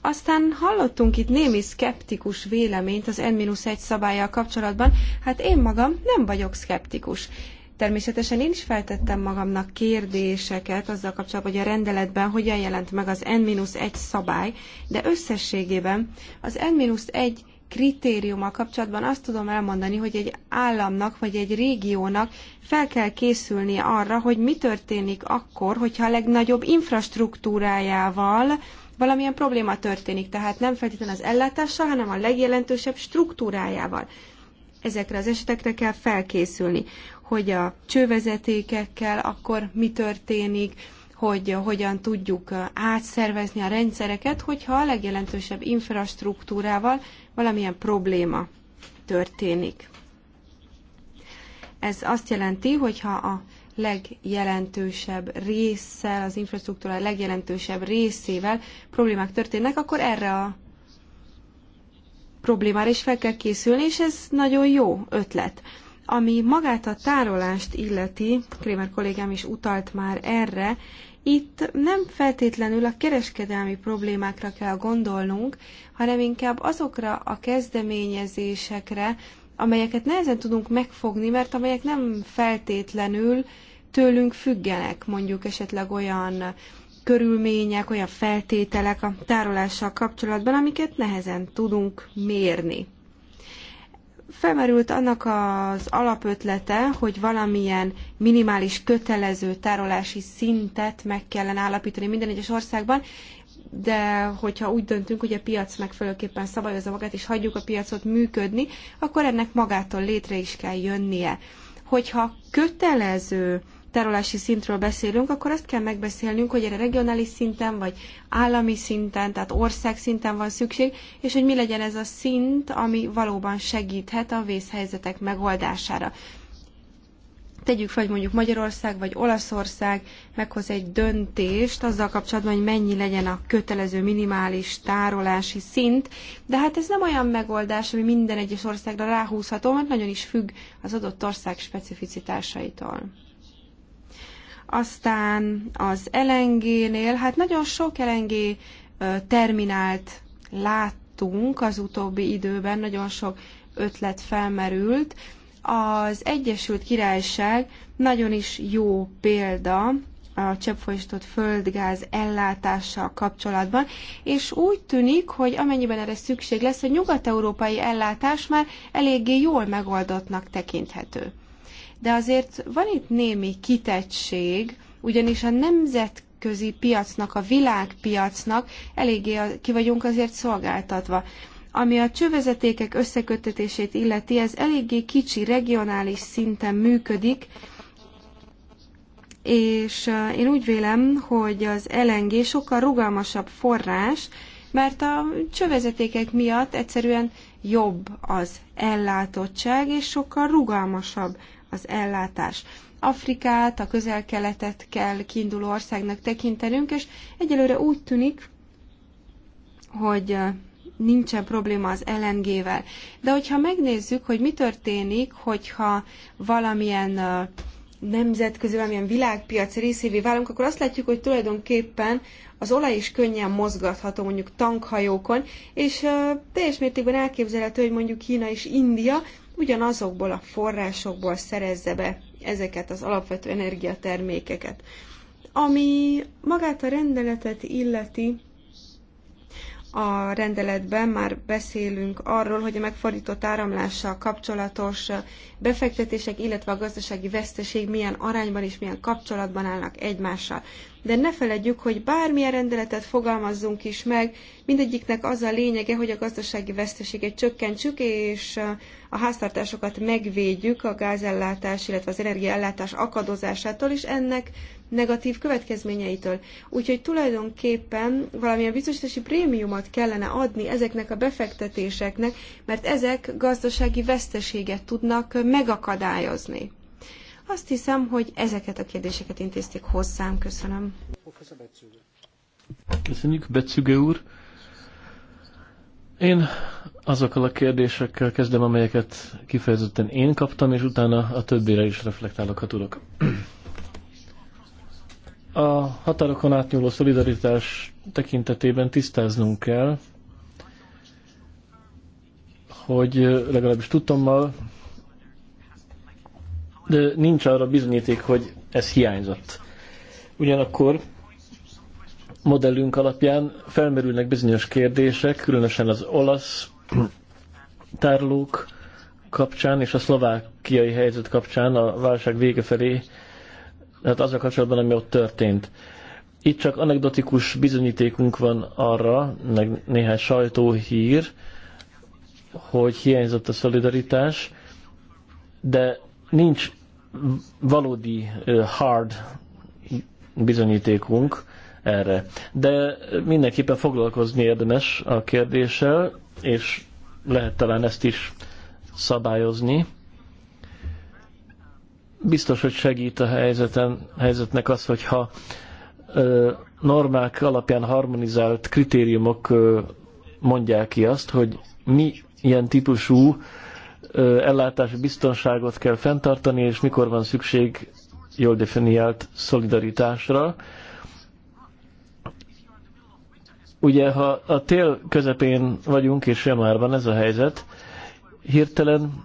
Speaker 1: Aztán hallottunk itt némi szkeptikus véleményt az N-1 szabályjal kapcsolatban. Hát én magam nem vagyok szkeptikus. Természetesen én is feltettem magamnak kérdéseket azzal kapcsolatban, hogy a rendeletben hogyan jelent meg az N-1 szabály, de összességében az N-1 kritériuma kapcsolatban azt tudom elmondani, hogy egy államnak vagy egy régiónak fel kell készülnie arra, hogy mi történik akkor, hogyha a legnagyobb infrastruktúrájával valamilyen probléma történik. Tehát nem feltétlenül az ellátással, hanem a legjelentősebb struktúrájával. Ezekre az esetekre kell felkészülni hogy a csővezetékekkel akkor mi történik, hogy hogyan tudjuk uh, átszervezni a rendszereket, hogyha a legjelentősebb infrastruktúrával valamilyen probléma történik. Ez azt jelenti, hogyha a legjelentősebb résszel, az infrastruktúra legjelentősebb részével problémák történnek, akkor erre a problémára is fel kell készülni, és ez nagyon jó ötlet. Ami magát a tárolást illeti, Krémer kollégám is utalt már erre, itt nem feltétlenül a kereskedelmi problémákra kell gondolnunk, hanem inkább azokra a kezdeményezésekre, amelyeket nehezen tudunk megfogni, mert amelyek nem feltétlenül tőlünk függenek, mondjuk esetleg olyan körülmények, olyan feltételek a tárolással kapcsolatban, amiket nehezen tudunk mérni felmerült annak az alapötlete, hogy valamilyen minimális kötelező tárolási szintet meg kellene állapítani minden egyes országban, de hogyha úgy döntünk, hogy a piac megfelelőképpen szabályozza magát, és hagyjuk a piacot működni, akkor ennek magától létre is kell jönnie. Hogyha kötelező tárolási szintről beszélünk, akkor azt kell megbeszélnünk, hogy erre regionális szinten, vagy állami szinten, tehát ország szinten van szükség, és hogy mi legyen ez a szint, ami valóban segíthet a vészhelyzetek megoldására. Tegyük fel, hogy mondjuk Magyarország vagy Olaszország meghoz egy döntést azzal kapcsolatban, hogy mennyi legyen a kötelező minimális tárolási szint, de hát ez nem olyan megoldás, ami minden egyes országra ráhúzható, mert nagyon is függ az adott ország specificitásaitól. Aztán az LNG-nél, hát nagyon sok LNG terminált láttunk az utóbbi időben, nagyon sok ötlet felmerült. Az Egyesült Királyság nagyon is jó példa a cseppfolyósított földgáz ellátással kapcsolatban, és úgy tűnik, hogy amennyiben erre szükség lesz, a nyugat-európai ellátás már eléggé jól megoldottnak tekinthető de azért van itt némi kitettség, ugyanis a nemzet nemzetközi piacnak, a világpiacnak eléggé ki vagyunk azért szolgáltatva. Ami a csővezetékek összekötetését illeti, ez eléggé kicsi, regionális szinten működik, és én úgy vélem, hogy az LNG sokkal rugalmasabb forrás, mert a csövezetékek miatt egyszerűen jobb az ellátottság, és sokkal rugalmasabb az ellátás. Afrikát, a közel-keletet kell kiinduló országnak tekintenünk, és egyelőre úgy tűnik, hogy nincsen probléma az LNG-vel. De hogyha megnézzük, hogy mi történik, hogyha valamilyen nemzetközi, valamilyen világpiac részévé válunk, akkor azt látjuk, hogy tulajdonképpen az olaj is könnyen mozgatható mondjuk tankhajókon, és teljes mértékben elképzelhető, hogy mondjuk Kína és India ugyanazokból a forrásokból szerezze be ezeket az alapvető energiatermékeket. Ami magát a rendeletet illeti, a rendeletben már beszélünk arról, hogy a megfordított áramlással kapcsolatos befektetések, illetve a gazdasági veszteség milyen arányban és milyen kapcsolatban állnak egymással de ne feledjük, hogy bármilyen rendeletet fogalmazzunk is meg, mindegyiknek az a lényege, hogy a gazdasági veszteséget csökkentsük, és a háztartásokat megvédjük a gázellátás, illetve az energiaellátás akadozásától, és ennek negatív következményeitől. Úgyhogy tulajdonképpen valamilyen biztosítási prémiumot kellene adni ezeknek a befektetéseknek, mert ezek gazdasági veszteséget tudnak megakadályozni. Azt hiszem, hogy ezeket a kérdéseket intézték hozzám. Köszönöm.
Speaker 2: Köszönjük, Becüge úr. Én azokkal a kérdésekkel kezdem, amelyeket kifejezetten én kaptam, és utána a többire is reflektálok, ha tudok. A határokon átnyúló szolidaritás tekintetében tisztáznunk kell, hogy legalábbis tudtommal de nincs arra bizonyíték, hogy ez hiányzott. Ugyanakkor modellünk alapján felmerülnek bizonyos kérdések, különösen az olasz tárlók kapcsán és a szlovákiai helyzet kapcsán a válság vége felé, tehát azzal kapcsolatban, ami ott történt. Itt csak anekdotikus bizonyítékunk van arra, meg néhány sajtóhír, hogy hiányzott a szolidaritás, de nincs valódi hard bizonyítékunk erre. De mindenképpen foglalkozni érdemes a kérdéssel, és lehet talán ezt is szabályozni. Biztos, hogy segít a helyzeten, helyzetnek az, hogyha normák alapján harmonizált kritériumok mondják ki azt, hogy mi ilyen típusú ellátási biztonságot kell fenntartani, és mikor van szükség jól definiált szolidaritásra. Ugye, ha a tél közepén vagyunk, és már van ez a helyzet, hirtelen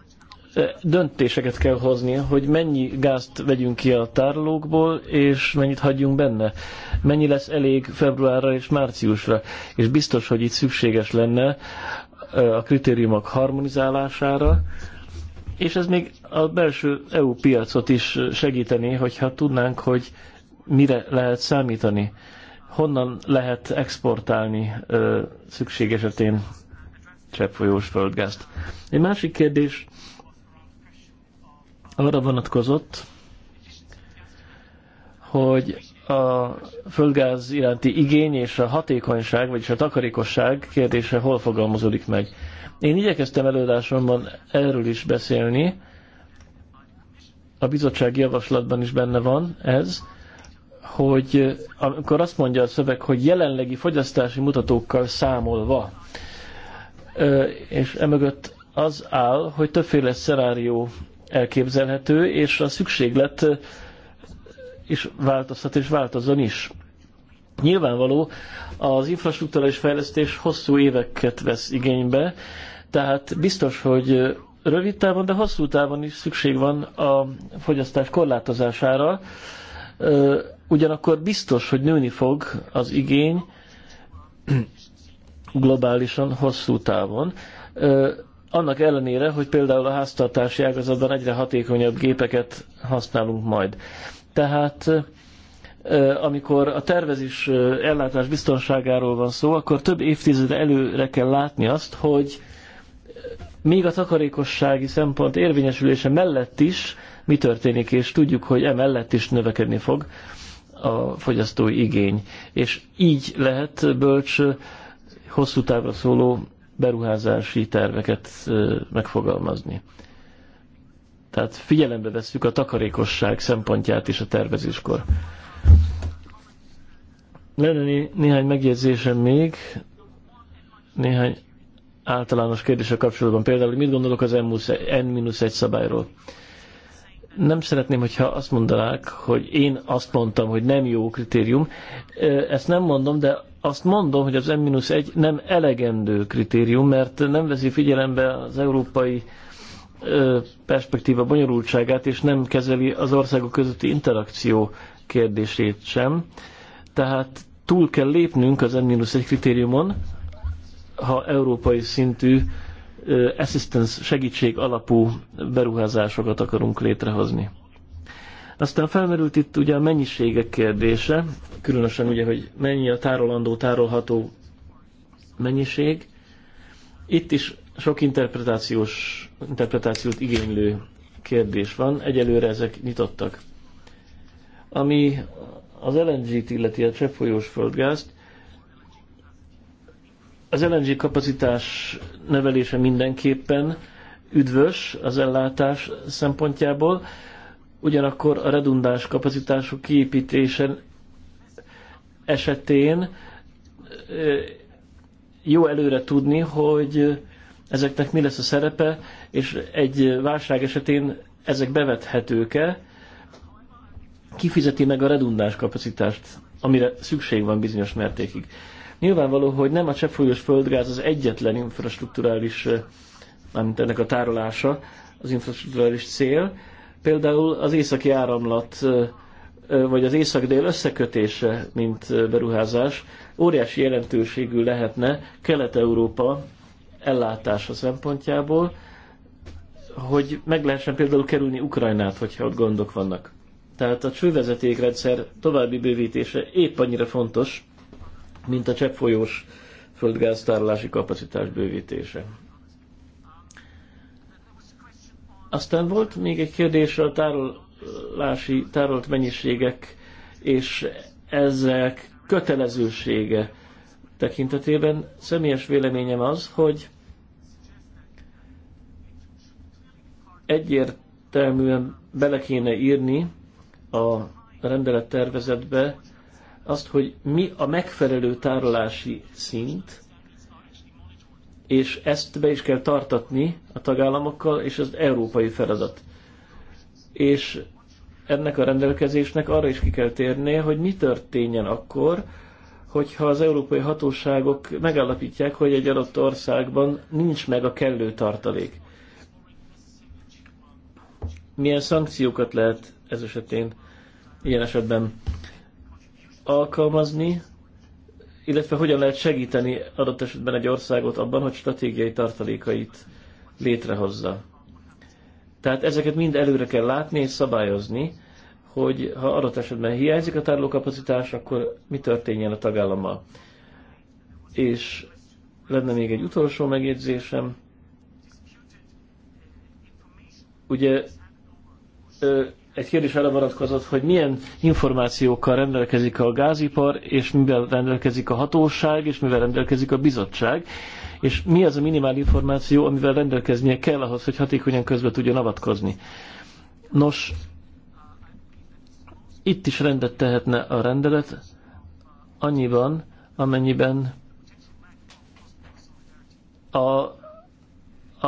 Speaker 2: döntéseket kell hozni, hogy mennyi gázt vegyünk ki a tárolókból, és mennyit hagyjunk benne. Mennyi lesz elég februárra és márciusra. És biztos, hogy itt szükséges lenne a kritériumok harmonizálására, és ez még a belső EU piacot is segíteni, hogyha tudnánk, hogy mire lehet számítani, honnan lehet exportálni ö, szükség esetén cseppfolyós földgázt. Egy másik kérdés arra vonatkozott, hogy a földgáz iránti igény és a hatékonyság, vagyis a takarékosság kérdése hol fogalmazódik meg. Én igyekeztem előadásomban erről is beszélni, a bizottsági javaslatban is benne van ez, hogy amikor azt mondja a szöveg, hogy jelenlegi fogyasztási mutatókkal számolva, és emögött az áll, hogy többféle szerárió elképzelhető, és a szükséglet és változhat és változzon is. Nyilvánvaló, az infrastruktúrális fejlesztés hosszú éveket vesz igénybe, tehát biztos, hogy rövid távon, de hosszú távon is szükség van a fogyasztás korlátozására. Ugyanakkor biztos, hogy nőni fog az igény globálisan, hosszú távon. Annak ellenére, hogy például a háztartási ágazatban egyre hatékonyabb gépeket használunk majd. Tehát amikor a tervezés ellátás biztonságáról van szó, akkor több évtized előre kell látni azt, hogy még a takarékossági szempont érvényesülése mellett is mi történik, és tudjuk, hogy emellett is növekedni fog a fogyasztói igény. És így lehet bölcs hosszú távra szóló beruházási terveket megfogalmazni. Tehát figyelembe vesszük a takarékosság szempontját is a tervezéskor. Lenne néhány megjegyzésem még, néhány általános kérdése kapcsolatban. Például, hogy mit gondolok az N-1 szabályról? Nem szeretném, hogyha azt mondanák, hogy én azt mondtam, hogy nem jó kritérium. Ezt nem mondom, de azt mondom, hogy az N-1 nem elegendő kritérium, mert nem veszi figyelembe az európai perspektíva bonyolultságát, és nem kezeli az országok közötti interakció kérdését sem. Tehát túl kell lépnünk az N-1 kritériumon, ha európai szintű assistance segítség alapú beruházásokat akarunk létrehozni. Aztán felmerült itt ugye a mennyiségek kérdése, különösen ugye, hogy mennyi a tárolandó, tárolható mennyiség. Itt is sok interpretációs interpretációt igénylő kérdés van. Egyelőre ezek nyitottak. Ami az LNG-t illeti a cseppfolyós földgázt, az LNG kapacitás növelése mindenképpen üdvös az ellátás szempontjából, ugyanakkor a redundáns kapacitások kiépítése esetén jó előre tudni, hogy ezeknek mi lesz a szerepe, és egy válság esetén ezek bevethetők-e, kifizeti meg a redundáns kapacitást, amire szükség van bizonyos mértékig. Nyilvánvaló, hogy nem a cseppfolyós földgáz az egyetlen infrastruktúrális, eh, mármint ennek a tárolása, az infrastruktúrális cél. Például az északi áramlat, eh, eh, vagy az észak-dél összekötése, mint beruházás, óriási jelentőségű lehetne Kelet-Európa ellátása szempontjából, hogy meg lehessen például kerülni Ukrajnát, hogyha ott gondok vannak. Tehát a csővezetékrendszer további bővítése épp annyira fontos, mint a cseppfolyós földgáztárolási kapacitás bővítése. Aztán volt még egy kérdés a tárolási, tárolt mennyiségek és ezek kötelezősége tekintetében. Személyes véleményem az, hogy egyértelműen bele kéne írni a rendelettervezetbe azt, hogy mi a megfelelő tárolási szint, és ezt be is kell tartatni a tagállamokkal, és az európai feladat. És ennek a rendelkezésnek arra is ki kell térnie, hogy mi történjen akkor, hogyha az európai hatóságok megállapítják, hogy egy adott országban nincs meg a kellő tartalék milyen szankciókat lehet ez esetén ilyen esetben alkalmazni, illetve hogyan lehet segíteni adott esetben egy országot abban, hogy stratégiai tartalékait létrehozza. Tehát ezeket mind előre kell látni és szabályozni, hogy ha adott esetben hiányzik a tárolókapacitás, akkor mi történjen a tagállammal. És lenne még egy utolsó megjegyzésem. Ugye egy kérdés arra vonatkozott, hogy milyen információkkal rendelkezik a gázipar, és mivel rendelkezik a hatóság, és mivel rendelkezik a bizottság, és mi az a minimál információ, amivel rendelkeznie kell ahhoz, hogy hatékonyan közbe tudjon avatkozni. Nos, itt is rendet tehetne a rendelet, annyiban, amennyiben a,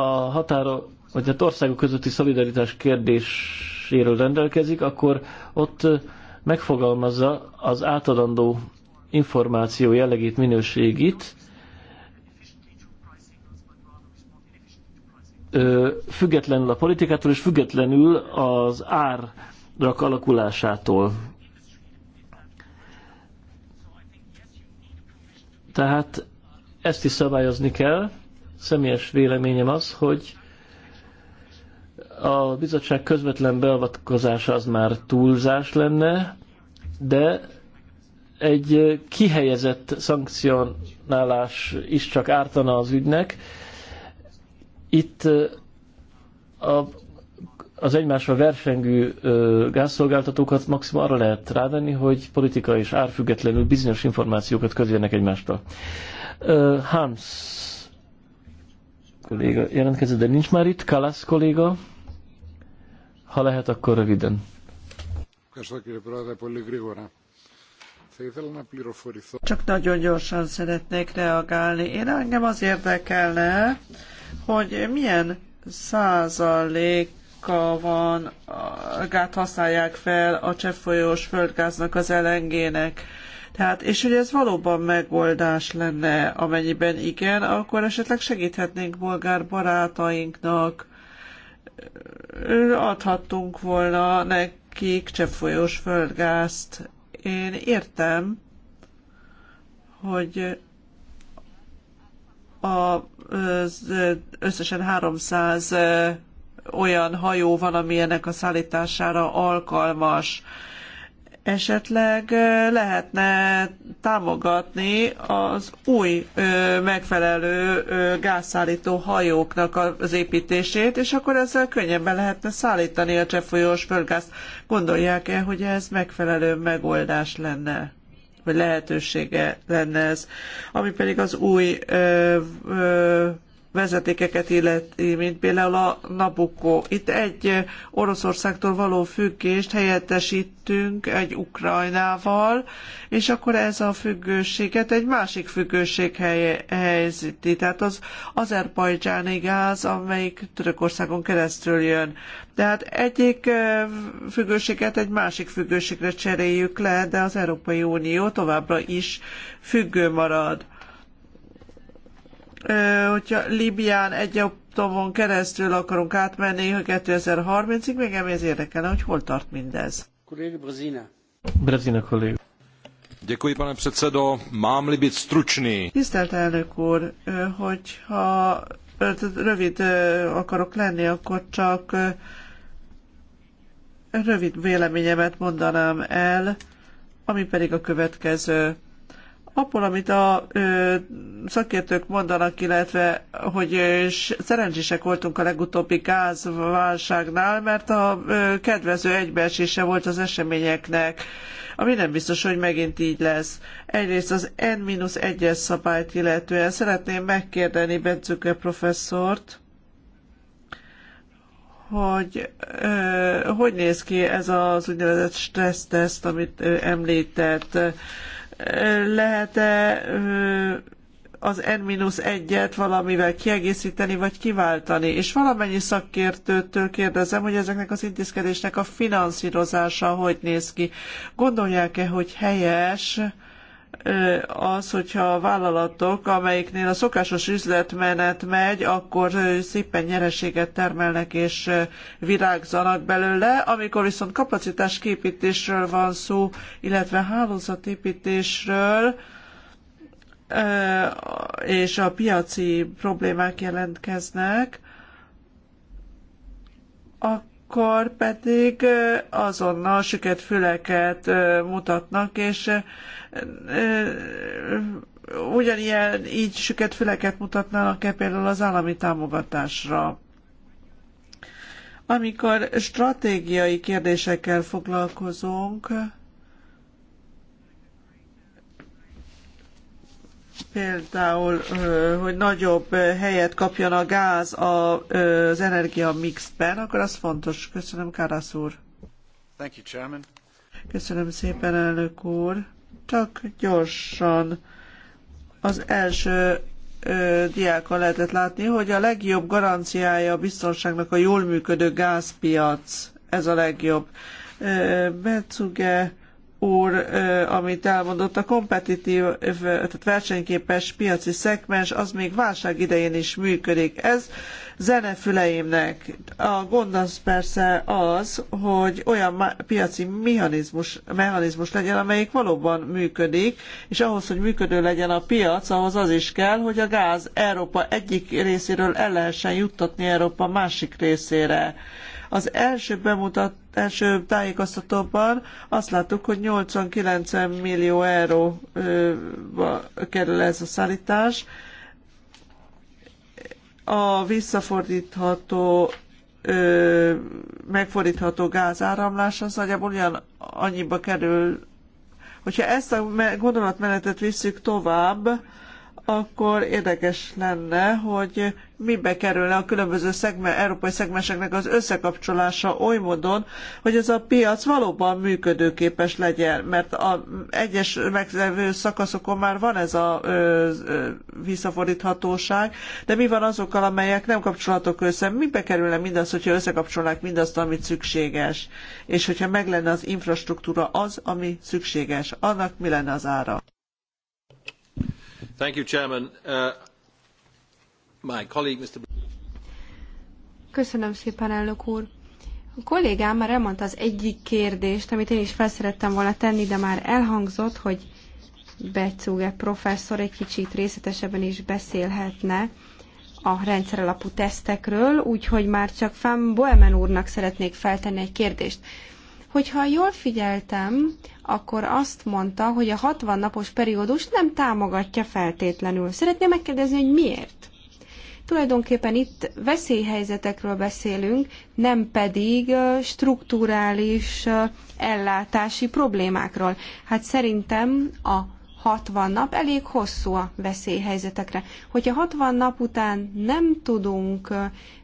Speaker 2: a határa, vagy a hát országok közötti szolidaritás kérdés rendelkezéséről rendelkezik, akkor ott megfogalmazza az átadandó információ jellegét, minőségét, függetlenül a politikától és függetlenül az árak alakulásától. Tehát ezt is szabályozni kell. Személyes véleményem az, hogy a bizottság közvetlen beavatkozása az már túlzás lenne, de egy kihelyezett szankcionálás is csak ártana az ügynek. Itt a, az egymásra versengő gázszolgáltatókat maximum arra lehet rávenni, hogy politika és árfüggetlenül bizonyos információkat közélnek egymástól. Hans kolléga jelentkezett, de nincs már itt. Kalasz kolléga. Ha lehet, akkor röviden. Csak
Speaker 3: nagyon gyorsan szeretnék reagálni. Én engem az érdekelne, hogy milyen százalék van, gát használják fel a cseppfolyós földgáznak, az elengének. Tehát, és hogy ez valóban megoldás lenne, amennyiben igen, akkor esetleg segíthetnénk bolgár barátainknak, adhattunk volna nekik cseppfolyós földgázt. Én értem, hogy a, összesen 300 olyan hajó van, ami ennek a szállítására alkalmas esetleg lehetne támogatni az új megfelelő gázszállító hajóknak az építését, és akkor ezzel könnyebben lehetne szállítani a cseppfolyós földgázt. Gondolják-e, hogy ez megfelelő megoldás lenne? vagy lehetősége lenne ez, ami pedig az új ö, ö, vezetékeket illeti, mint például a Nabucco. Itt egy Oroszországtól való függést helyettesítünk egy Ukrajnával, és akkor ez a függőséget egy másik függőség helyezíti. Tehát az azerbajdzsáni gáz, amelyik Törökországon keresztül jön. Tehát egyik függőséget egy másik függőségre cseréljük le, de az Európai Unió továbbra is függő marad hogyha Libyán Egyiptomon keresztül akarunk átmenni 2030-ig, még ez érdekelne, hogy hol tart mindez.
Speaker 2: Brazina. Brazina Děkuji, pane předsedo.
Speaker 3: Mám-li být stručný? Tisztelt elnök úr, hogyha rövid akarok lenni, akkor csak rövid véleményemet mondanám el, ami pedig a következő abból, amit a ö, szakértők mondanak, illetve hogy szerencsések voltunk a legutóbbi gázválságnál, mert a ö, kedvező egybeesése volt az eseményeknek, ami nem biztos, hogy megint így lesz. Egyrészt az N-1-es szabályt illetően szeretném megkérdeni Bencüke professzort, hogy ö, hogy néz ki ez az úgynevezett teszt, amit ö, említett lehet-e az N-1-et valamivel kiegészíteni vagy kiváltani. És valamennyi szakértőtől kérdezem, hogy ezeknek az intézkedésnek a finanszírozása hogy néz ki. Gondolják-e, hogy helyes, az, hogyha a vállalatok, amelyiknél a szokásos üzletmenet megy, akkor szépen nyereséget termelnek és virágzanak belőle, amikor viszont kapacitás képítésről van szó, illetve hálózatépítésről, és a piaci problémák jelentkeznek, akkor akkor pedig azonnal süket füleket mutatnak, és ugyanilyen így süket füleket mutatnának-e például az állami támogatásra? Amikor stratégiai kérdésekkel foglalkozunk, Például, hogy nagyobb helyet kapjon a gáz az energiamixben, akkor az fontos. Köszönöm, Kárász úr. Thank you, Chairman. Köszönöm szépen, elnök úr. Csak gyorsan az első diákon lehetett látni, hogy a legjobb garanciája a biztonságnak a jól működő gázpiac. Ez a legjobb. Ö, úr, amit elmondott, a kompetitív, tehát versenyképes piaci szegmens, az még válság idején is működik. Ez zenefüleimnek. A gond az persze az, hogy olyan piaci mechanizmus, mechanizmus legyen, amelyik valóban működik, és ahhoz, hogy működő legyen a piac, ahhoz az is kell, hogy a gáz Európa egyik részéről el lehessen juttatni Európa másik részére az első bemutat, első tájékoztatóban azt láttuk, hogy 89 millió euróba kerül ez a szállítás. A visszafordítható ö, megfordítható gázáramlás az nagyjából olyan annyiba kerül. Hogyha ezt a gondolatmenetet visszük tovább, akkor érdekes lenne, hogy mibe kerülne a különböző szegme, európai szegmenseknek az összekapcsolása oly módon, hogy ez a piac valóban működőképes legyen, mert a egyes meglevő szakaszokon már van ez a ö, ö, visszafordíthatóság, de mi van azokkal, amelyek nem kapcsolatok össze? Mibe kerülne mindaz, hogyha összekapcsolnák mindazt, amit szükséges? És hogyha meg lenne az infrastruktúra az, ami szükséges, annak mi lenne az ára?
Speaker 1: Uh, Köszönöm szépen, A kollégám már elmondta az egyik kérdést, amit én is felszerettem volna tenni, de már elhangzott, hogy Becúge professzor egy kicsit részletesebben is beszélhetne a rendszeralapú tesztekről, úgyhogy már csak Fem Boemen úrnak szeretnék feltenni egy kérdést. Hogyha jól figyeltem, akkor azt mondta, hogy a 60 napos periódus nem támogatja feltétlenül. Szeretném megkérdezni, hogy miért? Tulajdonképpen itt veszélyhelyzetekről beszélünk, nem pedig strukturális ellátási problémákról. Hát szerintem a 60 nap elég hosszú a veszélyhelyzetekre. Hogyha 60 nap után nem tudunk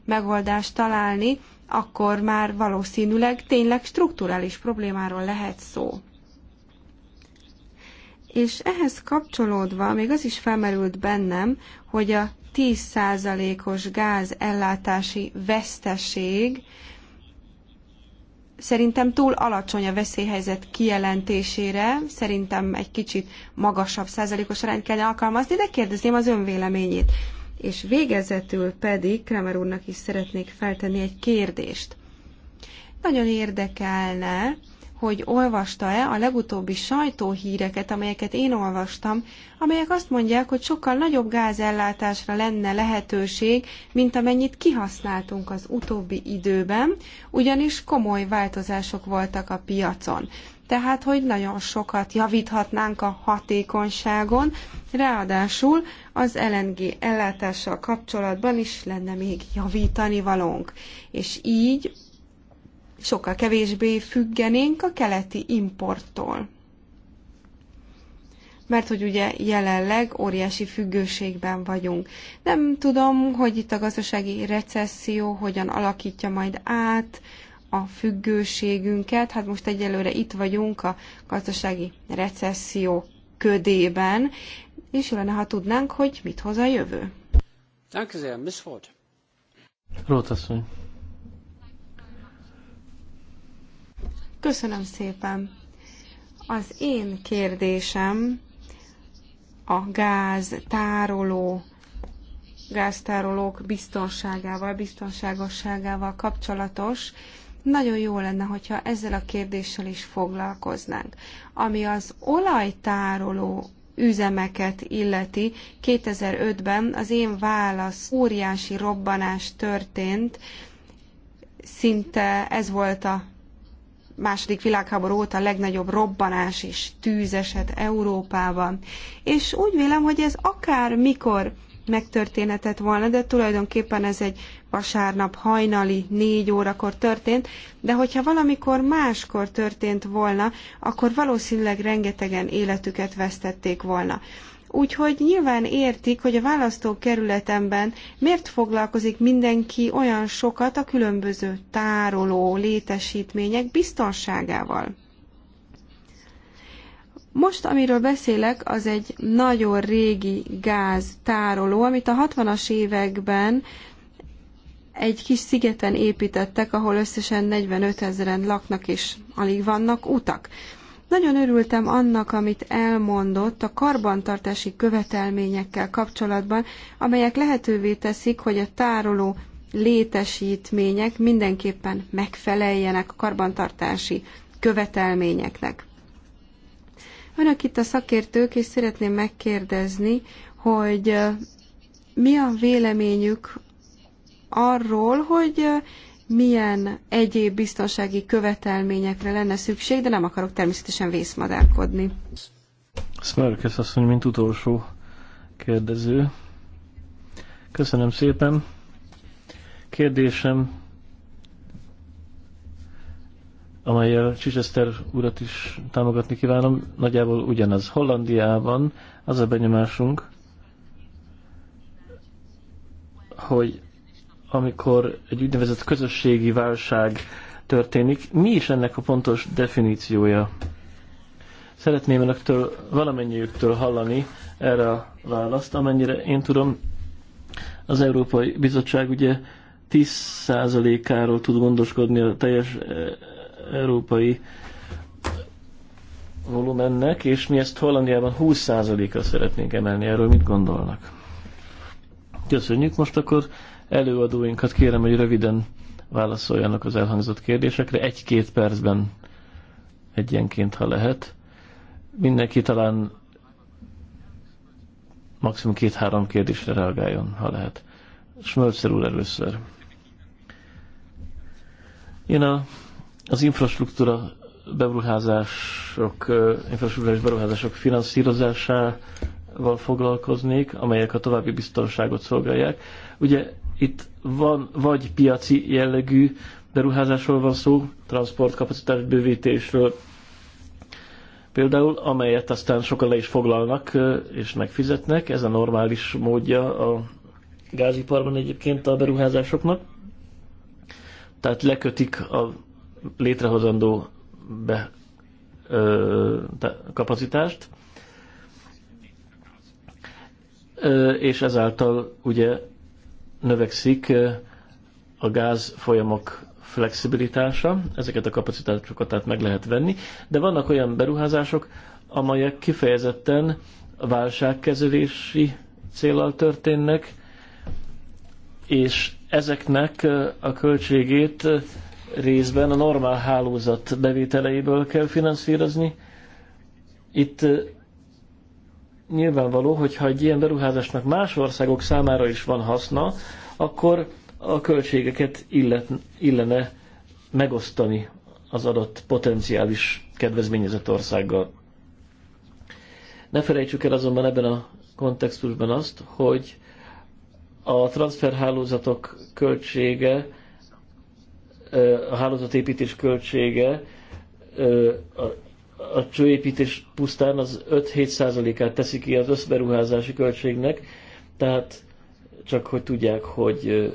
Speaker 1: megoldást találni, akkor már valószínűleg tényleg strukturális problémáról lehet szó. És ehhez kapcsolódva még az is felmerült bennem, hogy a 10%-os gáz ellátási veszteség szerintem túl alacsony a veszélyhelyzet kijelentésére, szerintem egy kicsit magasabb százalékos arányt kellene alkalmazni, de kérdezném az önvéleményét. És végezetül pedig Kramer úrnak is szeretnék feltenni egy kérdést. Nagyon érdekelne, hogy olvasta-e a legutóbbi sajtóhíreket, amelyeket én olvastam, amelyek azt mondják, hogy sokkal nagyobb gázellátásra lenne lehetőség, mint amennyit kihasználtunk az utóbbi időben, ugyanis komoly változások voltak a piacon. Tehát, hogy nagyon sokat javíthatnánk a hatékonyságon, ráadásul az LNG ellátással kapcsolatban is lenne még javítani valónk. És így sokkal kevésbé függenénk a keleti importtól. Mert hogy ugye jelenleg óriási függőségben vagyunk. Nem tudom, hogy itt a gazdasági recesszió hogyan alakítja majd át a függőségünket. Hát most egyelőre itt vagyunk a gazdasági recesszió ködében, és jó lenne, ha tudnánk, hogy mit hoz a jövő.
Speaker 2: Köszönöm, Miss Ford.
Speaker 1: Köszönöm szépen. Az én kérdésem a gáz tároló gáztárolók biztonságával, biztonságosságával kapcsolatos. Nagyon jó lenne, hogyha ezzel a kérdéssel is foglalkoznánk. Ami az olajtároló üzemeket illeti, 2005-ben az én válasz óriási robbanás történt, szinte ez volt a második világháború óta a legnagyobb robbanás és tűzeset Európában. És úgy vélem, hogy ez akár mikor megtörténetett volna, de tulajdonképpen ez egy vasárnap hajnali négy órakor történt, de hogyha valamikor máskor történt volna, akkor valószínűleg rengetegen életüket vesztették volna. Úgyhogy nyilván értik, hogy a választókerületemben miért foglalkozik mindenki olyan sokat a különböző tároló létesítmények biztonságával. Most, amiről beszélek, az egy nagyon régi gáztároló, amit a 60-as években egy kis szigeten építettek, ahol összesen 45 ezeren laknak, és alig vannak utak. Nagyon örültem annak, amit elmondott a karbantartási követelményekkel kapcsolatban, amelyek lehetővé teszik, hogy a tároló létesítmények mindenképpen megfeleljenek a karbantartási követelményeknek. Önök itt a szakértők, és szeretném megkérdezni, hogy mi a véleményük arról, hogy milyen egyéb biztonsági követelményekre lenne szükség, de nem akarok természetesen vészmadárkodni.
Speaker 2: Szmerkesz asszony, mint utolsó kérdező. Köszönöm szépen. Kérdésem, amelyel Chichester urat is támogatni kívánom, nagyjából ugyanaz. Hollandiában az a benyomásunk, hogy amikor egy úgynevezett közösségi válság történik. Mi is ennek a pontos definíciója? Szeretném önöktől, valamennyiüktől hallani erre a választ. Amennyire én tudom, az Európai Bizottság ugye 10%-áról tud gondoskodni a teljes eh, európai volumennek, és mi ezt Hollandiában 20%-ra szeretnénk emelni. Erről mit gondolnak? Köszönjük most akkor Előadóinkat kérem, hogy röviden válaszoljanak az elhangzott kérdésekre, egy-két percben egyenként, ha lehet. Mindenki talán maximum két-három kérdésre reagáljon, ha lehet. Smölcer úr először. Én a, az infrastruktúra beruházások, infrastruktúrális beruházások finanszírozásával foglalkoznék, amelyek a további biztonságot szolgálják. Ugye itt van vagy piaci jellegű beruházásról van szó, transportkapacitás bővítésről, például, amelyet aztán sokan le is foglalnak és megfizetnek. Ez a normális módja a gáziparban egyébként a beruházásoknak. Tehát lekötik a létrehozandó be, ö, te, kapacitást, ö, és ezáltal ugye növekszik a gáz folyamok flexibilitása, ezeket a kapacitásokat tehát meg lehet venni, de vannak olyan beruházások, amelyek kifejezetten válságkezelési célral történnek, és ezeknek a költségét részben a normál hálózat bevételeiből kell finanszírozni. Itt nyilvánvaló, hogyha egy ilyen beruházásnak más országok számára is van haszna, akkor a költségeket illet, illene megosztani az adott potenciális kedvezményezett országgal. Ne felejtsük el azonban ebben a kontextusban azt, hogy a transferhálózatok költsége, a hálózatépítés költsége a csőépítés pusztán az 5-7 százalékát teszi ki az összberuházási költségnek, tehát csak hogy tudják, hogy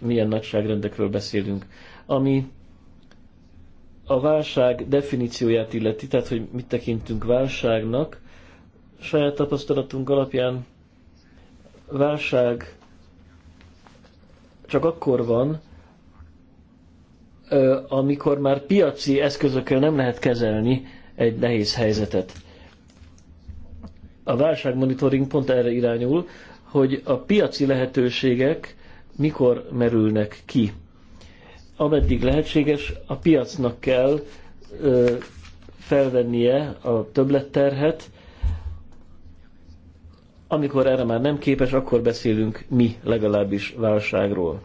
Speaker 2: milyen nagyságrendekről beszélünk. Ami a válság definícióját illeti, tehát hogy mit tekintünk válságnak, saját tapasztalatunk alapján válság csak akkor van, amikor már piaci eszközökkel nem lehet kezelni egy nehéz helyzetet. A válságmonitoring pont erre irányul, hogy a piaci lehetőségek mikor merülnek ki. Ameddig lehetséges, a piacnak kell ö, felvennie a többletterhet, amikor erre már nem képes, akkor beszélünk mi legalábbis válságról.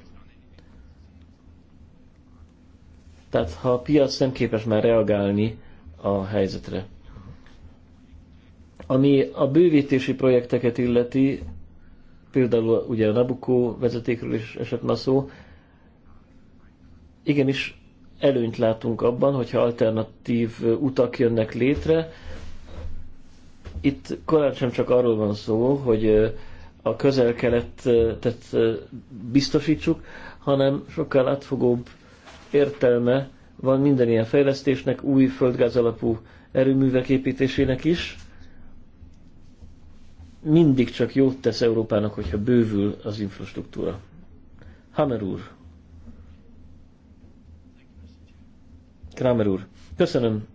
Speaker 2: Tehát ha a piac nem képes már reagálni a helyzetre. Ami a bővítési projekteket illeti, például ugye a Nabucco vezetékről is esett ma szó, igenis előnyt látunk abban, hogyha alternatív utak jönnek létre. Itt korán sem csak arról van szó, hogy a közel-keletet biztosítsuk, hanem sokkal átfogóbb értelme van minden ilyen fejlesztésnek, új földgáz alapú erőművek építésének is. Mindig csak jót tesz Európának, hogyha bővül az infrastruktúra. Hammer úr. Kramer úr. Köszönöm.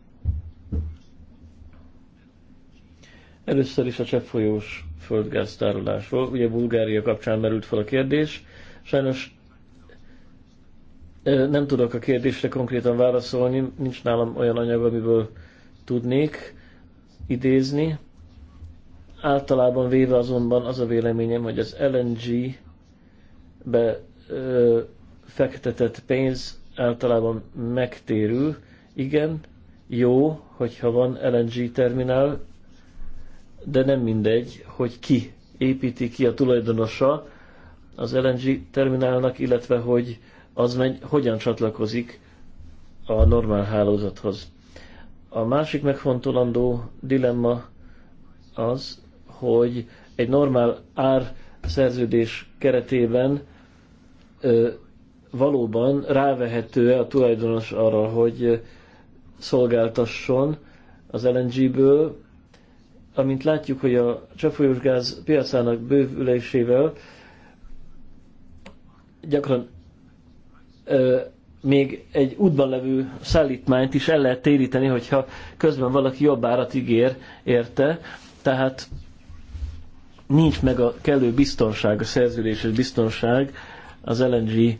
Speaker 2: Először is a cseppfolyós földgáztárolásról. Ugye Bulgária kapcsán merült fel a kérdés. Sajnos nem tudok a kérdésre konkrétan válaszolni, nincs nálam olyan anyag, amiből tudnék idézni. Általában véve azonban az a véleményem, hogy az LNG-be fektetett pénz általában megtérül. Igen, jó, hogyha van LNG terminál, de nem mindegy, hogy ki építi ki a tulajdonosa az LNG terminálnak, illetve hogy az meg hogyan csatlakozik a normál hálózathoz. A másik megfontolandó dilemma az, hogy egy normál ár szerződés keretében ö, valóban rávehető-e a tulajdonos arra, hogy szolgáltasson az LNG-ből. Amint látjuk, hogy a csapfolyós gáz piacának bővülésével gyakran még egy útban levő szállítmányt is el lehet téríteni, hogyha közben valaki jobb árat ígér érte, tehát nincs meg a kellő biztonság, a szerződéses biztonság az LNG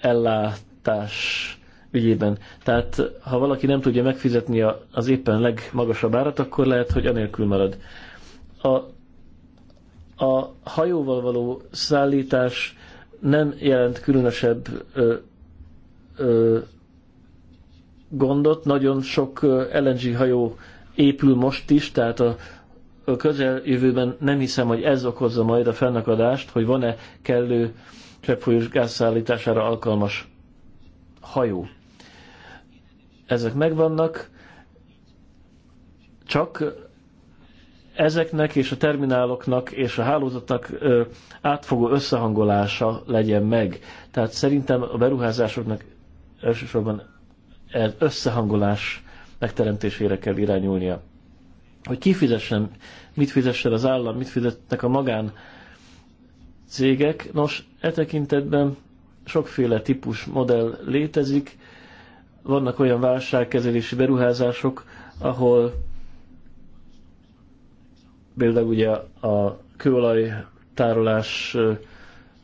Speaker 2: ellátás ügyében. Tehát ha valaki nem tudja megfizetni az éppen legmagasabb árat, akkor lehet, hogy anélkül marad. A, a hajóval való szállítás nem jelent különösebb gondot. Nagyon sok LNG hajó épül most is, tehát a, közeljövőben nem hiszem, hogy ez okozza majd a fennakadást, hogy van-e kellő cseppfolyós gázszállítására alkalmas hajó. Ezek megvannak, csak ezeknek és a termináloknak és a hálózatnak átfogó összehangolása legyen meg. Tehát szerintem a beruházásoknak elsősorban ez összehangolás megteremtésére kell irányulnia. Hogy ki fizessen, mit fizessen az állam, mit fizetnek a magán cégek. Nos, e tekintetben sokféle típus modell létezik. Vannak olyan válságkezelési beruházások, ahol például ugye a kőolaj tárolás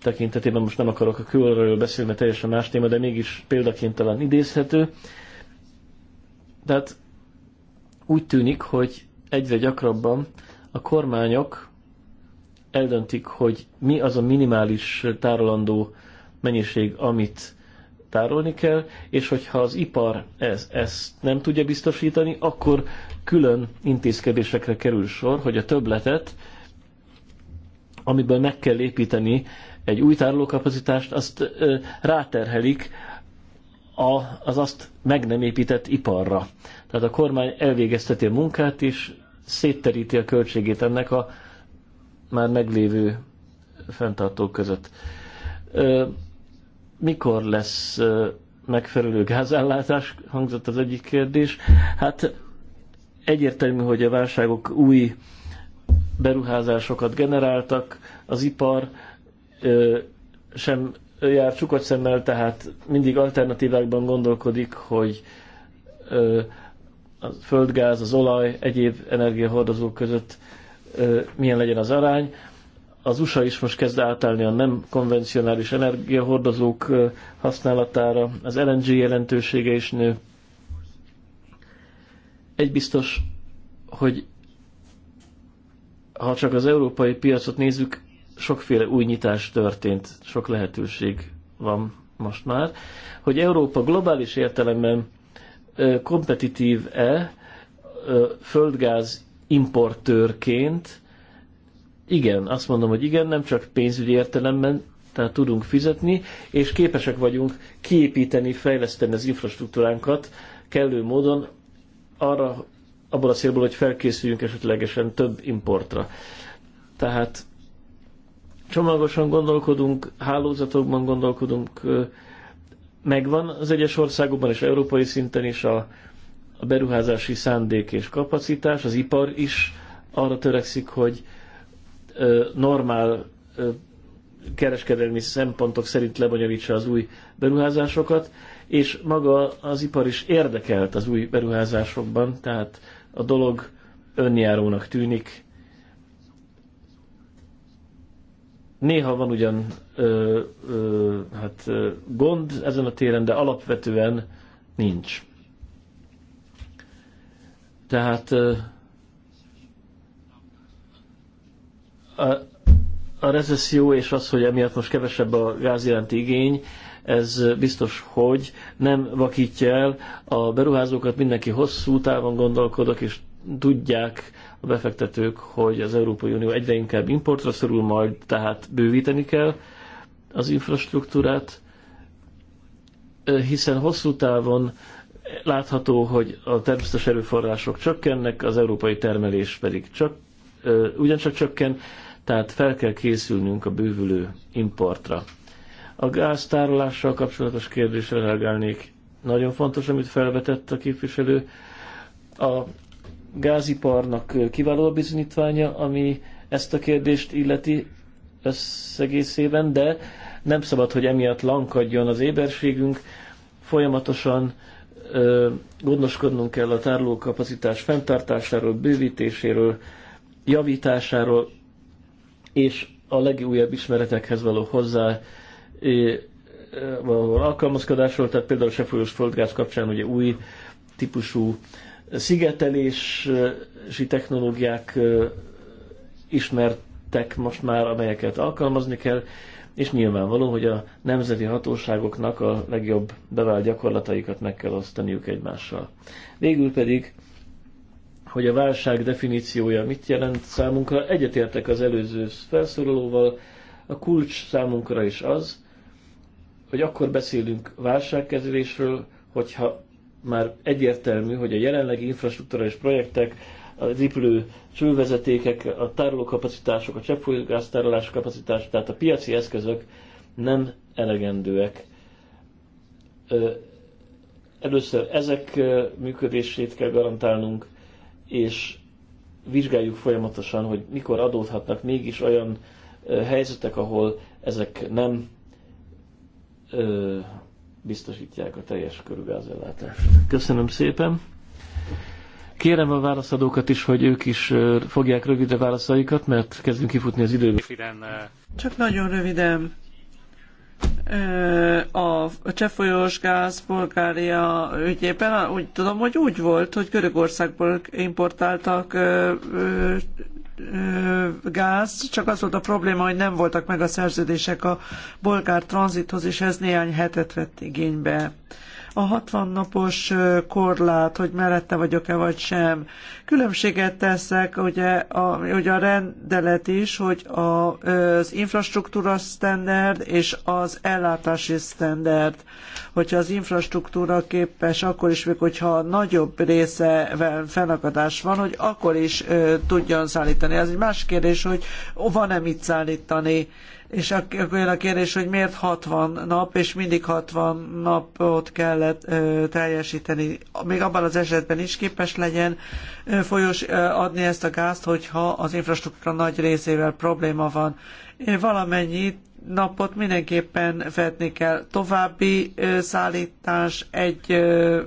Speaker 2: tekintetében most nem akarok a külről beszélni, mert teljesen más téma, de mégis példaként talán idézhető. Tehát úgy tűnik, hogy egyre gyakrabban a kormányok eldöntik, hogy mi az a minimális tárolandó mennyiség, amit tárolni kell, és hogyha az ipar ez, ezt nem tudja biztosítani, akkor külön intézkedésekre kerül sor, hogy a töbletet, amiből meg kell építeni egy új tárolókapacitást, azt ráterhelik a, az azt meg nem épített iparra. Tehát a kormány elvégezteti a munkát is, szétteríti a költségét ennek a már meglévő fenntartók között. Mikor lesz megfelelő gázellátás, hangzott az egyik kérdés. Hát egyértelmű, hogy a válságok új beruházásokat generáltak, az ipar sem jár csukott szemmel, tehát mindig alternatívákban gondolkodik, hogy a földgáz, az olaj, egyéb energiahordozók között milyen legyen az arány. Az USA is most kezd átállni a nem konvencionális energiahordozók használatára, az LNG jelentősége is nő. Egy biztos, hogy ha csak az európai piacot nézzük, sokféle új nyitás történt, sok lehetőség van most már, hogy Európa globális értelemben kompetitív-e földgáz importőrként, igen, azt mondom, hogy igen, nem csak pénzügyi értelemben, tehát tudunk fizetni, és képesek vagyunk kiépíteni, fejleszteni az infrastruktúránkat kellő módon arra, abból a célból, hogy felkészüljünk esetlegesen több importra. Tehát csomagosan gondolkodunk, hálózatokban gondolkodunk, megvan az egyes országokban és európai szinten is a, a beruházási szándék és kapacitás, az ipar is arra törekszik, hogy normál kereskedelmi szempontok szerint lebonyolítsa az új beruházásokat, és maga az ipar is érdekelt az új beruházásokban, tehát a dolog önjárónak tűnik, Néha van ugyan ö, ö, hát, ö, gond ezen a téren, de alapvetően nincs. Tehát ö, a, a recesszió és az, hogy emiatt most kevesebb a gáz iránti igény, ez biztos, hogy nem vakítja el a beruházókat, mindenki hosszú távon gondolkodok, és tudják a befektetők, hogy az Európai Unió egyre inkább importra szorul majd, tehát bővíteni kell az infrastruktúrát, hiszen hosszú távon látható, hogy a természetes erőforrások csökkennek, az európai termelés pedig csak, ugyancsak csökken, tehát fel kell készülnünk a bővülő importra. A gáztárolással kapcsolatos kérdésre reagálnék. Nagyon fontos, amit felvetett a képviselő. A gáziparnak kiváló a bizonyítványa, ami ezt a kérdést illeti összegészében, de nem szabad, hogy emiatt lankadjon az éberségünk. Folyamatosan ö, gondoskodnunk kell a tárolókapacitás fenntartásáról, bővítéséről, javításáról, és a legújabb ismeretekhez való hozzá ö, ö, alkalmazkodásról, tehát például a sefolyós földgáz kapcsán ugye új típusú Szigetelési technológiák ismertek most már, amelyeket alkalmazni kell, és nyilvánvaló, hogy a nemzeti hatóságoknak a legjobb bevált gyakorlataikat meg kell osztaniuk egymással. Végül pedig, hogy a válság definíciója mit jelent számunkra, egyetértek az előző felszólalóval, a kulcs számunkra is az, hogy akkor beszélünk válságkezelésről, hogyha már egyértelmű, hogy a jelenlegi infrastruktúrális projektek, az épülő csővezetékek, a tárolókapacitások, a cseppfolyógáztárolás kapacitás, tehát a piaci eszközök nem elegendőek. Először ezek működését kell garantálnunk, és vizsgáljuk folyamatosan, hogy mikor adódhatnak mégis olyan helyzetek, ahol ezek nem biztosítják a teljes körű gázellátást. Köszönöm szépen! Kérem a válaszadókat is, hogy ők is fogják rövidre válaszaikat, mert kezdünk kifutni az időből.
Speaker 3: Csak nagyon röviden. A cseppfolyós gáz Bulgária ügyében úgy tudom, hogy úgy volt, hogy Görögországból importáltak gáz, csak az volt a probléma, hogy nem voltak meg a szerződések a bolgár tranzithoz, és ez néhány hetet vett igénybe a 60 napos korlát, hogy mellette vagyok-e vagy sem. Különbséget teszek, ugye a, ugye a rendelet is, hogy a, az infrastruktúra standard és az ellátási standard. Hogyha az infrastruktúra képes, akkor is, még hogyha nagyobb része fennakadás van, hogy akkor is ö, tudjon szállítani. Ez egy más kérdés, hogy van-e mit szállítani és akkor jön a kérdés, hogy miért 60 nap, és mindig 60 napot kellett ö, teljesíteni. Még abban az esetben is képes legyen ö, folyos ö, adni ezt a gázt, hogyha az infrastruktúra nagy részével probléma van. én Valamennyi napot mindenképpen vetni kell. További ö, szállítás egy ö,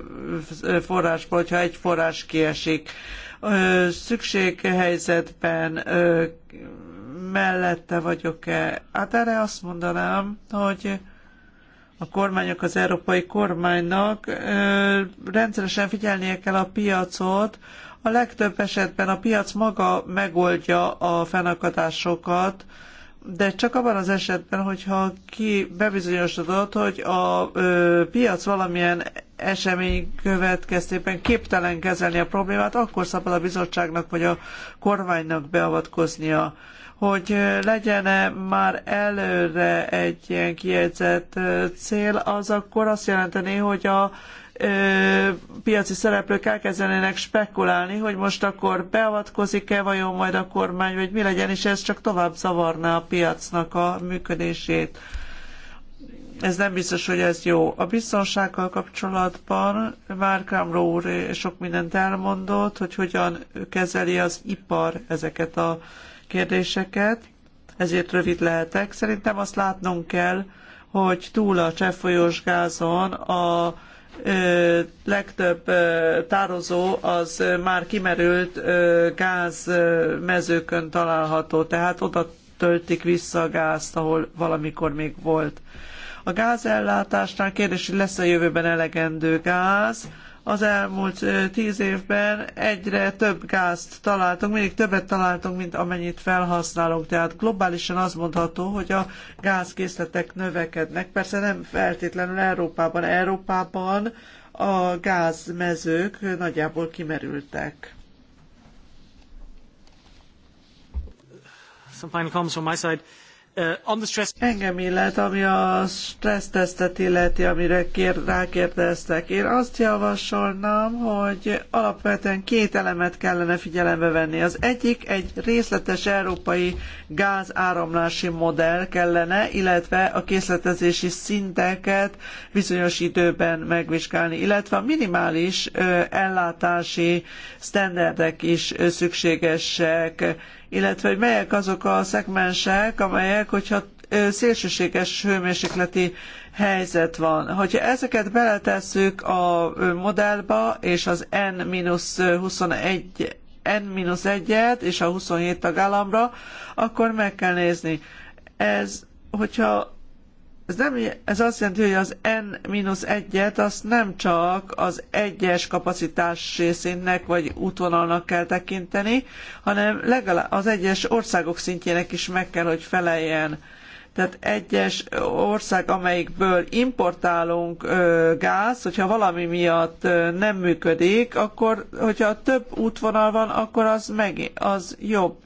Speaker 3: forrásból, hogyha egy forrás kiesik. Ö, szükséghelyzetben mellette vagyok-e. Hát erre azt mondanám, hogy a kormányok az európai kormánynak ö, rendszeresen figyelnie kell a piacot. A legtöbb esetben a piac maga megoldja a fennakadásokat, de csak abban az esetben, hogyha ki bebizonyosodott, hogy a ö, piac valamilyen esemény következtében képtelen kezelni a problémát, akkor szabad a bizottságnak vagy a kormánynak beavatkoznia hogy legyen-e már előre egy ilyen kiegyzett cél, az akkor azt jelenteni, hogy a piaci szereplők elkezdenének spekulálni, hogy most akkor beavatkozik-e vajon majd a kormány, vagy mi legyen, és ez csak tovább zavarná a piacnak a működését. Ez nem biztos, hogy ez jó. A biztonsággal kapcsolatban már Kamró úr sok mindent elmondott, hogy hogyan kezeli az ipar ezeket a kérdéseket, ezért rövid lehetek. Szerintem azt látnunk kell, hogy túl a cseppfolyós gázon a ö, legtöbb ö, tározó az már kimerült gázmezőkön található, tehát oda töltik vissza a gázt, ahol valamikor még volt. A gázellátásnál kérdés, hogy lesz a jövőben elegendő gáz, az elmúlt tíz évben egyre több gázt találtunk, mindig többet találtunk, mint amennyit felhasználunk. Tehát globálisan azt mondható, hogy a gázkészletek növekednek. Persze nem feltétlenül Európában. Európában a gázmezők nagyjából kimerültek.
Speaker 2: Some final comments from my side. Uh, Engem illet,
Speaker 3: ami a stressztesztet illeti, amire kér, rákérdeztek. Én azt javasolnám, hogy alapvetően két elemet kellene figyelembe venni. Az egyik egy részletes európai gázáramlási modell kellene, illetve a készletezési szinteket bizonyos időben megvizsgálni, illetve a minimális ellátási sztenderdek is szükségesek illetve hogy melyek azok a szegmensek, amelyek, hogyha szélsőséges hőmérsékleti helyzet van. Hogyha ezeket beletesszük a modellbe, és az N-21 N-1-et és a 27 tagállamra, akkor meg kell nézni. Ez, hogyha ez, nem, ez azt jelenti, hogy az N-1-et azt nem csak az egyes kapacitás részének vagy útvonalnak kell tekinteni, hanem legalább az egyes országok szintjének is meg kell, hogy feleljen. Tehát egyes ország, amelyikből importálunk ö, gáz, hogyha valami miatt nem működik, akkor hogyha több útvonal van, akkor az, meg, az jobb.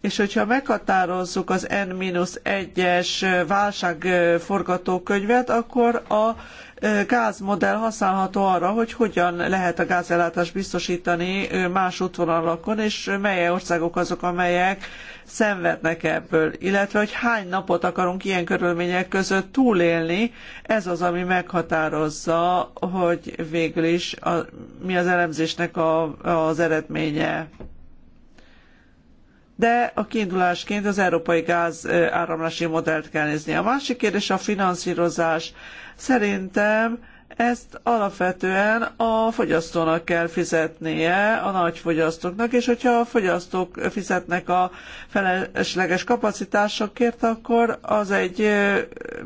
Speaker 3: És hogyha meghatározzuk az N-1-es válságforgatókönyvet, akkor a e, gázmodell használható arra, hogy hogyan lehet a gázellátást biztosítani e, más útvonalakon, és mely országok azok, amelyek szenvednek ebből, illetve hogy hány napot akarunk ilyen körülmények között túlélni, ez az, ami meghatározza, hogy végül is a, mi az elemzésnek a, az eredménye de a kiindulásként az európai gáz áramlási modellt kell nézni. A másik kérdés a finanszírozás. Szerintem ezt alapvetően a fogyasztónak kell fizetnie, a nagy fogyasztóknak, és hogyha a fogyasztók fizetnek a felesleges kapacitásokért, akkor az egy,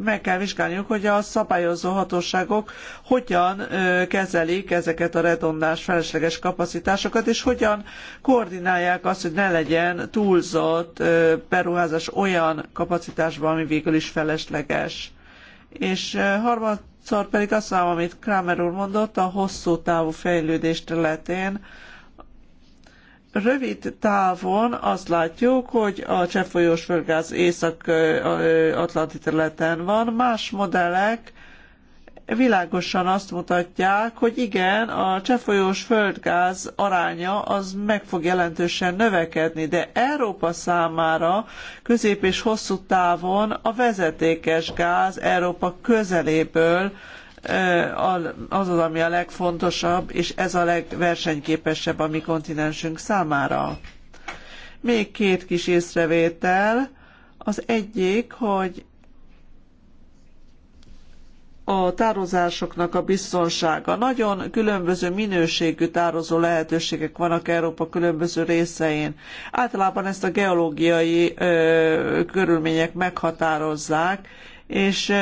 Speaker 3: meg kell vizsgálniuk, hogy a szabályozó hatóságok hogyan kezelik ezeket a redondáns felesleges kapacitásokat, és hogyan koordinálják azt, hogy ne legyen túlzott beruházás olyan kapacitásban, ami végül is felesleges. És harmad Szóval pedig azt mondom, amit Kramer úr mondott, a hosszú távú fejlődés területén rövid távon azt látjuk, hogy a cseppfolyós földgáz észak-atlanti területen van, más modellek világosan azt mutatják, hogy igen, a cseppfolyós földgáz aránya az meg fog jelentősen növekedni, de Európa számára közép és hosszú távon a vezetékes gáz Európa közeléből az az, ami a legfontosabb, és ez a legversenyképesebb a mi kontinensünk számára. Még két kis észrevétel. Az egyik, hogy a tározásoknak a biztonsága. Nagyon különböző minőségű tározó lehetőségek vannak Európa különböző részein. Általában ezt a geológiai ö, körülmények meghatározzák, és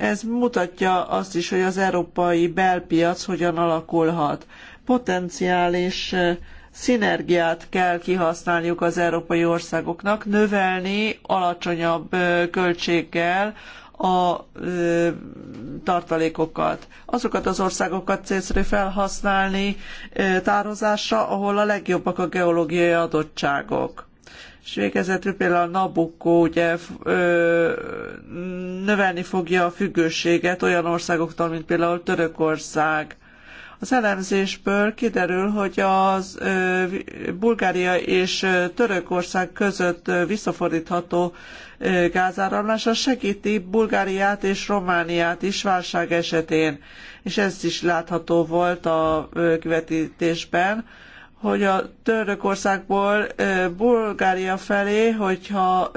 Speaker 3: ez mutatja azt is, hogy az európai belpiac hogyan alakulhat. Potenciális szinergiát kell kihasználniuk az európai országoknak, növelni alacsonyabb költséggel a ö, tartalékokat. Azokat az országokat célszerű felhasználni ö, tározásra, ahol a legjobbak a geológiai adottságok. És végezetül például a Nabucco ugye ö, növelni fogja a függőséget olyan országoktól, mint például Törökország az elemzésből kiderül, hogy az Bulgária és Törökország között visszafordítható gázáramlás az segíti Bulgáriát és Romániát is válság esetén, és ez is látható volt a kivetítésben hogy a Törökországból Bulgária felé, hogyha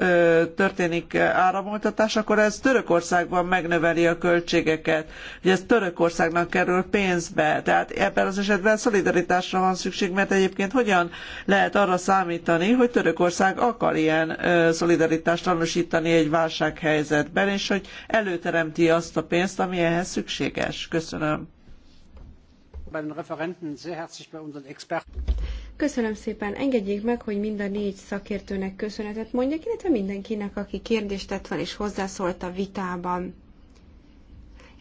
Speaker 3: történik áramoltatás, akkor ez Törökországban megnöveli a költségeket, hogy ez Törökországnak kerül pénzbe. Tehát ebben az esetben szolidaritásra van szükség, mert egyébként hogyan lehet arra számítani, hogy Törökország akar ilyen szolidaritást tanúsítani egy válsághelyzetben, és hogy előteremti azt a pénzt, ami ehhez szükséges. Köszönöm.
Speaker 1: Köszönöm szépen. Engedjék meg, hogy mind a négy szakértőnek köszönetet mondjak, illetve mindenkinek, aki kérdést tett fel és hozzászólt a vitában.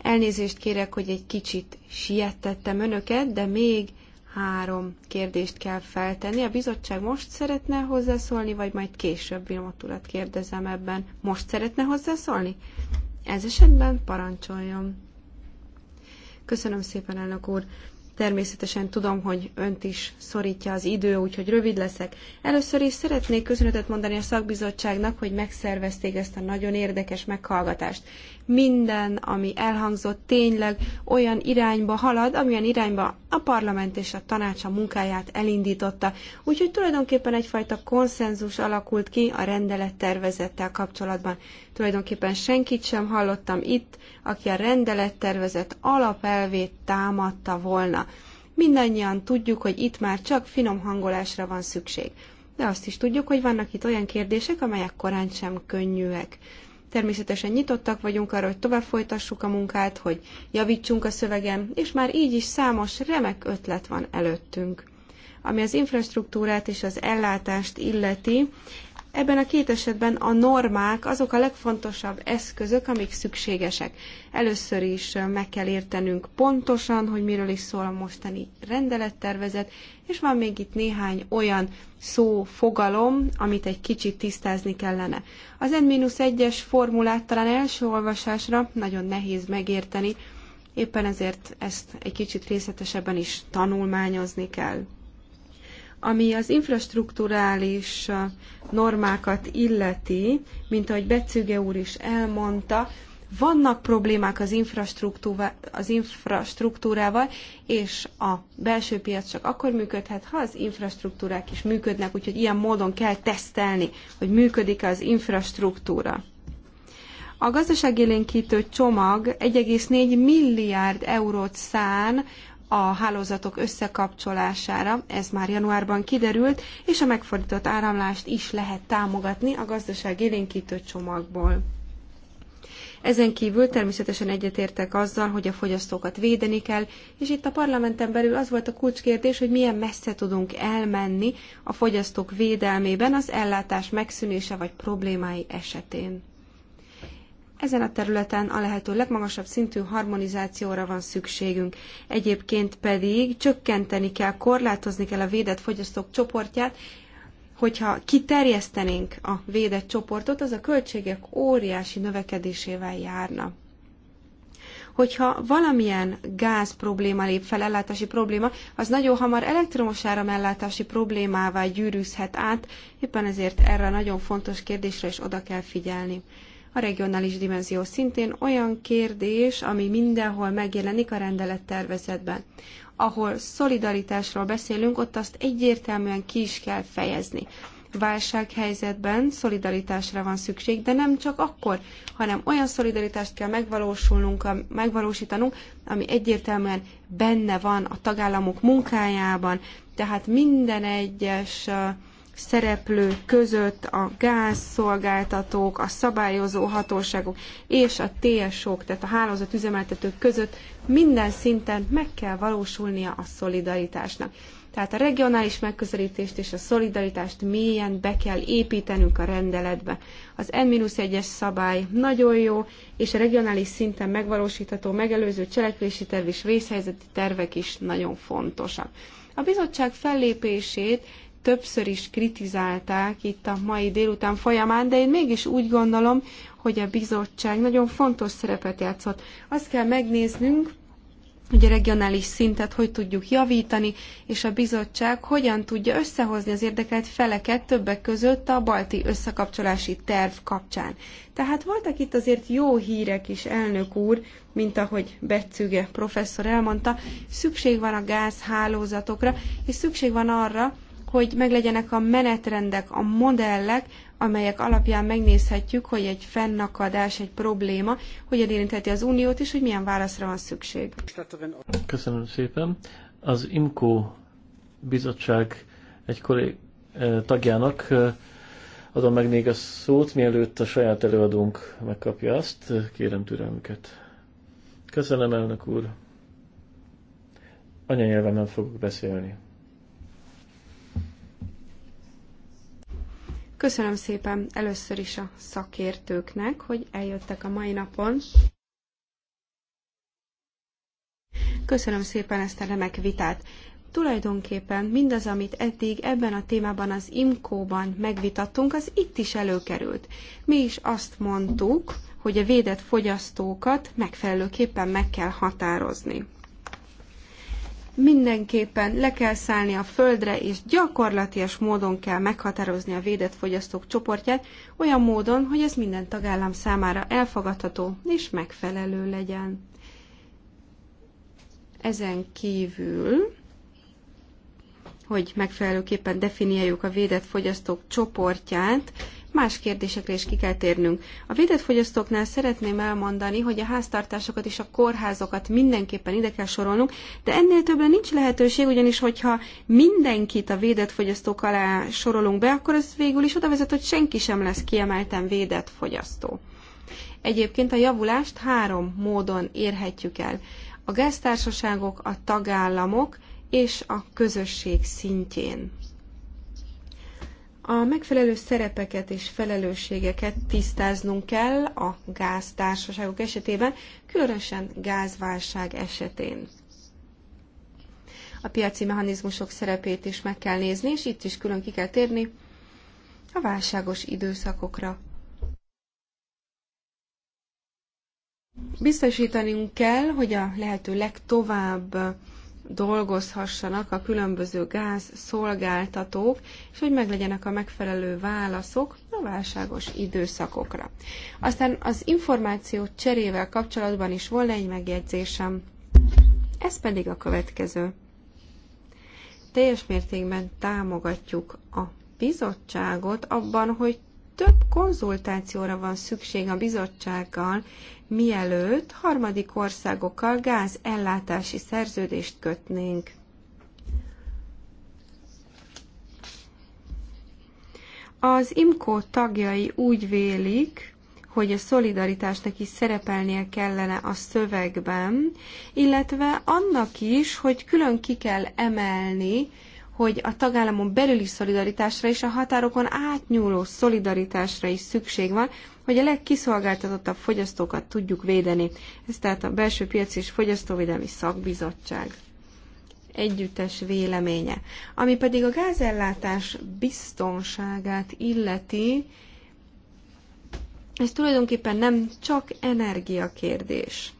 Speaker 1: Elnézést kérek, hogy egy kicsit siettettem önöket, de még három kérdést kell feltenni. A bizottság most szeretne hozzászólni, vagy majd később Vilmotulat kérdezem ebben. Most szeretne hozzászólni? Ez esetben parancsoljon. Köszönöm szépen, elnök úr. Természetesen tudom, hogy önt is szorítja az idő, úgyhogy rövid leszek. Először is szeretnék köszönetet mondani a szakbizottságnak, hogy megszervezték ezt a nagyon érdekes meghallgatást minden, ami elhangzott, tényleg olyan irányba halad, amilyen irányba a parlament és a tanács a munkáját elindította. Úgyhogy tulajdonképpen egyfajta konszenzus alakult ki a rendelet tervezettel kapcsolatban. Tulajdonképpen senkit sem hallottam itt, aki a rendelet tervezet alapelvét támadta volna. Mindannyian tudjuk, hogy itt már csak finom hangolásra van szükség. De azt is tudjuk, hogy vannak itt olyan kérdések, amelyek korán sem könnyűek. Természetesen nyitottak vagyunk arra, hogy tovább folytassuk a munkát, hogy javítsunk a szövegen, és már így is számos remek ötlet van előttünk. Ami az infrastruktúrát és az ellátást illeti, Ebben a két esetben a normák azok a legfontosabb eszközök, amik szükségesek. Először is meg kell értenünk pontosan, hogy miről is szól a mostani rendelettervezet, és van még itt néhány olyan szó, fogalom, amit egy kicsit tisztázni kellene. Az N-1-es formulát talán első olvasásra nagyon nehéz megérteni, éppen ezért ezt egy kicsit részletesebben is tanulmányozni kell. Ami az infrastruktúrális normákat illeti, mint ahogy Becüge úr is elmondta, vannak problémák az, az infrastruktúrával, és a belső piac csak akkor működhet, ha az infrastruktúrák is működnek, úgyhogy ilyen módon kell tesztelni, hogy működik-e az infrastruktúra. A gazdaságélénkítő csomag 1,4 milliárd eurót szán a hálózatok összekapcsolására, ez már januárban kiderült, és a megfordított áramlást is lehet támogatni a gazdaság élénkítő csomagból. Ezen kívül természetesen egyetértek azzal, hogy a fogyasztókat védeni kell, és itt a parlamenten belül az volt a kulcskérdés, hogy milyen messze tudunk elmenni a fogyasztók védelmében az ellátás megszűnése vagy problémái esetén. Ezen a területen a lehető legmagasabb szintű harmonizációra van szükségünk. Egyébként pedig csökkenteni kell, korlátozni kell a védett fogyasztók csoportját, hogyha kiterjesztenénk a védett csoportot, az a költségek óriási növekedésével járna. Hogyha valamilyen gáz probléma lép fel, ellátási probléma, az nagyon hamar elektromos áramellátási problémává gyűrűzhet át, éppen ezért erre a nagyon fontos kérdésre is oda kell figyelni. A regionális dimenzió szintén olyan kérdés, ami mindenhol megjelenik a rendelettervezetben. Ahol szolidaritásról beszélünk, ott azt egyértelműen ki is kell fejezni válsághelyzetben szolidaritásra van szükség, de nem csak akkor, hanem olyan szolidaritást kell megvalósulnunk, megvalósítanunk, ami egyértelműen benne van a tagállamok munkájában, tehát minden egyes szereplők között a gázszolgáltatók, a szabályozó hatóságok és a TSO-k, tehát a hálózatüzemeltetők között minden szinten meg kell valósulnia a szolidaritásnak. Tehát a regionális megközelítést és a szolidaritást mélyen be kell építenünk a rendeletbe. Az N-1-es szabály nagyon jó, és a regionális szinten megvalósítható megelőző cselekvési terv és vészhelyzeti tervek is nagyon fontosak. A bizottság fellépését többször is kritizálták itt a mai délután folyamán, de én mégis úgy gondolom, hogy a bizottság nagyon fontos szerepet játszott. Azt kell megnéznünk, hogy a regionális szintet hogy tudjuk javítani, és a bizottság hogyan tudja összehozni az érdekelt feleket többek között a balti összekapcsolási terv kapcsán. Tehát voltak itt azért jó hírek is, elnök úr, mint ahogy Becüge professzor elmondta, szükség van a gázhálózatokra, és szükség van arra, hogy meglegyenek a menetrendek, a modellek, amelyek alapján megnézhetjük, hogy egy fennakadás, egy probléma hogyan érintheti az uniót, és hogy milyen válaszra van szükség.
Speaker 2: Köszönöm szépen. Az IMCO bizottság egy kollég, eh, tagjának eh, adom meg még a szót, mielőtt a saját előadónk megkapja azt. Kérem türelmüket. Köszönöm, elnök úr. Anyanyelven nem fogok beszélni.
Speaker 1: Köszönöm szépen először is a szakértőknek, hogy eljöttek a mai napon. Köszönöm szépen ezt a remek vitát. Tulajdonképpen mindaz, amit eddig ebben a témában az IMCO-ban megvitattunk, az itt is előkerült. Mi is azt mondtuk, hogy a védett fogyasztókat megfelelőképpen meg kell határozni mindenképpen le kell szállni a földre, és gyakorlatias módon kell meghatározni a védett fogyasztók csoportját, olyan módon, hogy ez minden tagállam számára elfogadható és megfelelő legyen. Ezen kívül, hogy megfelelőképpen definiáljuk a védett fogyasztók csoportját, más kérdésekre is ki kell térnünk. A védett fogyasztóknál szeretném elmondani, hogy a háztartásokat és a kórházokat mindenképpen ide kell sorolnunk, de ennél többre nincs lehetőség, ugyanis hogyha mindenkit a védett fogyasztók alá sorolunk be, akkor ez végül is oda vezet, hogy senki sem lesz kiemelten védett fogyasztó. Egyébként a javulást három módon érhetjük el. A gáztársaságok, a tagállamok és a közösség szintjén. A megfelelő szerepeket és felelősségeket tisztáznunk kell a gáztársaságok esetében, különösen gázválság esetén. A piaci mechanizmusok szerepét is meg kell nézni, és itt is külön ki kell térni a válságos időszakokra. Biztosítanunk kell, hogy a lehető legtovább dolgozhassanak a különböző gáz szolgáltatók, és hogy meglegyenek a megfelelő válaszok a válságos időszakokra. Aztán az információ cserével kapcsolatban is volna egy megjegyzésem. Ez pedig a következő. Teljes mértékben támogatjuk a bizottságot abban, hogy több konzultációra van szükség a bizottsággal, mielőtt harmadik országokkal gázellátási szerződést kötnénk. Az IMCO tagjai úgy vélik, hogy a szolidaritásnak is szerepelnie kellene a szövegben, illetve annak is, hogy külön ki kell emelni hogy a tagállamon belüli szolidaritásra és a határokon átnyúló szolidaritásra is szükség van, hogy a legkiszolgáltatottabb fogyasztókat tudjuk védeni. Ez tehát a Belső piac és Fogyasztóvédelmi Szakbizottság együttes véleménye. Ami pedig a gázellátás biztonságát illeti, ez tulajdonképpen nem csak energiakérdés.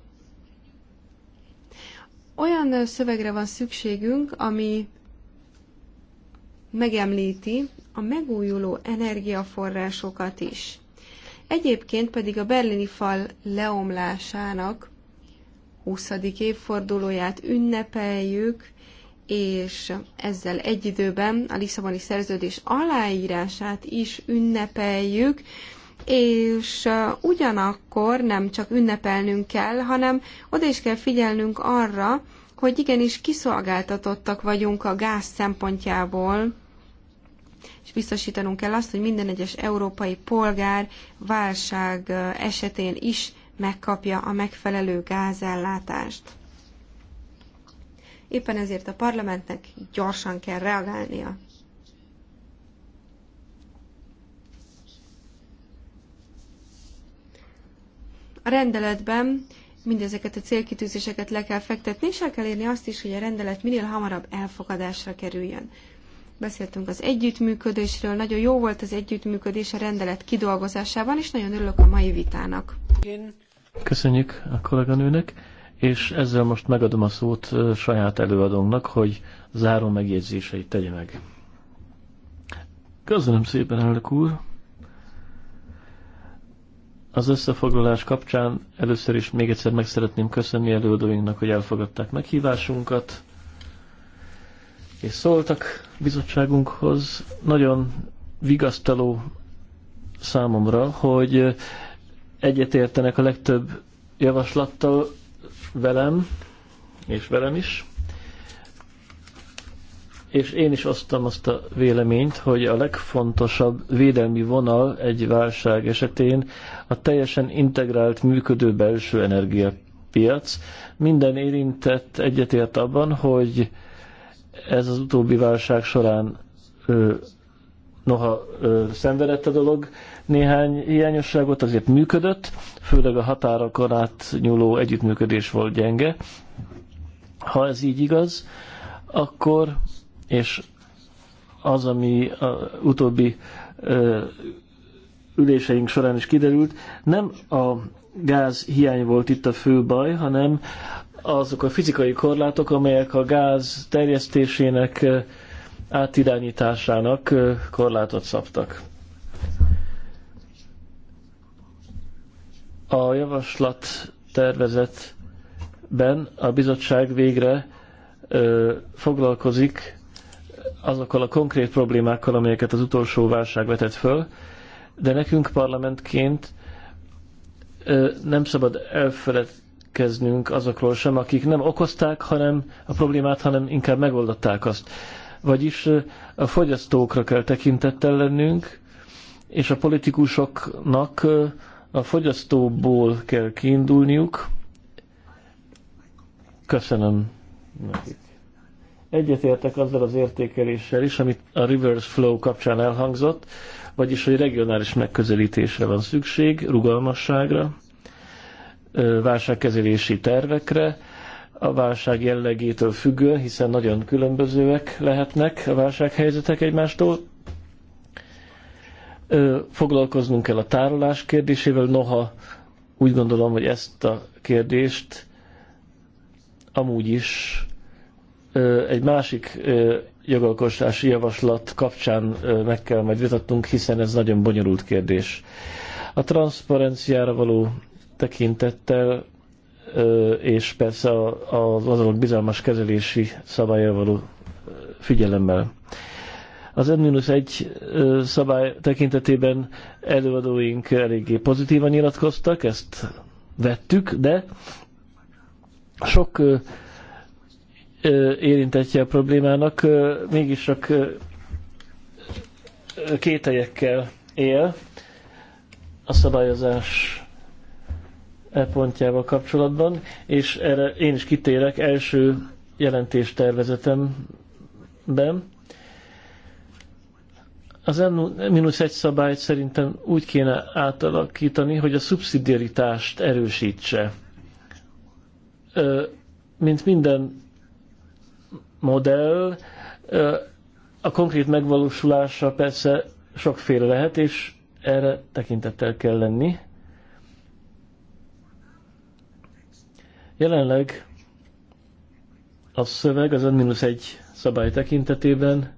Speaker 1: Olyan szövegre van szükségünk, ami megemlíti a megújuló energiaforrásokat is. Egyébként pedig a berlini fal leomlásának 20. évfordulóját ünnepeljük, és ezzel egy időben a Lisszaboni szerződés aláírását is ünnepeljük, és ugyanakkor nem csak ünnepelnünk kell, hanem oda is kell figyelnünk arra, hogy igenis kiszolgáltatottak vagyunk a gáz szempontjából, biztosítanunk kell azt, hogy minden egyes európai polgár válság esetén is megkapja a megfelelő gázellátást. Éppen ezért a parlamentnek gyorsan kell reagálnia. A rendeletben mindezeket a célkitűzéseket le kell fektetni, és el kell érni azt is, hogy a rendelet minél hamarabb elfogadásra kerüljön beszéltünk az együttműködésről, nagyon jó volt az együttműködés a rendelet kidolgozásában, és nagyon örülök a mai vitának.
Speaker 2: Köszönjük a kolléganőnek, és ezzel most megadom a szót saját előadónknak, hogy záró megjegyzéseit tegye meg. Köszönöm szépen, elnök úr! Az összefoglalás kapcsán először is még egyszer meg szeretném köszönni előadóinknak, hogy elfogadták meghívásunkat és szóltak bizottságunkhoz. Nagyon vigasztaló számomra, hogy egyetértenek a legtöbb javaslattal velem, és velem is. És én is osztam azt a véleményt, hogy a legfontosabb védelmi vonal egy válság esetén a teljesen integrált működő belső energiapiac. Minden érintett egyetért abban, hogy ez az utóbbi válság során noha ö, szenvedett a dolog, néhány hiányosságot azért működött, főleg a határokon át nyúló együttműködés volt gyenge. Ha ez így igaz, akkor, és az, ami a utóbbi ö, üléseink során is kiderült, nem a gáz hiány volt itt a fő baj, hanem azok a fizikai korlátok, amelyek a gáz terjesztésének, átirányításának korlátot szabtak. A javaslat tervezetben a bizottság végre foglalkozik azokkal a konkrét problémákkal, amelyeket az utolsó válság vetett föl, de nekünk parlamentként nem szabad elfelejteni, megfeledkeznünk azokról sem, akik nem okozták hanem a problémát, hanem inkább megoldották azt. Vagyis a fogyasztókra kell tekintettel lennünk, és a politikusoknak a fogyasztóból kell kiindulniuk. Köszönöm nekik. Egyetértek azzal az értékeléssel is, amit a reverse flow kapcsán elhangzott, vagyis hogy regionális megközelítésre van szükség, rugalmasságra, válságkezelési tervekre, a válság jellegétől függően, hiszen nagyon különbözőek lehetnek a válsághelyzetek egymástól. Foglalkoznunk kell a tárolás kérdésével, noha úgy gondolom, hogy ezt a kérdést amúgy is egy másik jogalkotási javaslat kapcsán meg kell majd vitatnunk, hiszen ez nagyon bonyolult kérdés. A transzparenciára való tekintettel, és persze az azonok bizalmas kezelési szabályával való figyelemmel. Az N-1 szabály tekintetében előadóink eléggé pozitívan nyilatkoztak, ezt vettük, de sok érintettje a problémának, mégis csak kételyekkel él a szabályozás e pontjával kapcsolatban, és erre én is kitérek első jelentéstervezetemben. Az N-1 szabályt szerintem úgy kéne átalakítani, hogy a szubszidiaritást erősítse. Mint minden modell, a konkrét megvalósulása persze sokféle lehet, és erre tekintettel kell lenni. Jelenleg a szöveg az N-1 szabály tekintetében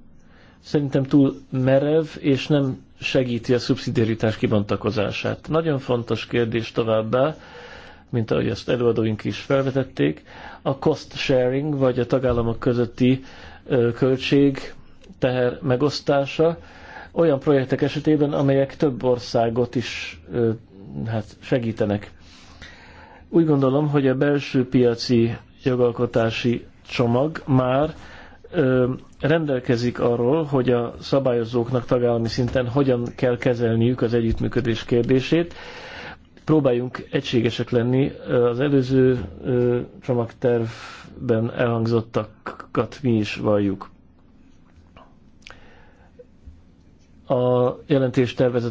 Speaker 2: szerintem túl merev és nem segíti a szubszidiaritás kibontakozását. Nagyon fontos kérdés továbbá, mint ahogy ezt előadóink is felvetették, a cost sharing, vagy a tagállamok közötti költség teher megosztása olyan projektek esetében, amelyek több országot is hát segítenek. Úgy gondolom, hogy a belső piaci jogalkotási csomag már ö, rendelkezik arról, hogy a szabályozóknak tagállami szinten hogyan kell kezelniük az együttműködés kérdését. Próbáljunk egységesek lenni az előző ö, csomagtervben elhangzottakat mi is valljuk. A jelentés tervezet